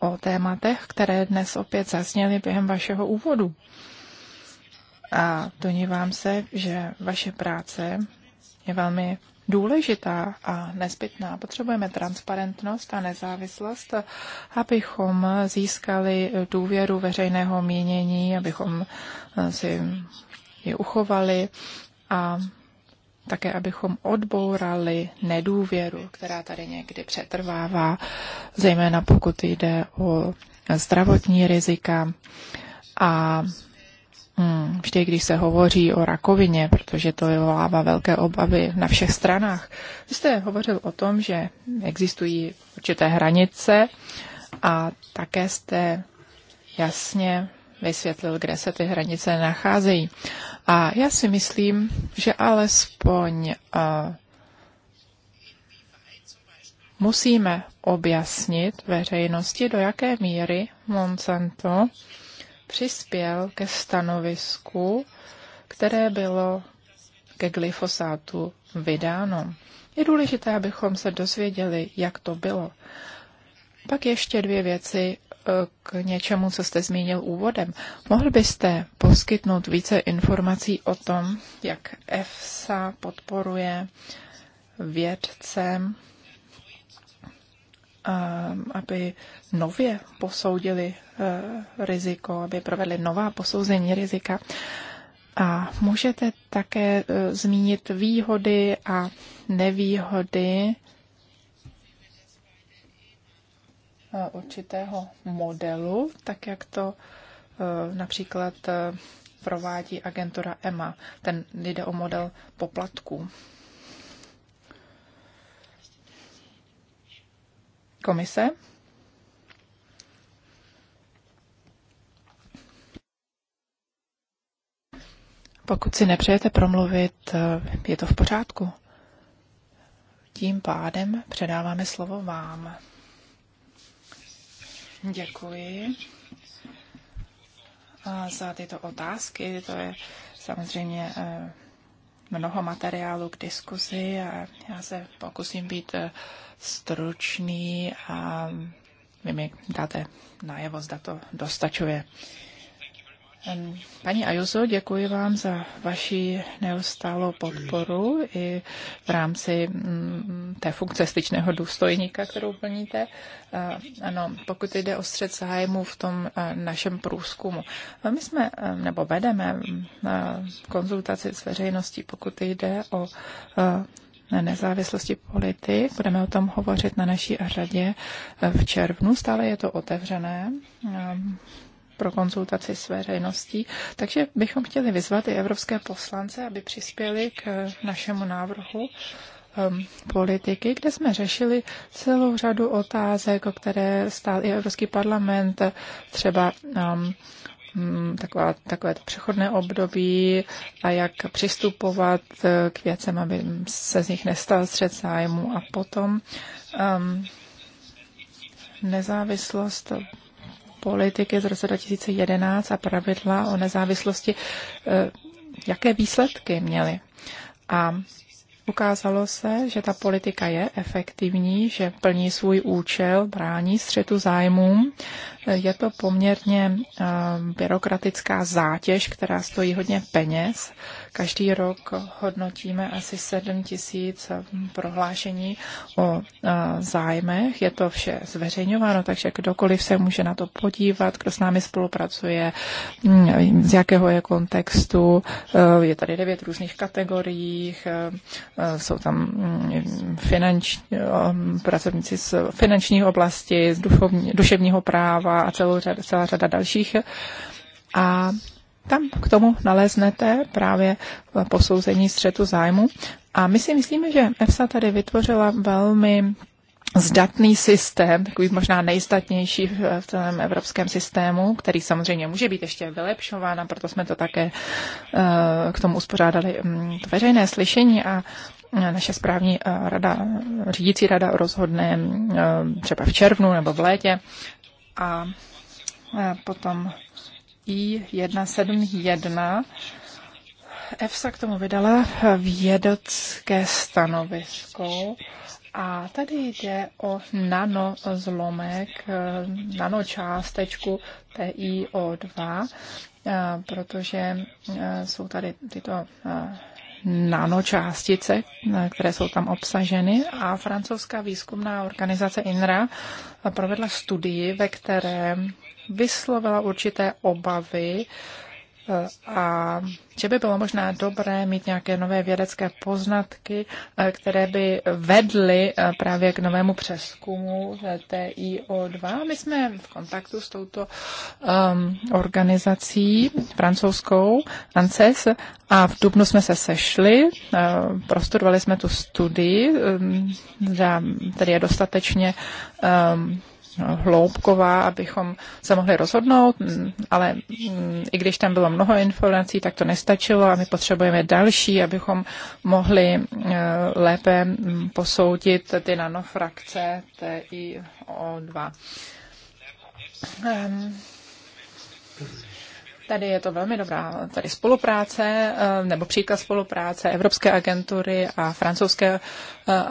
D: o tématech, které dnes opět zazněly během vašeho úvodu. A donívám se, že vaše práce je velmi důležitá a nezbytná. Potřebujeme transparentnost a nezávislost, abychom získali důvěru veřejného mínění, abychom si ji uchovali a také abychom odbourali nedůvěru, která tady někdy přetrvává, zejména pokud jde o zdravotní rizika a hmm, vždy, když se hovoří o rakovině, protože to vyvolává velké obavy na všech stranách. Vy jste hovořil o tom, že existují určité hranice a také jste jasně vysvětlil, kde se ty hranice nacházejí. A já si myslím, že alespoň musíme objasnit veřejnosti, do jaké míry Monsanto přispěl ke stanovisku, které bylo ke glyfosátu vydáno. Je důležité, abychom se dozvěděli, jak to bylo. Pak ještě dvě věci k něčemu, co jste zmínil úvodem. Mohl byste poskytnout více informací o tom, jak EFSA podporuje vědcem, ehm, aby nově posoudili eh, riziko, aby provedli nová posouzení rizika. A můžete také eh, zmínit výhody a nevýhody Eh, určitého modelu, tak jak to eh, například eh, provádí agentura EMA. Ten jde o model poplatků. Komise? Pokud si nepřejete promluvit, je to v pořádku. Tím pádem předáváme slovo vám. Děkuji za tyto otázky. To je samozřejmě eh, mnoho materiálu k diskuzi a já se pokusím být eh, stručný a vy mi dáte najevo, zda to dostačuje. Paní Ajuso, děkuji vám za vaši neustálou podporu i v rámci mm, té funkce styčného důstojníka, kterou plníte. Ano, pokud jde o střed zájmu v tom našem průzkumu. My jsme, nebo vedeme mm, konzultaci s veřejností, pokud jde o nezávislosti politik. Budeme o tom hovořit na naší řadě e, v červnu. Stále je to otevřené pro konzultaci s veřejností. Takže bychom chtěli vyzvat i evropské poslance, aby přispěli k našemu návrhu um, politiky, kde jsme řešili celou řadu otázek, o které stál i Evropský parlament, třeba um, mm, taková, takové to přechodné období a jak přistupovat uh, k věcem, aby se z nich nestal střed zájmu a potom um, nezávislost politiky z roce 2011 a pravidla o nezávislosti, e, jaké výsledky měly. A ukázalo se, že ta politika je efektivní, že plní svůj účel, brání střetu zájmům. E, je to poměrně e, byrokratická zátěž, která stojí hodně peněz Každý rok hodnotíme asi 7 tisíc prohlášení o zájmech. Je to vše zveřejňováno, takže kdokoliv se může na to podívat, kdo s námi spolupracuje, z jakého je kontextu. E, je tady devět různých kategorií, e, e, jsou tam finanční, pracovníci z finanční oblasti, z duchovní, duševního práva a celou řada, celá řada dalších. A tam k tomu naleznete právě posouzení střetu zájmu. A my si myslíme, že EFSA tady vytvořila velmi zdatný systém, takový možná nejzdatnější v celém evropském systému, který samozřejmě může být ještě vylepšován a proto jsme to také eh, k tomu uspořádali mm, to veřejné slyšení a naše správní eh, rada, řídící rada rozhodne eh, třeba v červnu nebo v létě a potom i171. EFSA k tomu vydala vědecké stanovisko a tady jde o nanozlomek, nanočástečku TiO2, eh, protože eh, jsou tady tyto eh, nanočástice, které jsou tam obsaženy a francouzská výzkumná organizace INRA provedla studii, ve které vyslovila určité obavy eh, a že by bylo možná dobré mít nějaké nové vědecké poznatky, eh, které by vedly eh, právě k novému přeskumu TIO2. My jsme v kontaktu s touto um, organizací francouzskou ANCES a v Dubnu jsme se sešli, uh, prostudovali jsme tu studii, um, ehm, která je dostatečně um, hloubková, abychom se mohli rozhodnout, mm, ale mm, i když tam bylo mnoho informací, tak to nestačilo a my potřebujeme další, abychom mohli eh, lépe mm, posoudit ty nanofrakce TIO2. Um, Tady je to velmi dobrá tady spolupráce, eh, nebo příklad spolupráce Evropské agentury a francouzské eh,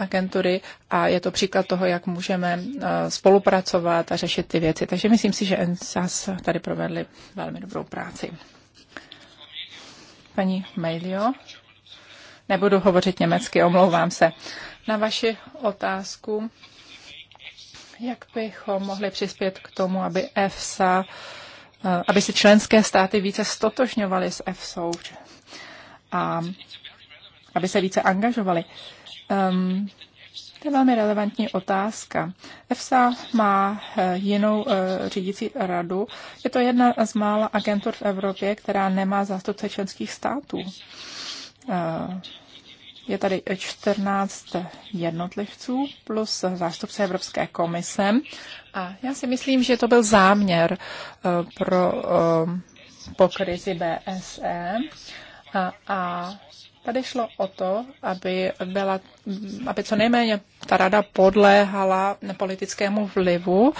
D: agentury a je to příklad toho, jak můžeme eh, spolupracovat a řešit ty věci. Takže myslím si, že ENSAS tady provedli velmi dobrou práci. Paní Mailio, nebudu hovořit německy, omlouvám se. Na vaši otázku, jak bychom mohli přispět k tomu, aby EFSA uh, Eh, aby si členské státy více stotožňovaly s EFSO a aby se více angažovaly. Um, to je velmi relevantní otázka. EFSA má eh, jinou eh, řídící radu. Je to jedna z mála agentur v Evropě, která nemá zástupce členských států. Je tady 14 jednotlivců plus zástupce Evropské komise. A já si myslím, že to byl záměr eh, pro eh, po krizi BSE. A, a Tady šlo o to, aby, byla, aby co nejméně ta rada podléhala politickému vlivu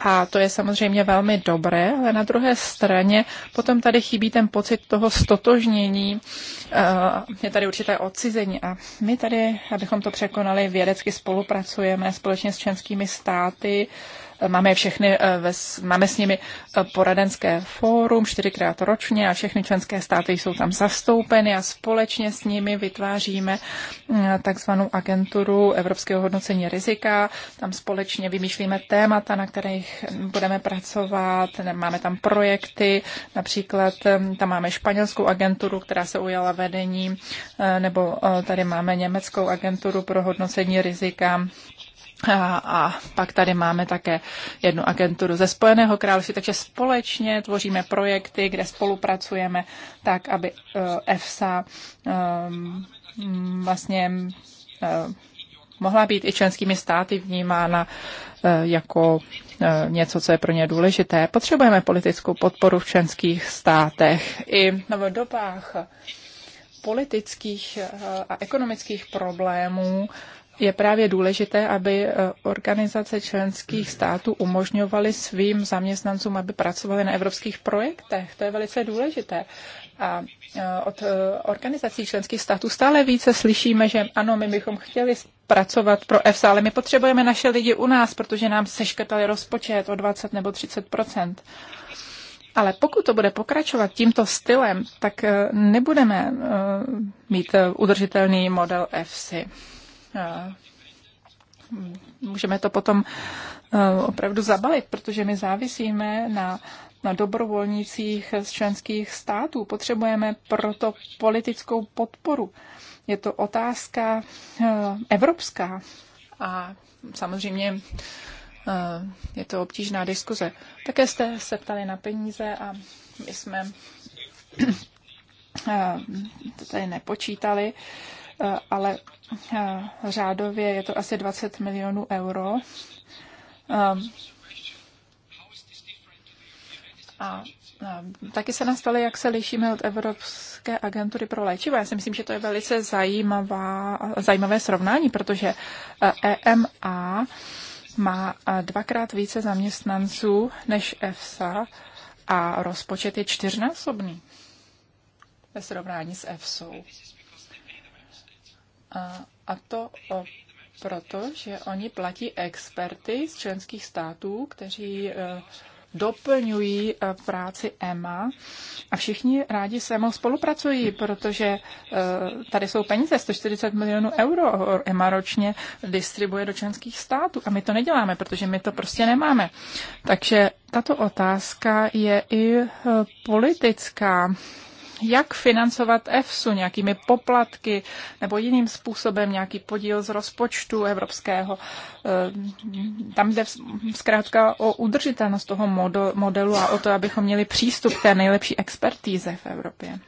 D: a to je samozřejmě velmi dobré, ale na druhé straně potom tady chybí ten pocit toho stotožnění, eh, je tady určité odcizení a my tady, abychom to překonali, vědecky spolupracujeme společně s členskými státy, Máme, všechny, eh, máme s nimi eh, poradenské fórum čtyřikrát ročně a všechny členské státy jsou tam zastoupeny a společně s nimi vytváříme eh, takzvanou agenturu Evropského hodnocení rizika. Tam společně vymýšlíme témata, na kterých budeme pracovat. Máme tam projekty, například tam máme španělskou agenturu, která se ujala vedení, nebo tady máme německou agenturu pro hodnocení rizika a, a pak tady máme také jednu agenturu ze Spojeného království, takže společně tvoříme projekty, kde spolupracujeme tak, aby eh, EFSA eh, vlastně eh, mohla být i členskými státy vnímána jako něco, co je pro ně důležité. Potřebujeme politickou podporu v členských státech i v dobách politických a ekonomických problémů je právě důležité, aby eh, organizace členských států umožňovaly svým zaměstnancům, aby pracovali na evropských projektech. To je velice důležité. A eh, od eh, organizací členských států stále více slyšíme, že ano, my bychom chtěli pracovat pro EFSA, ale my potřebujeme naše lidi u nás, protože nám seškrtali rozpočet o 20 nebo 30 ale pokud to bude pokračovat tímto stylem, tak nebudeme mít udržitelný model EFSI. Hm, můžeme to potom e, opravdu zabalit, protože my závisíme na, na dobrovolnících z členských států. Potřebujeme proto politickou podporu. Je to otázka e, evropská a samozřejmě e, je to obtížná diskuze. Také jste se ptali na peníze a my jsme to tady nepočítali. Eh, ale eh, řádově je to asi 20 milionů euro. Ehm, a eh, taky se nastaly, jak se lišíme od Evropské agentury pro léčiva. Já si myslím, že to je velice zajímavá, zajímavé srovnání, protože EMA e má dvakrát více zaměstnanců než EFSA a rozpočet je čtyřnásobný ve srovnání s EFSou. A to o proto, že oni platí experty z členských států, kteří e, doplňují e, práci EMA a všichni rádi se mnou spolupracují, protože e, tady jsou peníze, 140 milionů euro EMA ročně distribuje do členských států a my to neděláme, protože my to prostě nemáme. Takže tato otázka je i politická jak financovat EFSU nějakými poplatky nebo jiným způsobem nějaký podíl z rozpočtu evropského. Eh, tam jde zkrátka o udržitelnost toho modelu a o to, abychom měli přístup k té nejlepší expertíze v Evropě.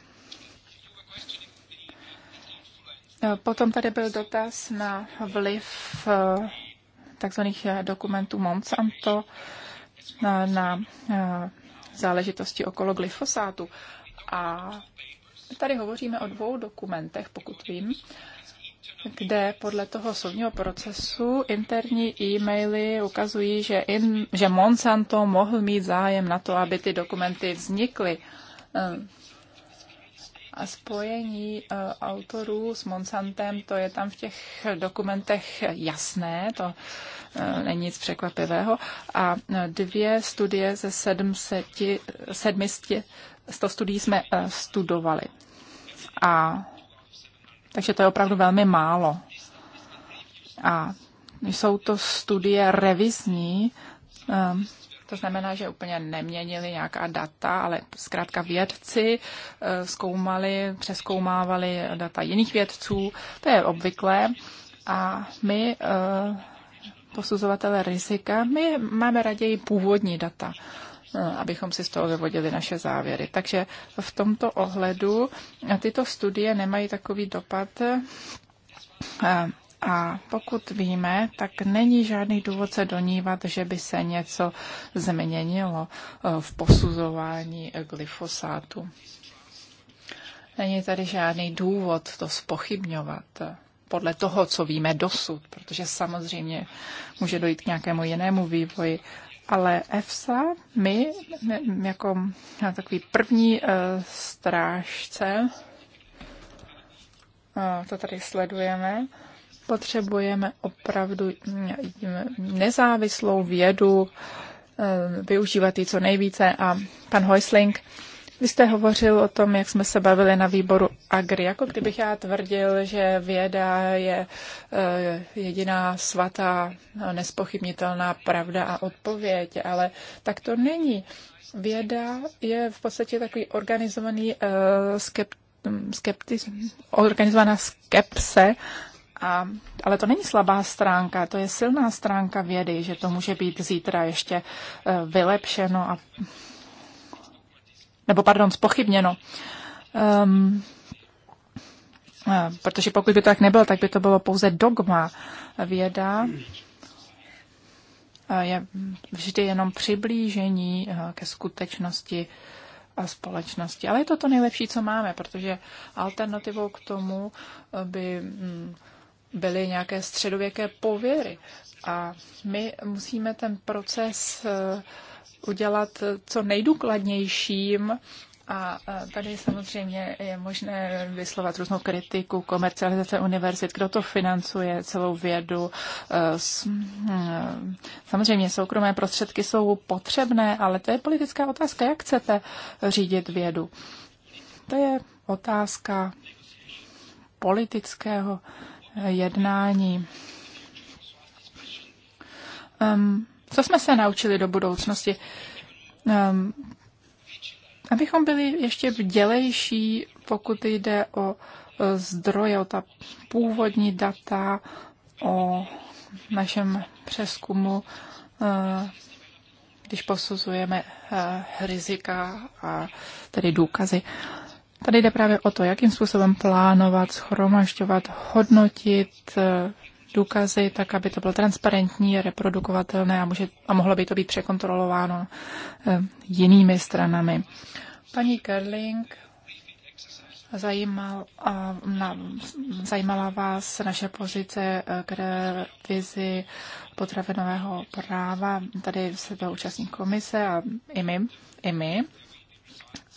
D: Eh, potom tady byl dotaz na vliv eh, takzvaných dokumentů Monsanto na, na záležitosti okolo glyfosátu. A tady hovoříme o dvou dokumentech, pokud vím, kde podle toho soudního procesu interní e-maily ukazují, že, in, že Monsanto mohl mít zájem na to, aby ty dokumenty vznikly. Eh, a spojení eh, autorů s Monsantem, to je tam v těch dokumentech jasné, to Eh, není nic překvapivého. A eh, dvě studie ze 700, 700 100 studií jsme eh, studovali. A, takže to je opravdu velmi málo. A jsou to studie revizní, ehm, to znamená, že úplně neměnili nějaká data, ale zkrátka vědci zkoumali, přeskoumávali data jiných vědců. To je obvyklé. A my posuzovatele rizika, my máme raději původní data eh, abychom si z toho vyvodili naše závěry. Takže v tomto ohledu tyto studie nemají takový dopad. Eh, a pokud víme, tak není žádný důvod se donívat, že by se něco změnilo eh, v posuzování glyfosátu. Není tady žádný důvod to spochybňovat podle toho, co víme dosud, protože samozřejmě může dojít k nějakému jinému vývoji. Ale EFSA, my, my jako takový první uh, strážce, uh, to tady sledujeme, potřebujeme opravdu mm, nezávislou vědu, eh, využívat ji co nejvíce. A pan Heusling vy jste hovořil o tom, jak jsme se bavili na výboru Agri, jako kdybych já tvrdil, že věda je eh, jediná svatá, nespochybnitelná pravda a odpověď, ale tak to není. Věda je v podstatě takový organizovaný eh, skeptický organizovaná skepse, a, ale to není slabá stránka, to je silná stránka vědy, že to může být zítra ještě eh, vylepšeno a nebo pardon, spochybněno. Um, ehm, eh, protože pokud by to tak nebylo, tak by to bylo pouze dogma. Věda je vždy jenom přiblížení eh, ke skutečnosti a společnosti. Ale je to to nejlepší, co máme, protože alternativou k tomu eh, by mm, byly nějaké středověké pověry. A my musíme ten proces udělat co nejdůkladnějším a tady samozřejmě je možné vyslovat různou kritiku, komercializace univerzit, kdo to financuje, celou vědu. E, hm, samozřejmě soukromé prostředky jsou potřebné, ale to je politická otázka, jak chcete řídit vědu. To je otázka politického jednání. Um, co jsme se naučili do budoucnosti? Um, abychom byli ještě vdělejší, pokud jde o e, zdroje, o ta původní data, o našem přeskumu, e, když posuzujeme e, rizika a tedy důkazy. Tady jde právě o to, jakým způsobem plánovat, schromažďovat, hodnotit důkazy, tak aby to bylo transparentní, reprodukovatelné a, může, a mohlo by to být překontrolováno eh, jinými stranami. Paní Kerling, zajímal, na, zajímala vás naše pozice eh, k revizi potravinového práva. Tady se byl účastní komise a i my, i my.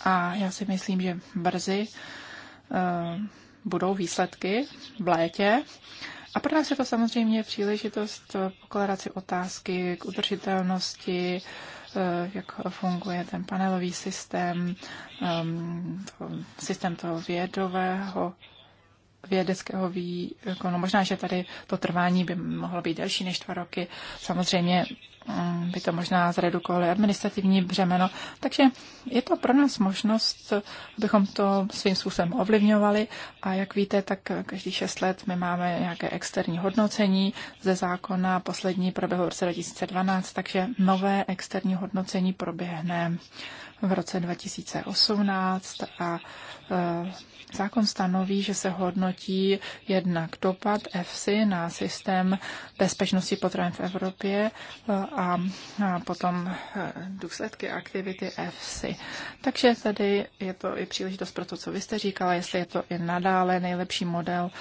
D: A já si myslím, že brzy uh, budou výsledky v létě. A pro nás je to samozřejmě příležitost eh, pokládat si otázky k udržitelnosti, eh, jak funguje ten panelový systém, ehm, systém toho vědového vědeckého výkonu. Možná, že tady to trvání by mohlo být delší než dva roky. Samozřejmě Mm, by to možná zredukovali administrativní břemeno. Takže je to pro nás možnost, abychom to svým způsobem ovlivňovali a jak víte, tak každý šest let my máme nějaké externí hodnocení ze zákona, poslední proběhlo v roce 2012, takže nové externí hodnocení proběhne v roce 2018 a e, Zákon stanoví, že se hodnotí jednak dopad EFSI na systém bezpečnosti potravin v Evropě e, a potom e, důsledky aktivity EFSI. Takže tady je to i příležitost pro to, co vy jste říkala, jestli je to i nadále nejlepší model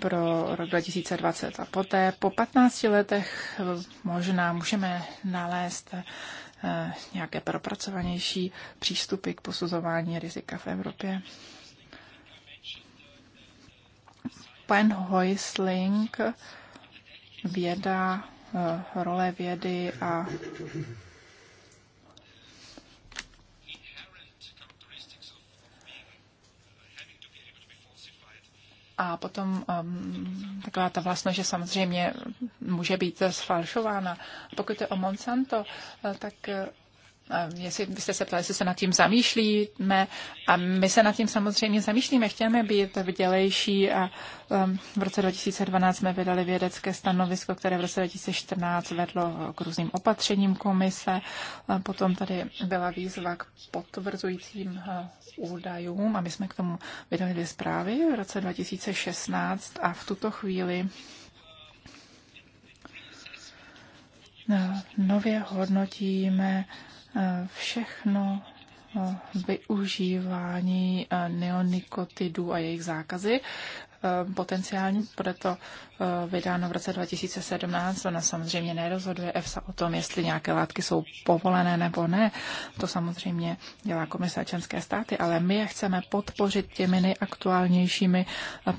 D: pro rok 2020 a poté po 15 letech možná můžeme nalézt Eh, nějaké propracovanější přístupy k posuzování rizika v Evropě. Pan Heusling, věda, eh, role vědy a A potom um, taková ta vlastnost, že samozřejmě může být zfalšována. Pokud je o Monsanto, eh, tak eh, Eh, jestli byste se ptali, jestli se nad tím zamýšlíme. A my se nad tím samozřejmě zamýšlíme. Chtěme být vdělejší a ehm, v roce 2012 jsme vydali vědecké stanovisko, které v roce 2014 vedlo k různým opatřením komise. A potom tady byla výzva k potvrzujícím eh, údajům a my jsme k tomu vydali dvě zprávy v roce 2016 a v tuto chvíli eh, nově hodnotíme Eh, všechno eh, využívání eh, neonikotidů a jejich zákazy potenciálně bude to vydáno v roce 2017. Ona samozřejmě nerozhoduje EFSA o tom, jestli nějaké látky jsou povolené nebo ne. To samozřejmě dělá komise členské státy, ale my je chceme podpořit těmi nejaktuálnějšími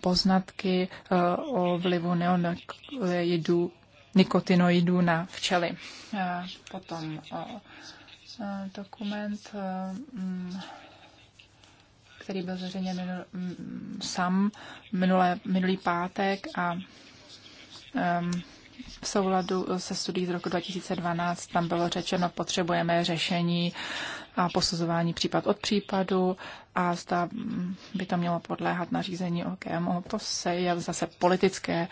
D: poznatky o vlivu neonikotinoidů na včely. Potom Eh, dokument, eh, mm, který byl zveřejněn minul, mm, sam minulé, minulý pátek a v souladu se studií z roku 2012 tam bylo řečeno, potřebujeme řešení a posuzování případ od případu a zda mm, by to mělo podléhat nařízení OKMO. To se je zase politické uh,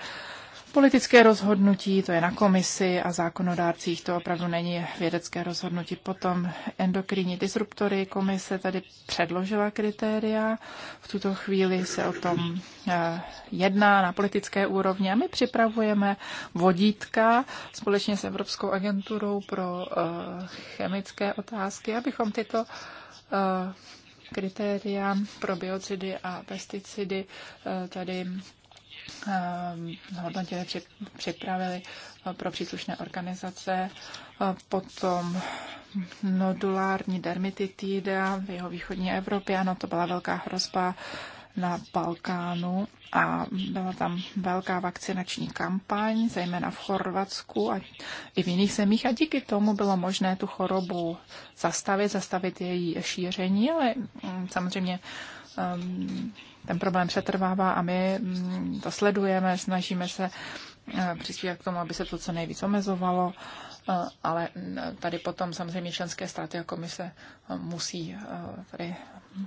D: Politické rozhodnutí, to je na komisi a zákonodárcích, to opravdu není vědecké rozhodnutí. Potom endokrinní disruptory komise tady předložila kritéria. V tuto chvíli se o tom eh, jedná na politické úrovni a my připravujeme vodítka společně s Evropskou agenturou pro eh, chemické otázky, abychom tyto eh, kritéria pro biocidy a pesticidy tady Eh, zhodnotili, připravili eh, pro příslušné organizace. Eh, potom nodulární dermatitida v jeho východní Evropě, ano, to byla velká hrozba na Balkánu a byla tam velká vakcinační kampaň, zejména v Chorvatsku a i v jiných zemích a díky tomu bylo možné tu chorobu zastavit, zastavit její šíření, ale mm, samozřejmě um, ten problém přetrvává a my mm, to sledujeme, snažíme se eh, přispívat k tomu, aby se to co nejvíc omezovalo, eh, ale mm, tady potom samozřejmě členské státy a komise eh, musí tady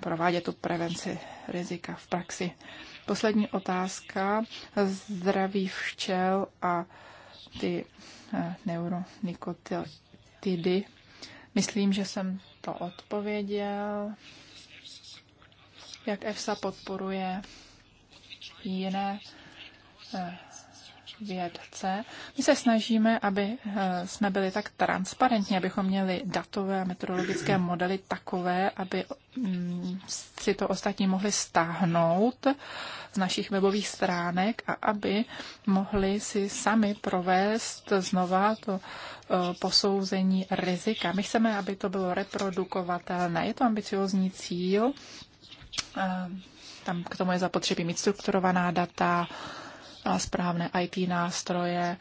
D: provádět tu prevenci rizika v praxi. Poslední otázka. Zdraví včel a ty neuronikotidy. Myslím, že jsem to odpověděl jak EFSA podporuje jiné eh, vědce. My se snažíme, aby eh, jsme byli tak transparentní, abychom měli datové a meteorologické modely takové, aby mm, si to ostatní mohli stáhnout z našich webových stránek a aby mohli si sami provést znova to eh, posouzení rizika. My chceme, aby to bylo reprodukovatelné. Je to ambiciozní cíl, Eh, tam k tomu je zapotřebí mít strukturovaná data, eh, správné IT nástroje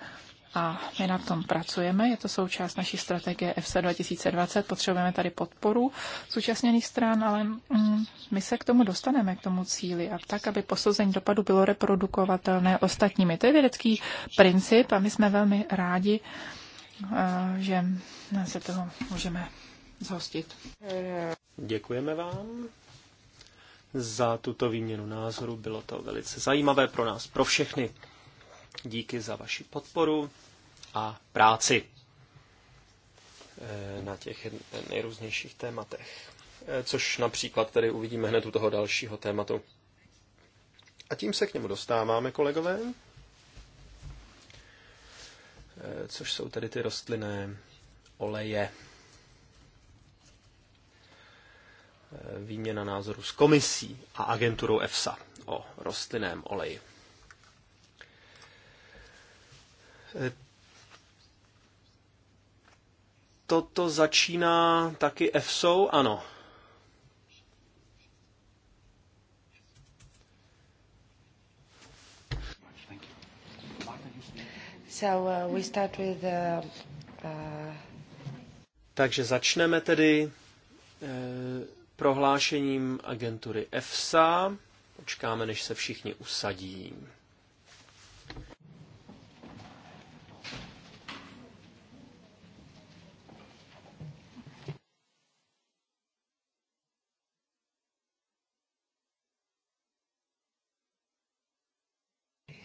D: a my na tom pracujeme. Je to součást naší strategie FC 2020. Potřebujeme tady podporu zúčastněných stran, ale mm, my se k tomu dostaneme, k tomu cíli a tak, aby posouzení dopadu bylo reprodukovatelné ostatními. To je vědecký princip a my jsme velmi rádi, eh, že se toho můžeme
C: zhostit. Děkujeme vám za tuto výměnu názoru. Bylo to velice zajímavé pro nás, pro všechny. Díky za vaši podporu a práci eh, na těch nejrůznějších tématech. Eh, což například tady uvidíme hned u toho dalšího tématu. A tím se k němu dostáváme, kolegové. Eh, což jsou tady ty rostlinné oleje. výměna názoru s komisí a agenturou EFSA o rostlinném oleji. Toto začíná taky EFSO, ano.
A: So, uh, we start with, uh, uh...
C: Takže začneme tedy uh prohlášením agentury EFSA. Počkáme, než se všichni usadí.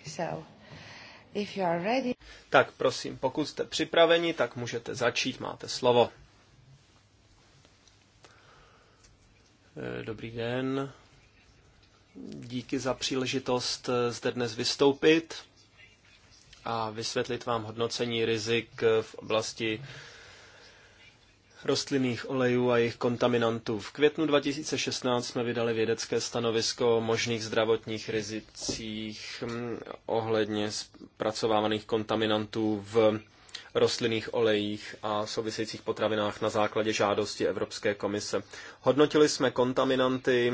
A: So, if you are ready...
C: Tak prosím, pokud jste připraveni, tak můžete začít, máte slovo. Eh, dobrý den. Díky za příležitost eh, zde dnes vystoupit a vysvětlit vám hodnocení rizik v oblasti rostlinných olejů a jejich kontaminantů. V květnu 2016 jsme vydali vědecké stanovisko o možných zdravotních rizicích hm, ohledně zpracovávaných kontaminantů v rostlinných olejích a souvisejících potravinách na základě žádosti Evropské komise. Hodnotili jsme kontaminanty,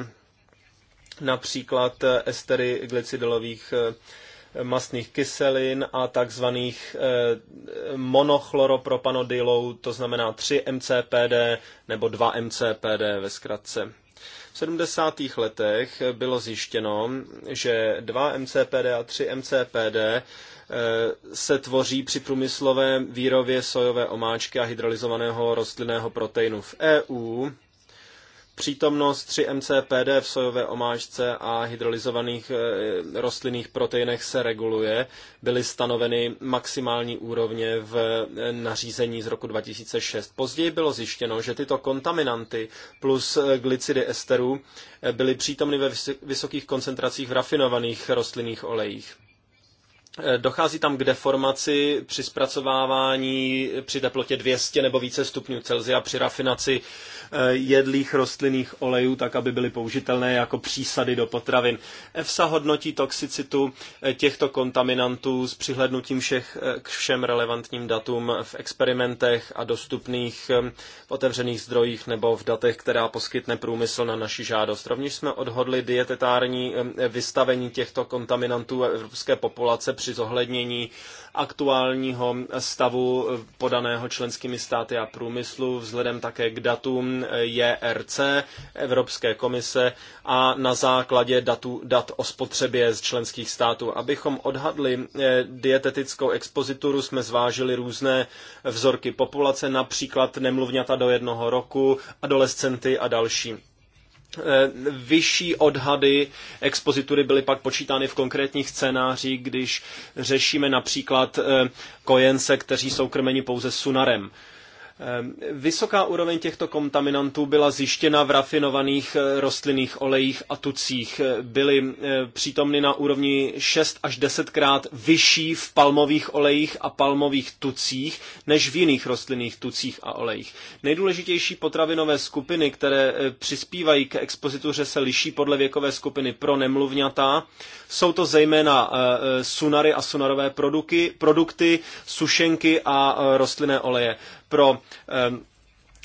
C: například estery glycidolových eh, mastných kyselin a takzvaných eh, monochloropropanodylů, to znamená 3 MCPD nebo 2 MCPD ve zkratce. 70. letech bylo zjištěno, že 2 MCPD a 3 MCPD eh, se tvoří při průmyslové výrobě sojové omáčky a hydrolyzovaného rostlinného proteinu. V EU Přítomnost 3-MCPD v sojové omáčce a hydrolyzovaných eh, rostlinných proteinech se reguluje. Byly stanoveny maximální úrovně v eh, nařízení z roku 2006. Později bylo zjištěno, že tyto kontaminanty plus eh, glycidy esterů byly přítomny ve vysokých koncentracích v rafinovaných rostlinných olejích. Eh, dochází tam k deformaci při zpracovávání eh, při teplotě 200 nebo více stupňů Celsia při rafinaci eh, jedlých rostlinných olejů, tak aby byly použitelné jako přísady do potravin. EFSA hodnotí toxicitu těchto kontaminantů s přihlednutím všech, k všem relevantním datům v experimentech a dostupných v otevřených zdrojích nebo v datech, která poskytne průmysl na naši žádost. Rovněž jsme odhodli dietetární vystavení těchto kontaminantů evropské populace při při zohlednění aktuálního stavu podaného členskými státy a průmyslu, vzhledem také k datům JRC e Evropské komise a na základě datu, dat o spotřebě z členských států. Abychom odhadli eh, dietetickou expozituru, jsme zvážili různé vzorky populace, například nemluvňata do jednoho roku, adolescenty a další. Eh, vyšší odhady expozitury byly pak počítány v konkrétních scénářích, když řešíme například eh, kojence, kteří jsou krmeni pouze sunarem. Ehm, vysoká úroveň těchto kontaminantů byla zjištěna v rafinovaných eh, rostlinných olejích a tucích. Eh, byly eh, přítomny na úrovni 6 až 10 krát vyšší v palmových olejích a palmových tucích než v jiných rostlinných tucích a olejích. Nejdůležitější potravinové skupiny, které přispívají k expozituře, se liší podle věkové skupiny pro nemluvňatá. Jsou to zejména sunary a sunarové produkty, produkty sušenky a rostlinné oleje pro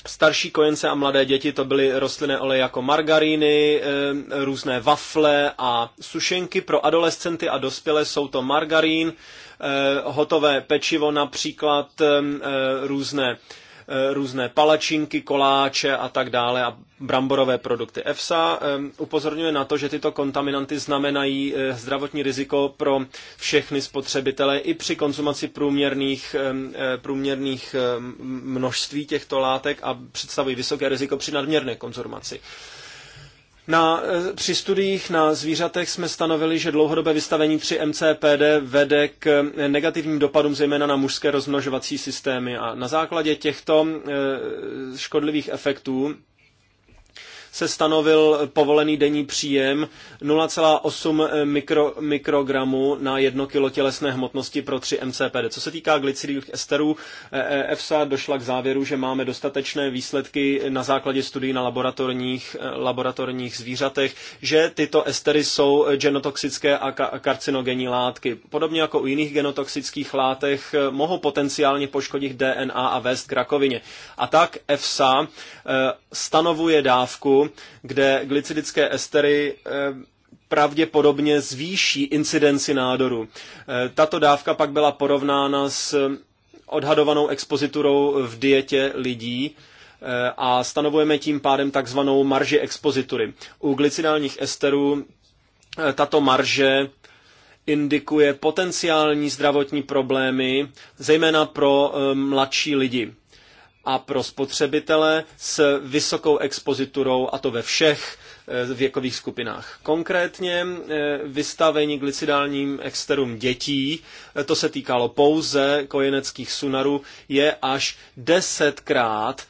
C: starší kojence a mladé děti to byly rostlinné oleje jako margaríny, různé wafle a sušenky. Pro adolescenty a dospělé jsou to margarín, eh, hotové pečivo, například eh, různé Eh, různé palačinky, koláče a tak dále a bramborové produkty. EFSA eh, upozorňuje na to, že tyto kontaminanty znamenají eh, zdravotní riziko pro všechny spotřebitele i při konzumaci průměrných, průměrných množství těchto látek a představují vysoké riziko při nadměrné konzumaci. Na, eh, při studiích na zvířatech jsme stanovili, že dlouhodobé vystavení 3 MCPD vede k eh, negativním dopadům zejména na mužské rozmnožovací systémy a na základě těchto eh, škodlivých efektů se stanovil povolený denní příjem 0,8 mikro, mikrogramů na jedno kilo tělesné hmotnosti pro 3 MCPD. Co se týká glycidových esterů, EFSA e, došla k závěru, že máme dostatečné výsledky na základě studií na laboratorních, e, laboratorních zvířatech, že tyto estery jsou genotoxické a karcinogenní látky. Podobně jako u jiných genotoxických látech e, mohou potenciálně poškodit DNA a vést k rakovině. A tak EFSA stanovuje dávku kde glycidické estery eh, pravděpodobně zvýší incidenci nádoru. Eh, tato dávka pak byla porovnána s eh, odhadovanou expoziturou v dietě lidí a stanovujeme tím pádem takzvanou marži expozitury. U glycidálních esterů tato marže indikuje potenciální zdravotní problémy, zejména pro mladší lidi a pro spotřebitele s vysokou expoziturou, a to ve všech eh, věkových skupinách. Konkrétně eh, vystavení glicidálním exterům dětí, eh, to se týkalo pouze kojeneckých sunarů, je až desetkrát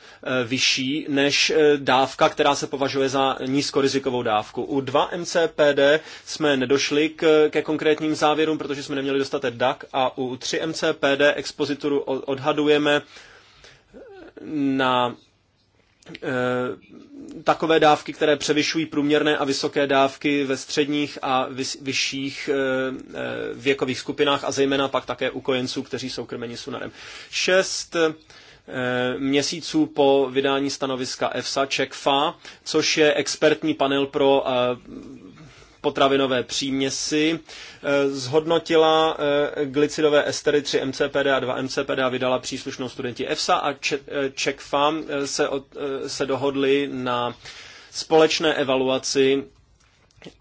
C: vyšší než dávka, která se považuje za nízkorizikovou dávku. U 2 MCPD jsme nedošli k, ke konkrétním závěrům, protože jsme neměli dostatek DAC a u 3 MCPD expozituru odhadujeme na eh, takové dávky, které převyšují průměrné a vysoké dávky ve středních a vyšších eh, eh, věkových skupinách a zejména pak také u kojenců, kteří jsou krmeni sunarem. Šest měsíců po vydání stanoviska EFSA, ČEKFA, což je expertní panel pro potravinové příměsi, eh, zhodnotila eh, glicidové estery 3 MCPD a 2 MCPD a vydala příslušnou studenti EFSA a CzechFam eh, se, se dohodli na společné evaluaci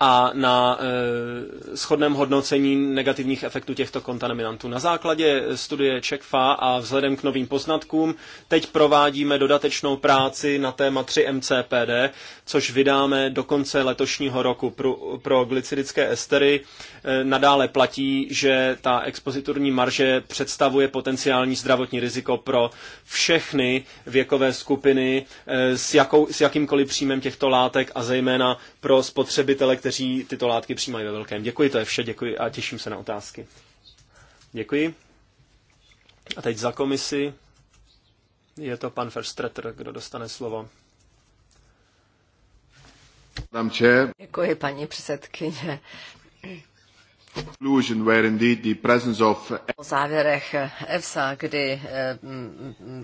C: a na e, shodném hodnocení negativních efektů těchto kontaminantů. Na základě studie ČEKFA a vzhledem k novým poznatkům teď provádíme dodatečnou práci na téma 3 MCPD, což vydáme do konce letošního roku. Pro, pro glycidické estery e, nadále platí, že ta expoziturní marže představuje potenciální zdravotní riziko pro všechny věkové skupiny e, s, jakou, s jakýmkoliv příjmem těchto látek a zejména pro spotřebitele spotřebitele, kteří tyto látky přijímají ve velkém. Děkuji, to je vše, děkuji a těším se na otázky. Děkuji. A teď za komisi je to pan Verstretter, kdo dostane slovo.
B: Děkuji, paní předsedkyně. O závěrech EFSA, kdy eh,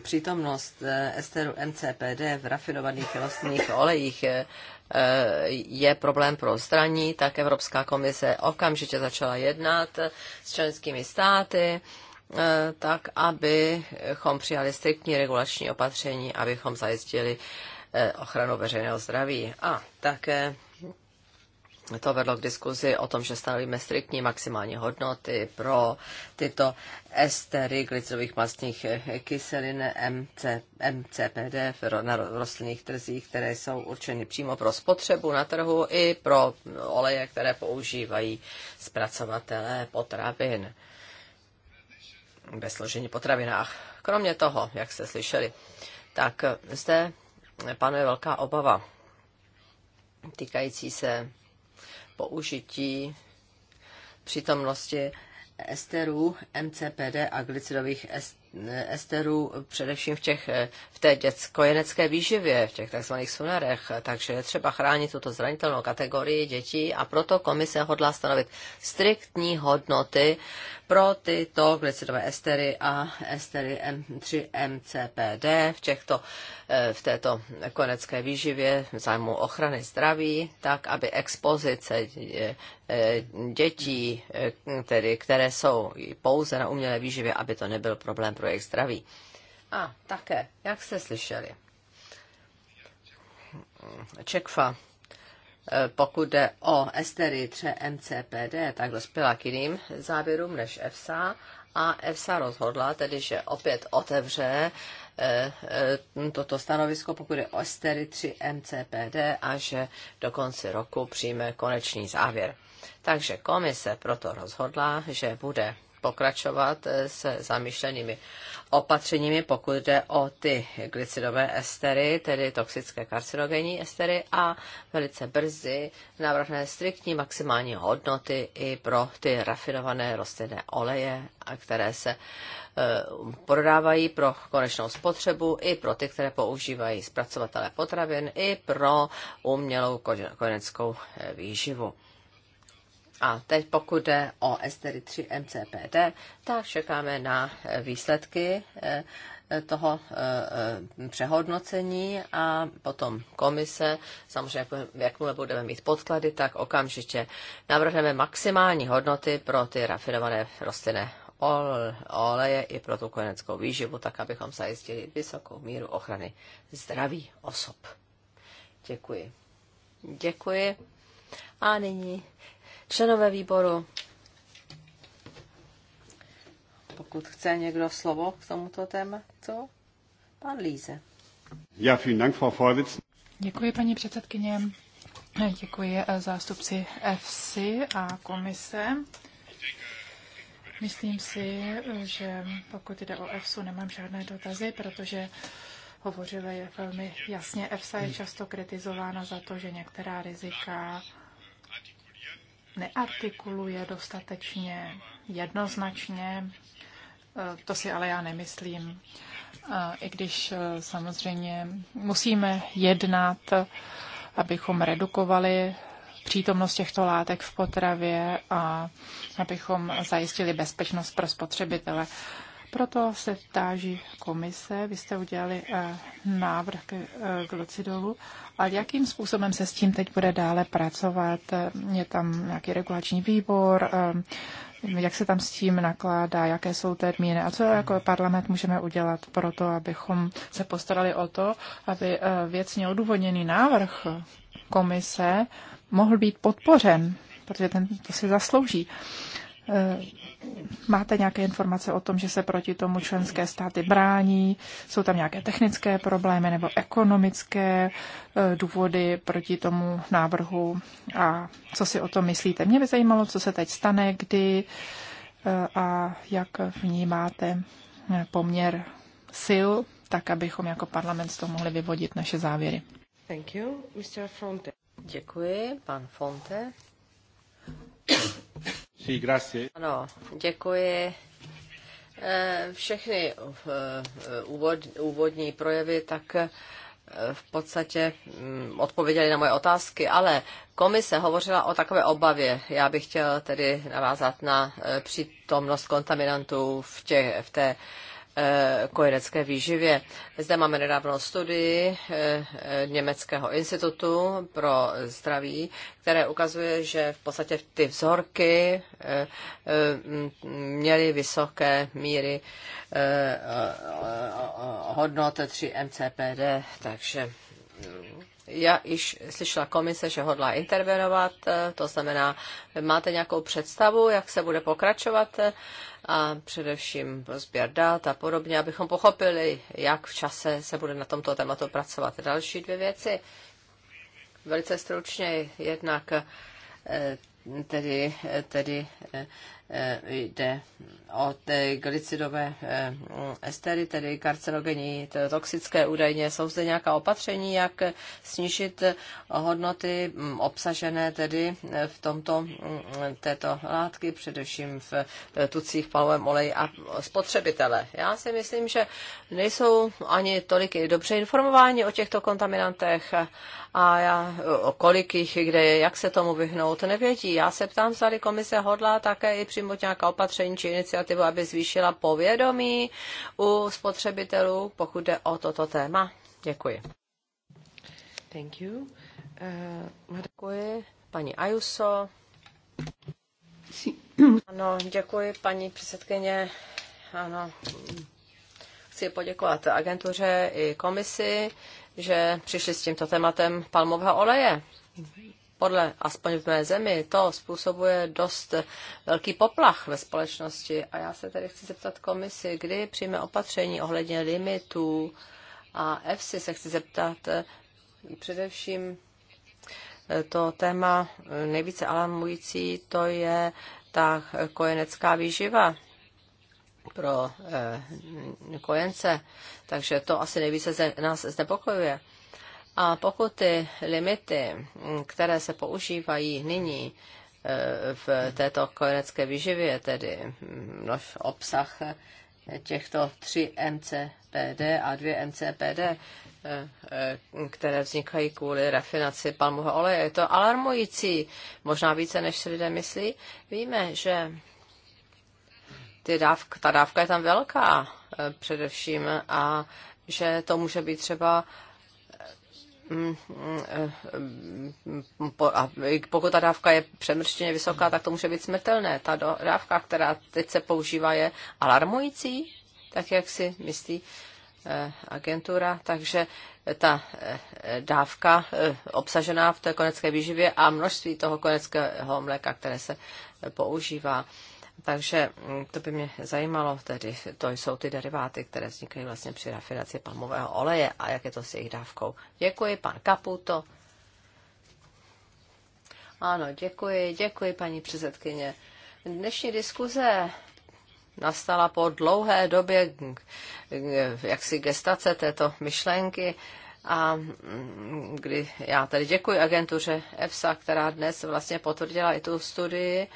B: přítomnost eh, esteru MCPD v rafinovaných rostlinných olejích eh, je problém pro zdraní, tak Evropská komise okamžitě začala jednat s členskými státy, eh, tak abychom přijali striktní regulační opatření, abychom zajistili eh, ochranu veřejného zdraví. A také to vedlo k diskuzi o tom, že stanovíme striktní maximální hodnoty pro tyto estery glycerových mastných kyselin MC, MCPD na rostlinných trzích, které jsou určeny přímo pro spotřebu na trhu i pro oleje, které používají zpracovatelé potravin ve složení potravinách. Kromě toho, jak jste slyšeli, tak zde panuje velká obava týkající se použití přítomnosti esterů, MCPD a glycidových est esterů především v, těch, eh, v té dětskojenecké výživě, v těch tzv. sunarech, takže je třeba chránit tuto zranitelnou kategorii dětí a proto komise hodlá stanovit striktní hodnoty pro tyto glicidové estery a estery M3MCPD v, těchto, eh, v této kojenecké výživě v zájmu ochrany zdraví, tak aby expozice eh, dětí, tedy, které jsou pouze na umělé výživě, aby to nebyl problém pro jejich zdraví. A také, jak jste slyšeli, Čekfa, eh, pokud jde o esterii 3 MCPD, tak dospěla k jiným závěrům než EFSA a EFSA rozhodla tedy, že opět otevře eh, eh, toto stanovisko, pokud je o estery 3 MCPD a že do konce roku přijme konečný závěr. Takže komise proto rozhodla, že bude pokračovat eh, se zamýšlenými opatřeními, pokud jde o ty glycidové estery, tedy toxické karcinogenní estery a velice brzy navrhne striktní maximální hodnoty i pro ty rafinované rostlinné oleje, které se eh, prodávají pro konečnou spotřebu, i pro ty, které používají zpracovatele potravin, i pro umělou koneckou eh, výživu. A teď pokud jde o estery 3 MCPD, tak čekáme na eh, výsledky eh, toho eh, přehodnocení a potom komise, samozřejmě jakmile budeme mít podklady, tak okamžitě navrhneme maximální hodnoty pro ty rafinované rostlinné oleje i pro tu koneckou výživu, tak abychom zajistili vysokou míru ochrany zdraví osob. Děkuji. Děkuji. A nyní Členové výboru, pokud chce někdo slovo k tomuto tématu, pan Líze.
C: Ja, vielen Dank, Frau
D: Děkuji, paní předsedkyně. Děkuji eh, zástupci FC a komise. Myslím si, že pokud jde o EFSU, nemám žádné dotazy, protože hovořili velmi jasně. EFSA je často kritizována za to, že některá rizika neartikuluje dostatečně jednoznačně. Eh, to si ale já nemyslím. Eh, I když eh, samozřejmě musíme jednat, abychom redukovali přítomnost těchto látek v potravě a abychom zajistili bezpečnost pro spotřebitele. Proto se táží komise, vy jste udělali eh, návrh k glocidolu, eh, A jakým způsobem se s tím teď bude dále pracovat? Je tam nějaký regulační výbor? Eh, jak se tam s tím nakládá, jaké jsou termíny a co jako parlament můžeme udělat pro to, abychom se postarali o to, aby věcně odůvodněný návrh komise mohl být podpořen, protože ten to si zaslouží. Máte nějaké informace o tom, že se proti tomu členské státy brání? Jsou tam nějaké technické problémy nebo ekonomické eh, důvody proti tomu návrhu? A co si o tom myslíte? Mě by zajímalo, co se teď stane, kdy eh, a jak vnímáte eh, poměr sil, tak abychom jako parlament z toho mohli vyvodit naše závěry.
B: Thank you, Mr. Fonte. Děkuji, pan Fonte.
A: Sí, grazie.
B: Ano, děkuji. Eh, všechny eh, úvod, úvodní projevy tak eh, v podstatě mm, odpověděly na moje otázky, ale komise hovořila o takové obavě. Já bych chtěl tedy navázat na přítomnost kontaminantů v, těch, v té Eh, kojenecké výživě. Zde máme nedávno studii eh, Německého institutu pro zdraví, které ukazuje, že v podstatě ty vzorky eh, měly vysoké míry hodnot 3 MCPD, takže já již slyšela komise, že hodlá intervenovat, to znamená, máte nějakou představu, jak se bude pokračovat a především sběr dat a podobně, abychom pochopili, jak v čase se bude na tomto tématu pracovat. Další dvě věci. Velice stručně jednak eh, tedy, eh, tedy eh, Eh, jde o ty glicidové eh, estery, tedy karcinogenní, toxické údajně. Jsou zde nějaká opatření, jak snížit hodnoty mm, obsažené tedy eh, v tomto, mm, této látky, především v tucích, palovém oleji a spotřebitele. Já si myslím, že nejsou ani tolik dobře informováni o těchto kontaminantech a já, kolik jich, kde je, jak se tomu vyhnout, nevědí. Já se ptám, zda komise hodlá také i přijmout nějaká opatření či iniciativu, aby zvýšila povědomí u spotřebitelů, pokud jde o toto téma. Děkuji. Thank you. Uh, děkuji. Paní Ayuso. Ano, děkuji, paní předsedkyně. Ano, chci poděkovat agentuře i komisi že přišli s tímto tématem palmového oleje. Podle, aspoň v mé zemi, to způsobuje dost velký poplach ve společnosti. A já se tady chci zeptat komisi, kdy přijme opatření ohledně limitů a EFSI se chci zeptat eh, především eh, to téma eh, nejvíce alarmující, to je ta kojenecká výživa pro eh, kojence, takže to asi nejvíce ze, nás znepokojuje. A pokud ty limity, mm, které se používají nyní eh, v této kojenecké výživě, tedy množ mm, obsah těchto 3 MCPD a 2 MCPD, eh, které vznikají kvůli rafinaci palmového oleje. Je to alarmující, možná více než si lidé myslí. Víme, že ty dávk, ta dávka je tam velká e, především a že to může být třeba mm, mm, e, a pokud ta dávka je přemrštěně vysoká, tak to může být smrtelné. Ta dávka, která teď se používá, je alarmující, tak jak si myslí e, agentura, takže ta dávka obsažená v té konecké výživě a množství toho koneckého mléka, které se používá. Takže mm, to by mě zajímalo, tedy to jsou ty deriváty, které vznikají vlastně při rafinaci palmového oleje a jak je to s jejich dávkou. Děkuji, pan Kaputo. Ano, děkuji, děkuji, paní předsedkyně. Dnešní diskuze nastala po dlouhé době jaksi gestace této myšlenky a mm, kdy já tedy děkuji agentuře EFSA, která dnes vlastně potvrdila i tu studii,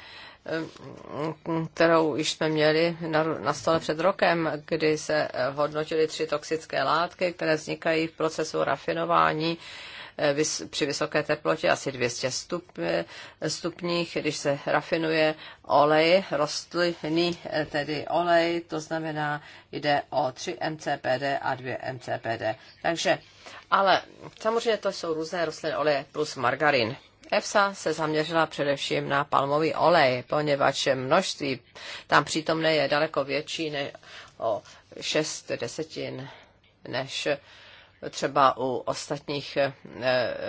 B: kterou již jsme měli na, na stole před rokem, kdy se hodnotily tři toxické látky, které vznikají v procesu rafinování eh, při vysoké teplotě asi 200 stup, eh, stupních, když se rafinuje olej, rostlinný eh, tedy olej, to znamená, jde o 3 MCPD a 2 MCPD. Takže, ale samozřejmě to jsou různé rostlinné oleje plus margarin. EFSA se zaměřila především na palmový olej, poněvadž množství tam přítomné je daleko větší než o 6 desetin než třeba u ostatních eh,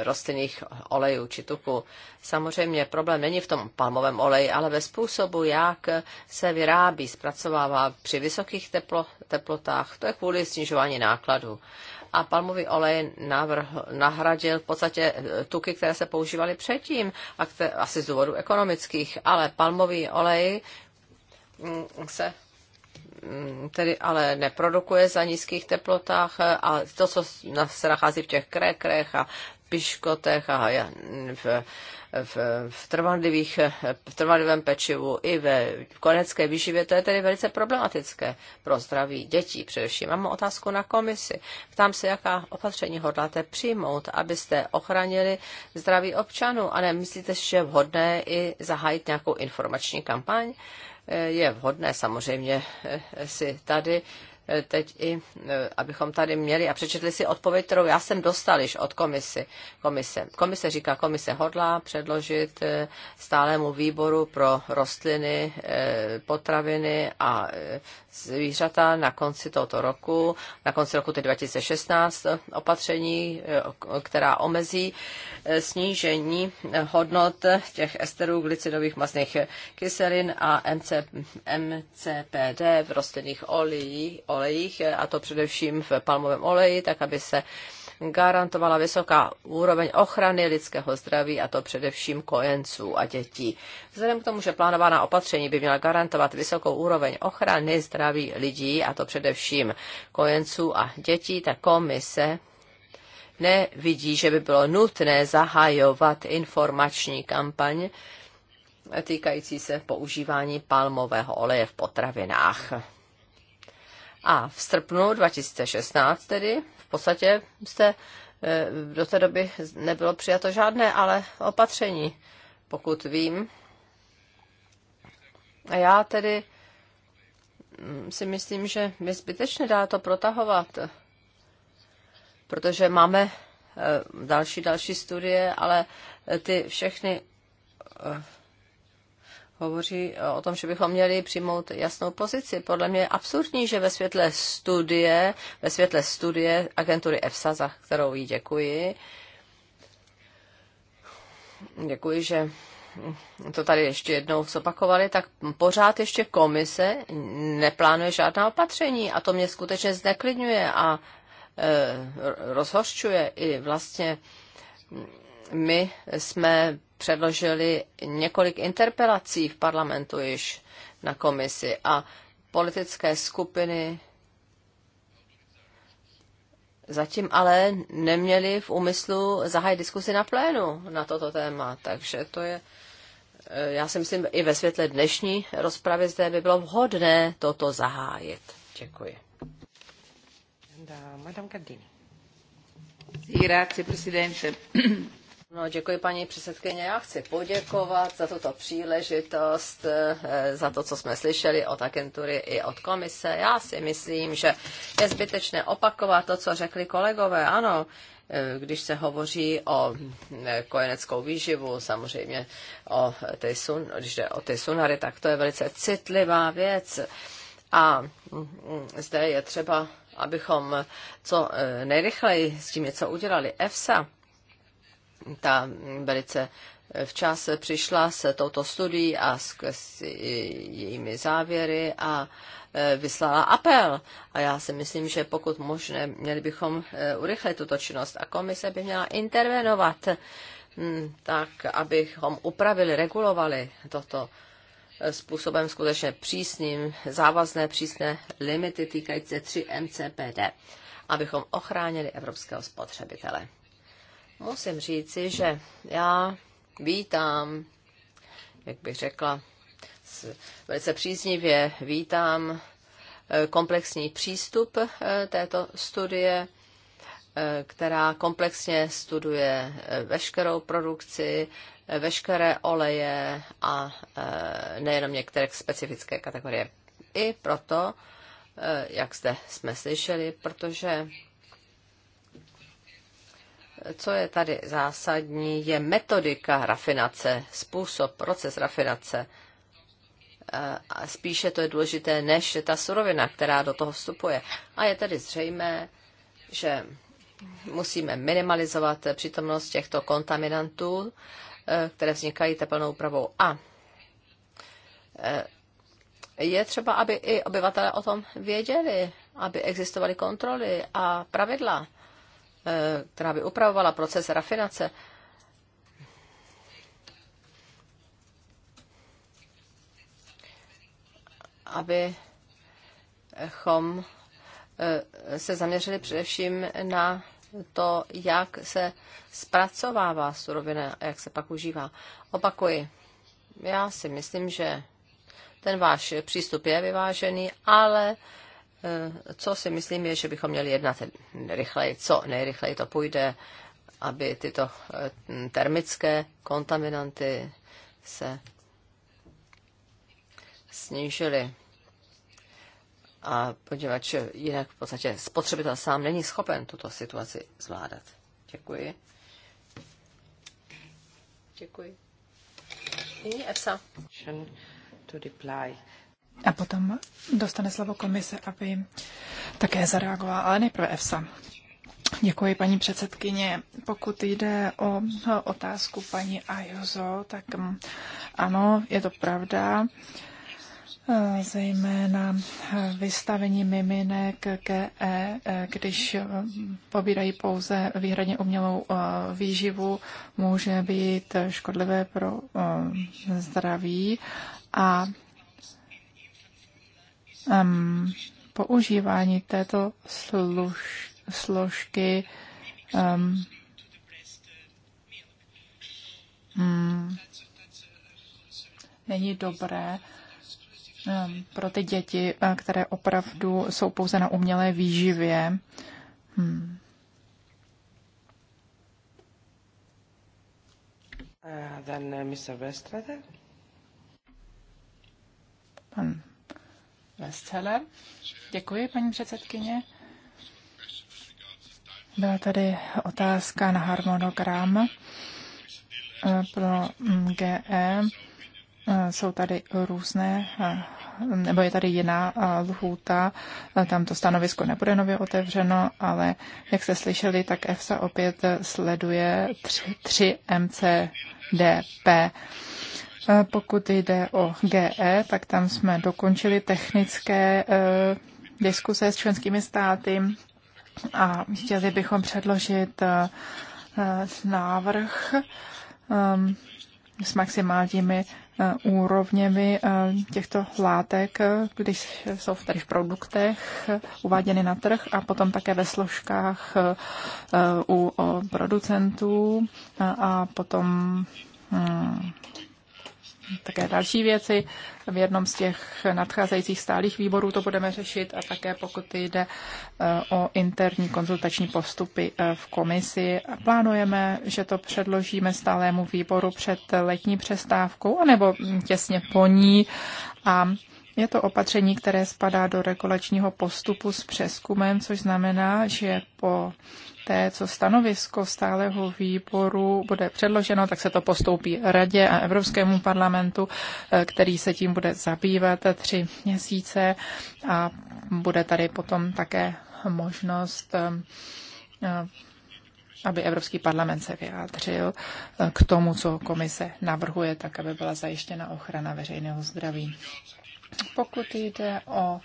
B: rostlinných olejů či tuku. Samozřejmě problém není v tom palmovém oleji, ale ve způsobu, jak se vyrábí, zpracovává při vysokých teplotách. To je kvůli snižování nákladů a palmový olej navrhl, nahradil v podstatě e, tuky, které se používaly předtím, a které, asi z důvodu ekonomických, ale palmový olej mm, se mm, tedy ale neprodukuje za nízkých teplotách e, a to, co se nachází v těch krékrech a piškotech a v, v, v, trvanlivých, v trvanlivém pečivu i ve konecké výživě, to je tedy velice problematické pro zdraví dětí především. Mám otázku na komisi. Ptám se, jaká opatření hodláte přijmout, abyste ochránili zdraví občanů a nemyslíte, že je vhodné i zahájit nějakou informační kampaň? Je vhodné samozřejmě si tady Eh, teď i, eh, abychom tady měli a přečetli si odpověď, kterou já jsem dostal již od komisi, komise. Komise říká, komise hodlá předložit eh, stálému výboru pro rostliny, potraviny a zvířata na konci tohoto roku, na konci roku 2016 opatření, která omezí snížení hodnot těch esterů glicidových masných kyselin a MC, MCPD v rostlinných olejích, olejích, a to především v palmovém oleji, tak aby se garantovala vysoká úroveň ochrany lidského zdraví, a to především kojenců a dětí. Vzhledem k tomu, že plánovaná opatření by měla garantovat vysokou úroveň ochrany zdraví lidí, a to především kojenců a dětí, tak komise nevidí, že by bylo nutné zahajovat informační kampaň týkající se používání palmového oleje v potravinách. A v srpnu 2016 tedy v podstatě jste eh, do té doby nebylo přijato žádné, ale opatření, pokud vím. A já tedy mm, si myslím, že je zbytečně dá to protahovat, protože máme eh, další, další studie, ale eh, ty všechny hovoří o tom, že bychom měli přijmout jasnou pozici. Podle mě je absurdní, že ve světle studie, ve světle studie agentury EFSA, za kterou jí děkuji, děkuji, že to tady ještě jednou zopakovali, tak pořád ještě komise neplánuje žádná opatření a to mě skutečně zneklidňuje a e, rozhořčuje i vlastně my jsme předložili několik interpelací v parlamentu již na komisi a politické skupiny zatím ale neměly v úmyslu zahájit diskusi na plénu na toto téma. Takže to je, eh, já si myslím, i ve světle dnešní rozpravy zde by bylo vhodné toto zahájit. Děkuji.
A: Da, Madame Cardini.
B: Grazie, Presidente. No, děkuji paní předsedkyně. Já chci poděkovat za tuto příležitost, eh, za to, co jsme slyšeli od agentury i od komise. Já si myslím, že je zbytečné opakovat to, co řekli kolegové. Ano, eh, když se hovoří o eh, kojeneckou výživu, samozřejmě o ty sun, když jde o ty sunary, tak to je velice citlivá věc. A mm, zde je třeba, abychom co nejrychleji s tím něco udělali. EFSA ta velice včas přišla s touto studií a s, s jejími závěry a e, vyslala apel. A já si myslím, že pokud možné, měli bychom e, urychlit tuto činnost a komise by měla intervenovat hm, tak, abychom upravili, regulovali toto e, způsobem skutečně přísným, závazné přísné limity týkající se 3 MCPD, abychom ochránili evropského spotřebitele. Musím říci, že já vítám, jak bych řekla, velice příznivě vítám eh, komplexní přístup eh, této studie, eh, která komplexně studuje veškerou produkci, veškeré oleje a nejenom některé specifické kategorie. I proto, jak zde jsme slyšeli, protože co je tady zásadní, je metodika rafinace, způsob, proces rafinace. A spíše to je důležité než ta surovina, která do toho vstupuje. A je tedy zřejmé, že musíme minimalizovat přítomnost těchto kontaminantů, e, které vznikají teplnou úpravou. A e, je třeba, aby i obyvatelé o tom věděli, aby existovaly kontroly a pravidla Eh, která by upravovala proces rafinace, abychom eh, se zaměřili především na to, jak se zpracovává surovina a jak se pak užívá. Opakuji, já si myslím, že ten váš přístup je vyvážený, ale Eh, co si myslím je, že bychom měli jednat rychleji, co nejrychleji to půjde, aby tyto eh, termické kontaminanty se snížily. A poněvadž jinak v podstatě spotřebitel sám není schopen tuto situaci zvládat. Děkuji. Děkuji. Nyní EFSA. To reply. A
D: potom dostane slovo komise, aby také zareagovala, ale nejprve EFSA. Děkuji, paní předsedkyně. Pokud jde o otázku paní Ajozo, tak mm, ano, je to pravda. Zejména vystavení miminek KE, když pobírají pouze výhradně umělou eh, výživu, může být škodlivé pro eh, zdraví a um, používání této služ, složky um, um, není dobré um, pro ty děti, eh, které opravdu jsou pouze na umělé výživě. Hmm.
A: Uh,
B: then uh, Mr. Pan
D: bestseller. Děkuji, paní předsedkyně. Byla tady otázka na harmonogram eh, pro mm, GE. Eh, jsou tady různé, eh, nebo je tady jiná lhůta, tam to stanovisko nebude nově otevřeno, ale jak jste slyšeli, tak EFSA opět sleduje 3 MCDP. Eh, pokud jde o GE, tak tam jsme dokončili technické eh, diskuse s členskými státy a chtěli bychom předložit eh, návrh s maximálními úrovněmi těchto látek, když jsou tady v produktech uváděny na trh a potom také ve složkách u producentů a potom hm, také další věci. V jednom z těch nadcházejících stálých výborů to budeme řešit a také pokud jde eh, o interní konzultační postupy eh, v komisi. Plánujeme, že to předložíme stálému výboru před letní přestávkou anebo hm, těsně po ní a je to opatření, které spadá do regulačního postupu s přeskumem, což znamená, že po té, co stanovisko stáleho výboru bude předloženo, tak se to postoupí Radě a Evropskému parlamentu, eh, který se tím bude zabývat tři měsíce a bude tady potom také možnost eh, eh, aby Evropský parlament se vyjádřil k tomu, co komise navrhuje, tak aby byla zajištěna ochrana veřejného zdraví. Pokud jde o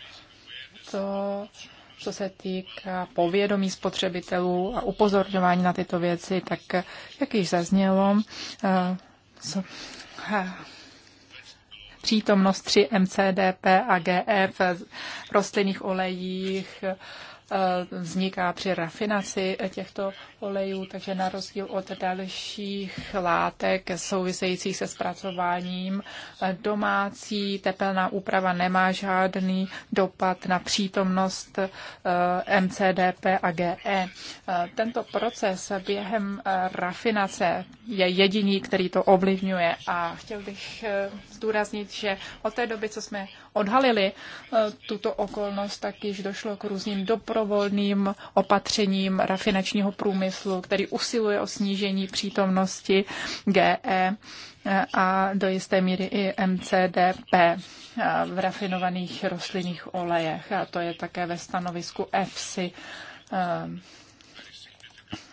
D: to, co se týká povědomí spotřebitelů a upozorňování na tyto věci, tak jak již zaznělo, eh, so, eh, přítomnost 3 MCDP a GF v rostlinných olejích, Eh, vzniká při rafinaci těchto olejů, takže na rozdíl od dalších látek souvisejících se zpracováním, eh, domácí tepelná úprava nemá žádný dopad na přítomnost eh, MCDP a GE. Tento proces během rafinace je jediný, který to ovlivňuje a chtěl bych zdůraznit, že od té doby, co jsme odhalili eh, tuto okolnost, tak již došlo k různým doprovolným opatřením rafinačního průmyslu, který usiluje o snížení přítomnosti GE eh, a do jisté míry i MCDP eh, v rafinovaných rostlinných olejech. A to je také ve stanovisku EFSI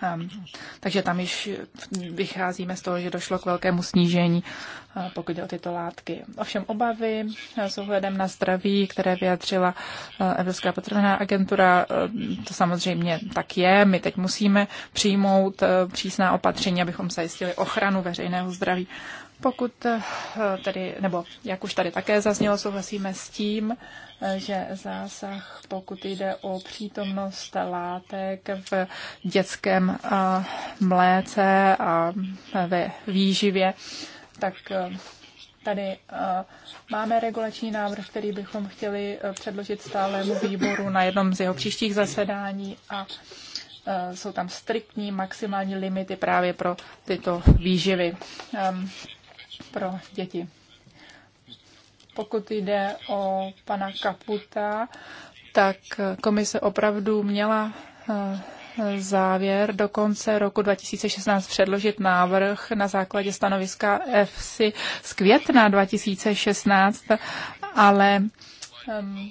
D: Ehm, takže tam již vycházíme z toho, že došlo k velkému snížení, eh, pokud jde o tyto látky. Ovšem obavy eh, s ohledem na zdraví, které vyjadřila eh, Evropská potravinová agentura, to samozřejmě tak je. My teď musíme přijmout přísná opatření, abychom zajistili ochranu veřejného zdraví. Pokud tedy, nebo jak už tady také zaznělo, souhlasíme s tím, že zásah, pokud jde o přítomnost látek v dětském mléce a ve výživě, tak tady máme regulační návrh, který bychom chtěli předložit stálému výboru na jednom z jeho příštích zasedání a jsou tam striktní maximální limity právě pro tyto výživy pro děti. Pokud jde o pana Kaputa, tak komise opravdu měla eh, závěr do konce roku 2016 předložit návrh na základě stanoviska EFSI z května 2016, ale um,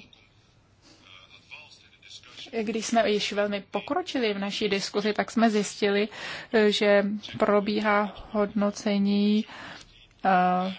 D: když jsme již velmi pokročili v naší diskuzi, tak jsme zjistili, eh, že probíhá hodnocení uh,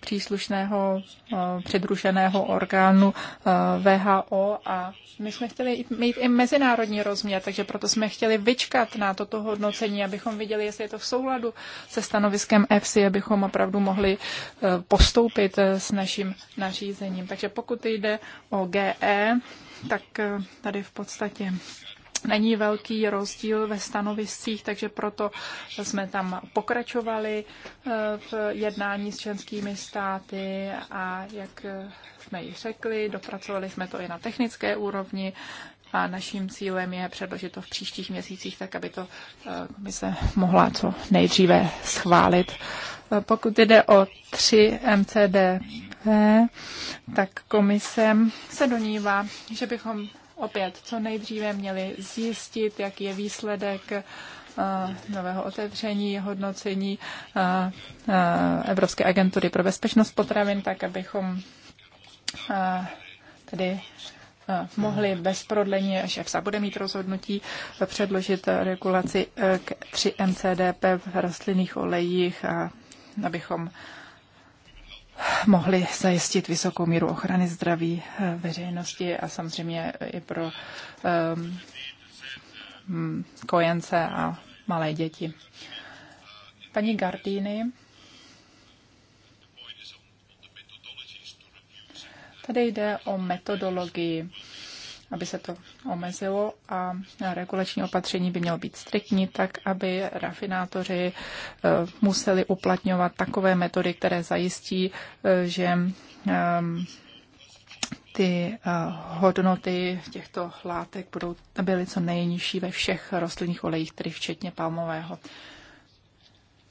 D: příslušného eh, předruženého orgánu eh, VHO a my jsme chtěli mít i mezinárodní rozměr, takže proto jsme chtěli vyčkat na toto hodnocení, abychom viděli, jestli je to v souladu se stanoviskem EFSI, abychom opravdu mohli eh, postoupit s naším nařízením. Takže pokud jde o GE, tak tady v podstatě není velký rozdíl ve stanoviscích, takže proto jsme tam pokračovali eh, v jednání s členskými státy a jak eh, jsme ji řekli, dopracovali jsme to i na technické úrovni a naším cílem je předložit to v příštích měsících, tak aby to eh, komise mohla co nejdříve schválit. Pokud jde o 3 MCDP, tak komise se donívá, že bychom opět co nejdříve měli zjistit, jaký je výsledek eh, nového otevření, hodnocení eh, eh, Evropské agentury pro bezpečnost potravin, tak abychom tedy mohli bez prodlení, až EFSA bude mít rozhodnutí, předložit regulaci k 3 MCDP v rostlinných olejích a abychom mohli zajistit vysokou míru ochrany zdraví eh, veřejnosti a samozřejmě i pro um, kojence a malé děti. Paní Gardini, Tady jde o metodologii aby se to omezilo a regulační opatření by mělo být striktní, tak aby rafinátoři eh, museli uplatňovat takové metody, které zajistí, eh, že ehm, ty eh, hodnoty těchto látek budou, byly co nejnižší ve všech rostlinných olejích, tedy včetně palmového.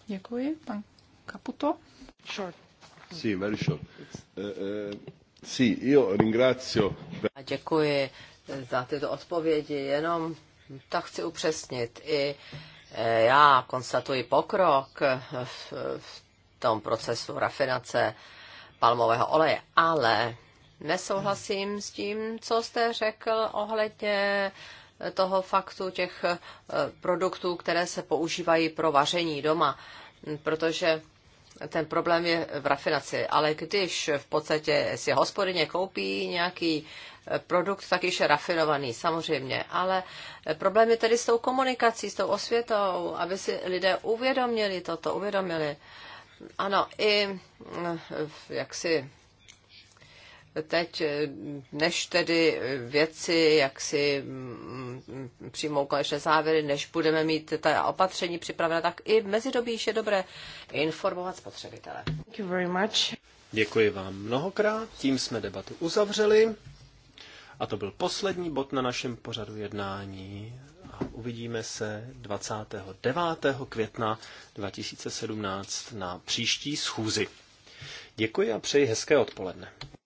D: Děkuji. Pan Kaputo?
B: Short.
C: Sí, very short. Uh, uh...
B: Děkuji za tyto odpovědi. Jenom tak chci upřesnit. I e, já konstatuji pokrok v, v tom procesu rafinace palmového oleje, ale nesouhlasím s tím, co jste řekl ohledně toho faktu těch e, produktů, které se používají pro vaření doma, protože ten problém je v rafinaci, ale když v podstatě si hospodyně koupí nějaký eh, produkt, tak již je rafinovaný, samozřejmě. Ale eh, problém je tedy s tou komunikací, s tou osvětou, aby si lidé uvědomili toto, uvědomili. Ano, i eh, jak si teď, než tedy věci, jak si mm, přijmou konečné závěry, než budeme mít ta opatření připravena, tak i mezidobí je dobré informovat
C: spotřebitele. Thank you very much. Děkuji vám mnohokrát, tím jsme debatu uzavřeli. A to byl poslední bod na našem pořadu jednání. A uvidíme se 29. května 2017 na příští schůzi. Děkuji a přeji hezké odpoledne.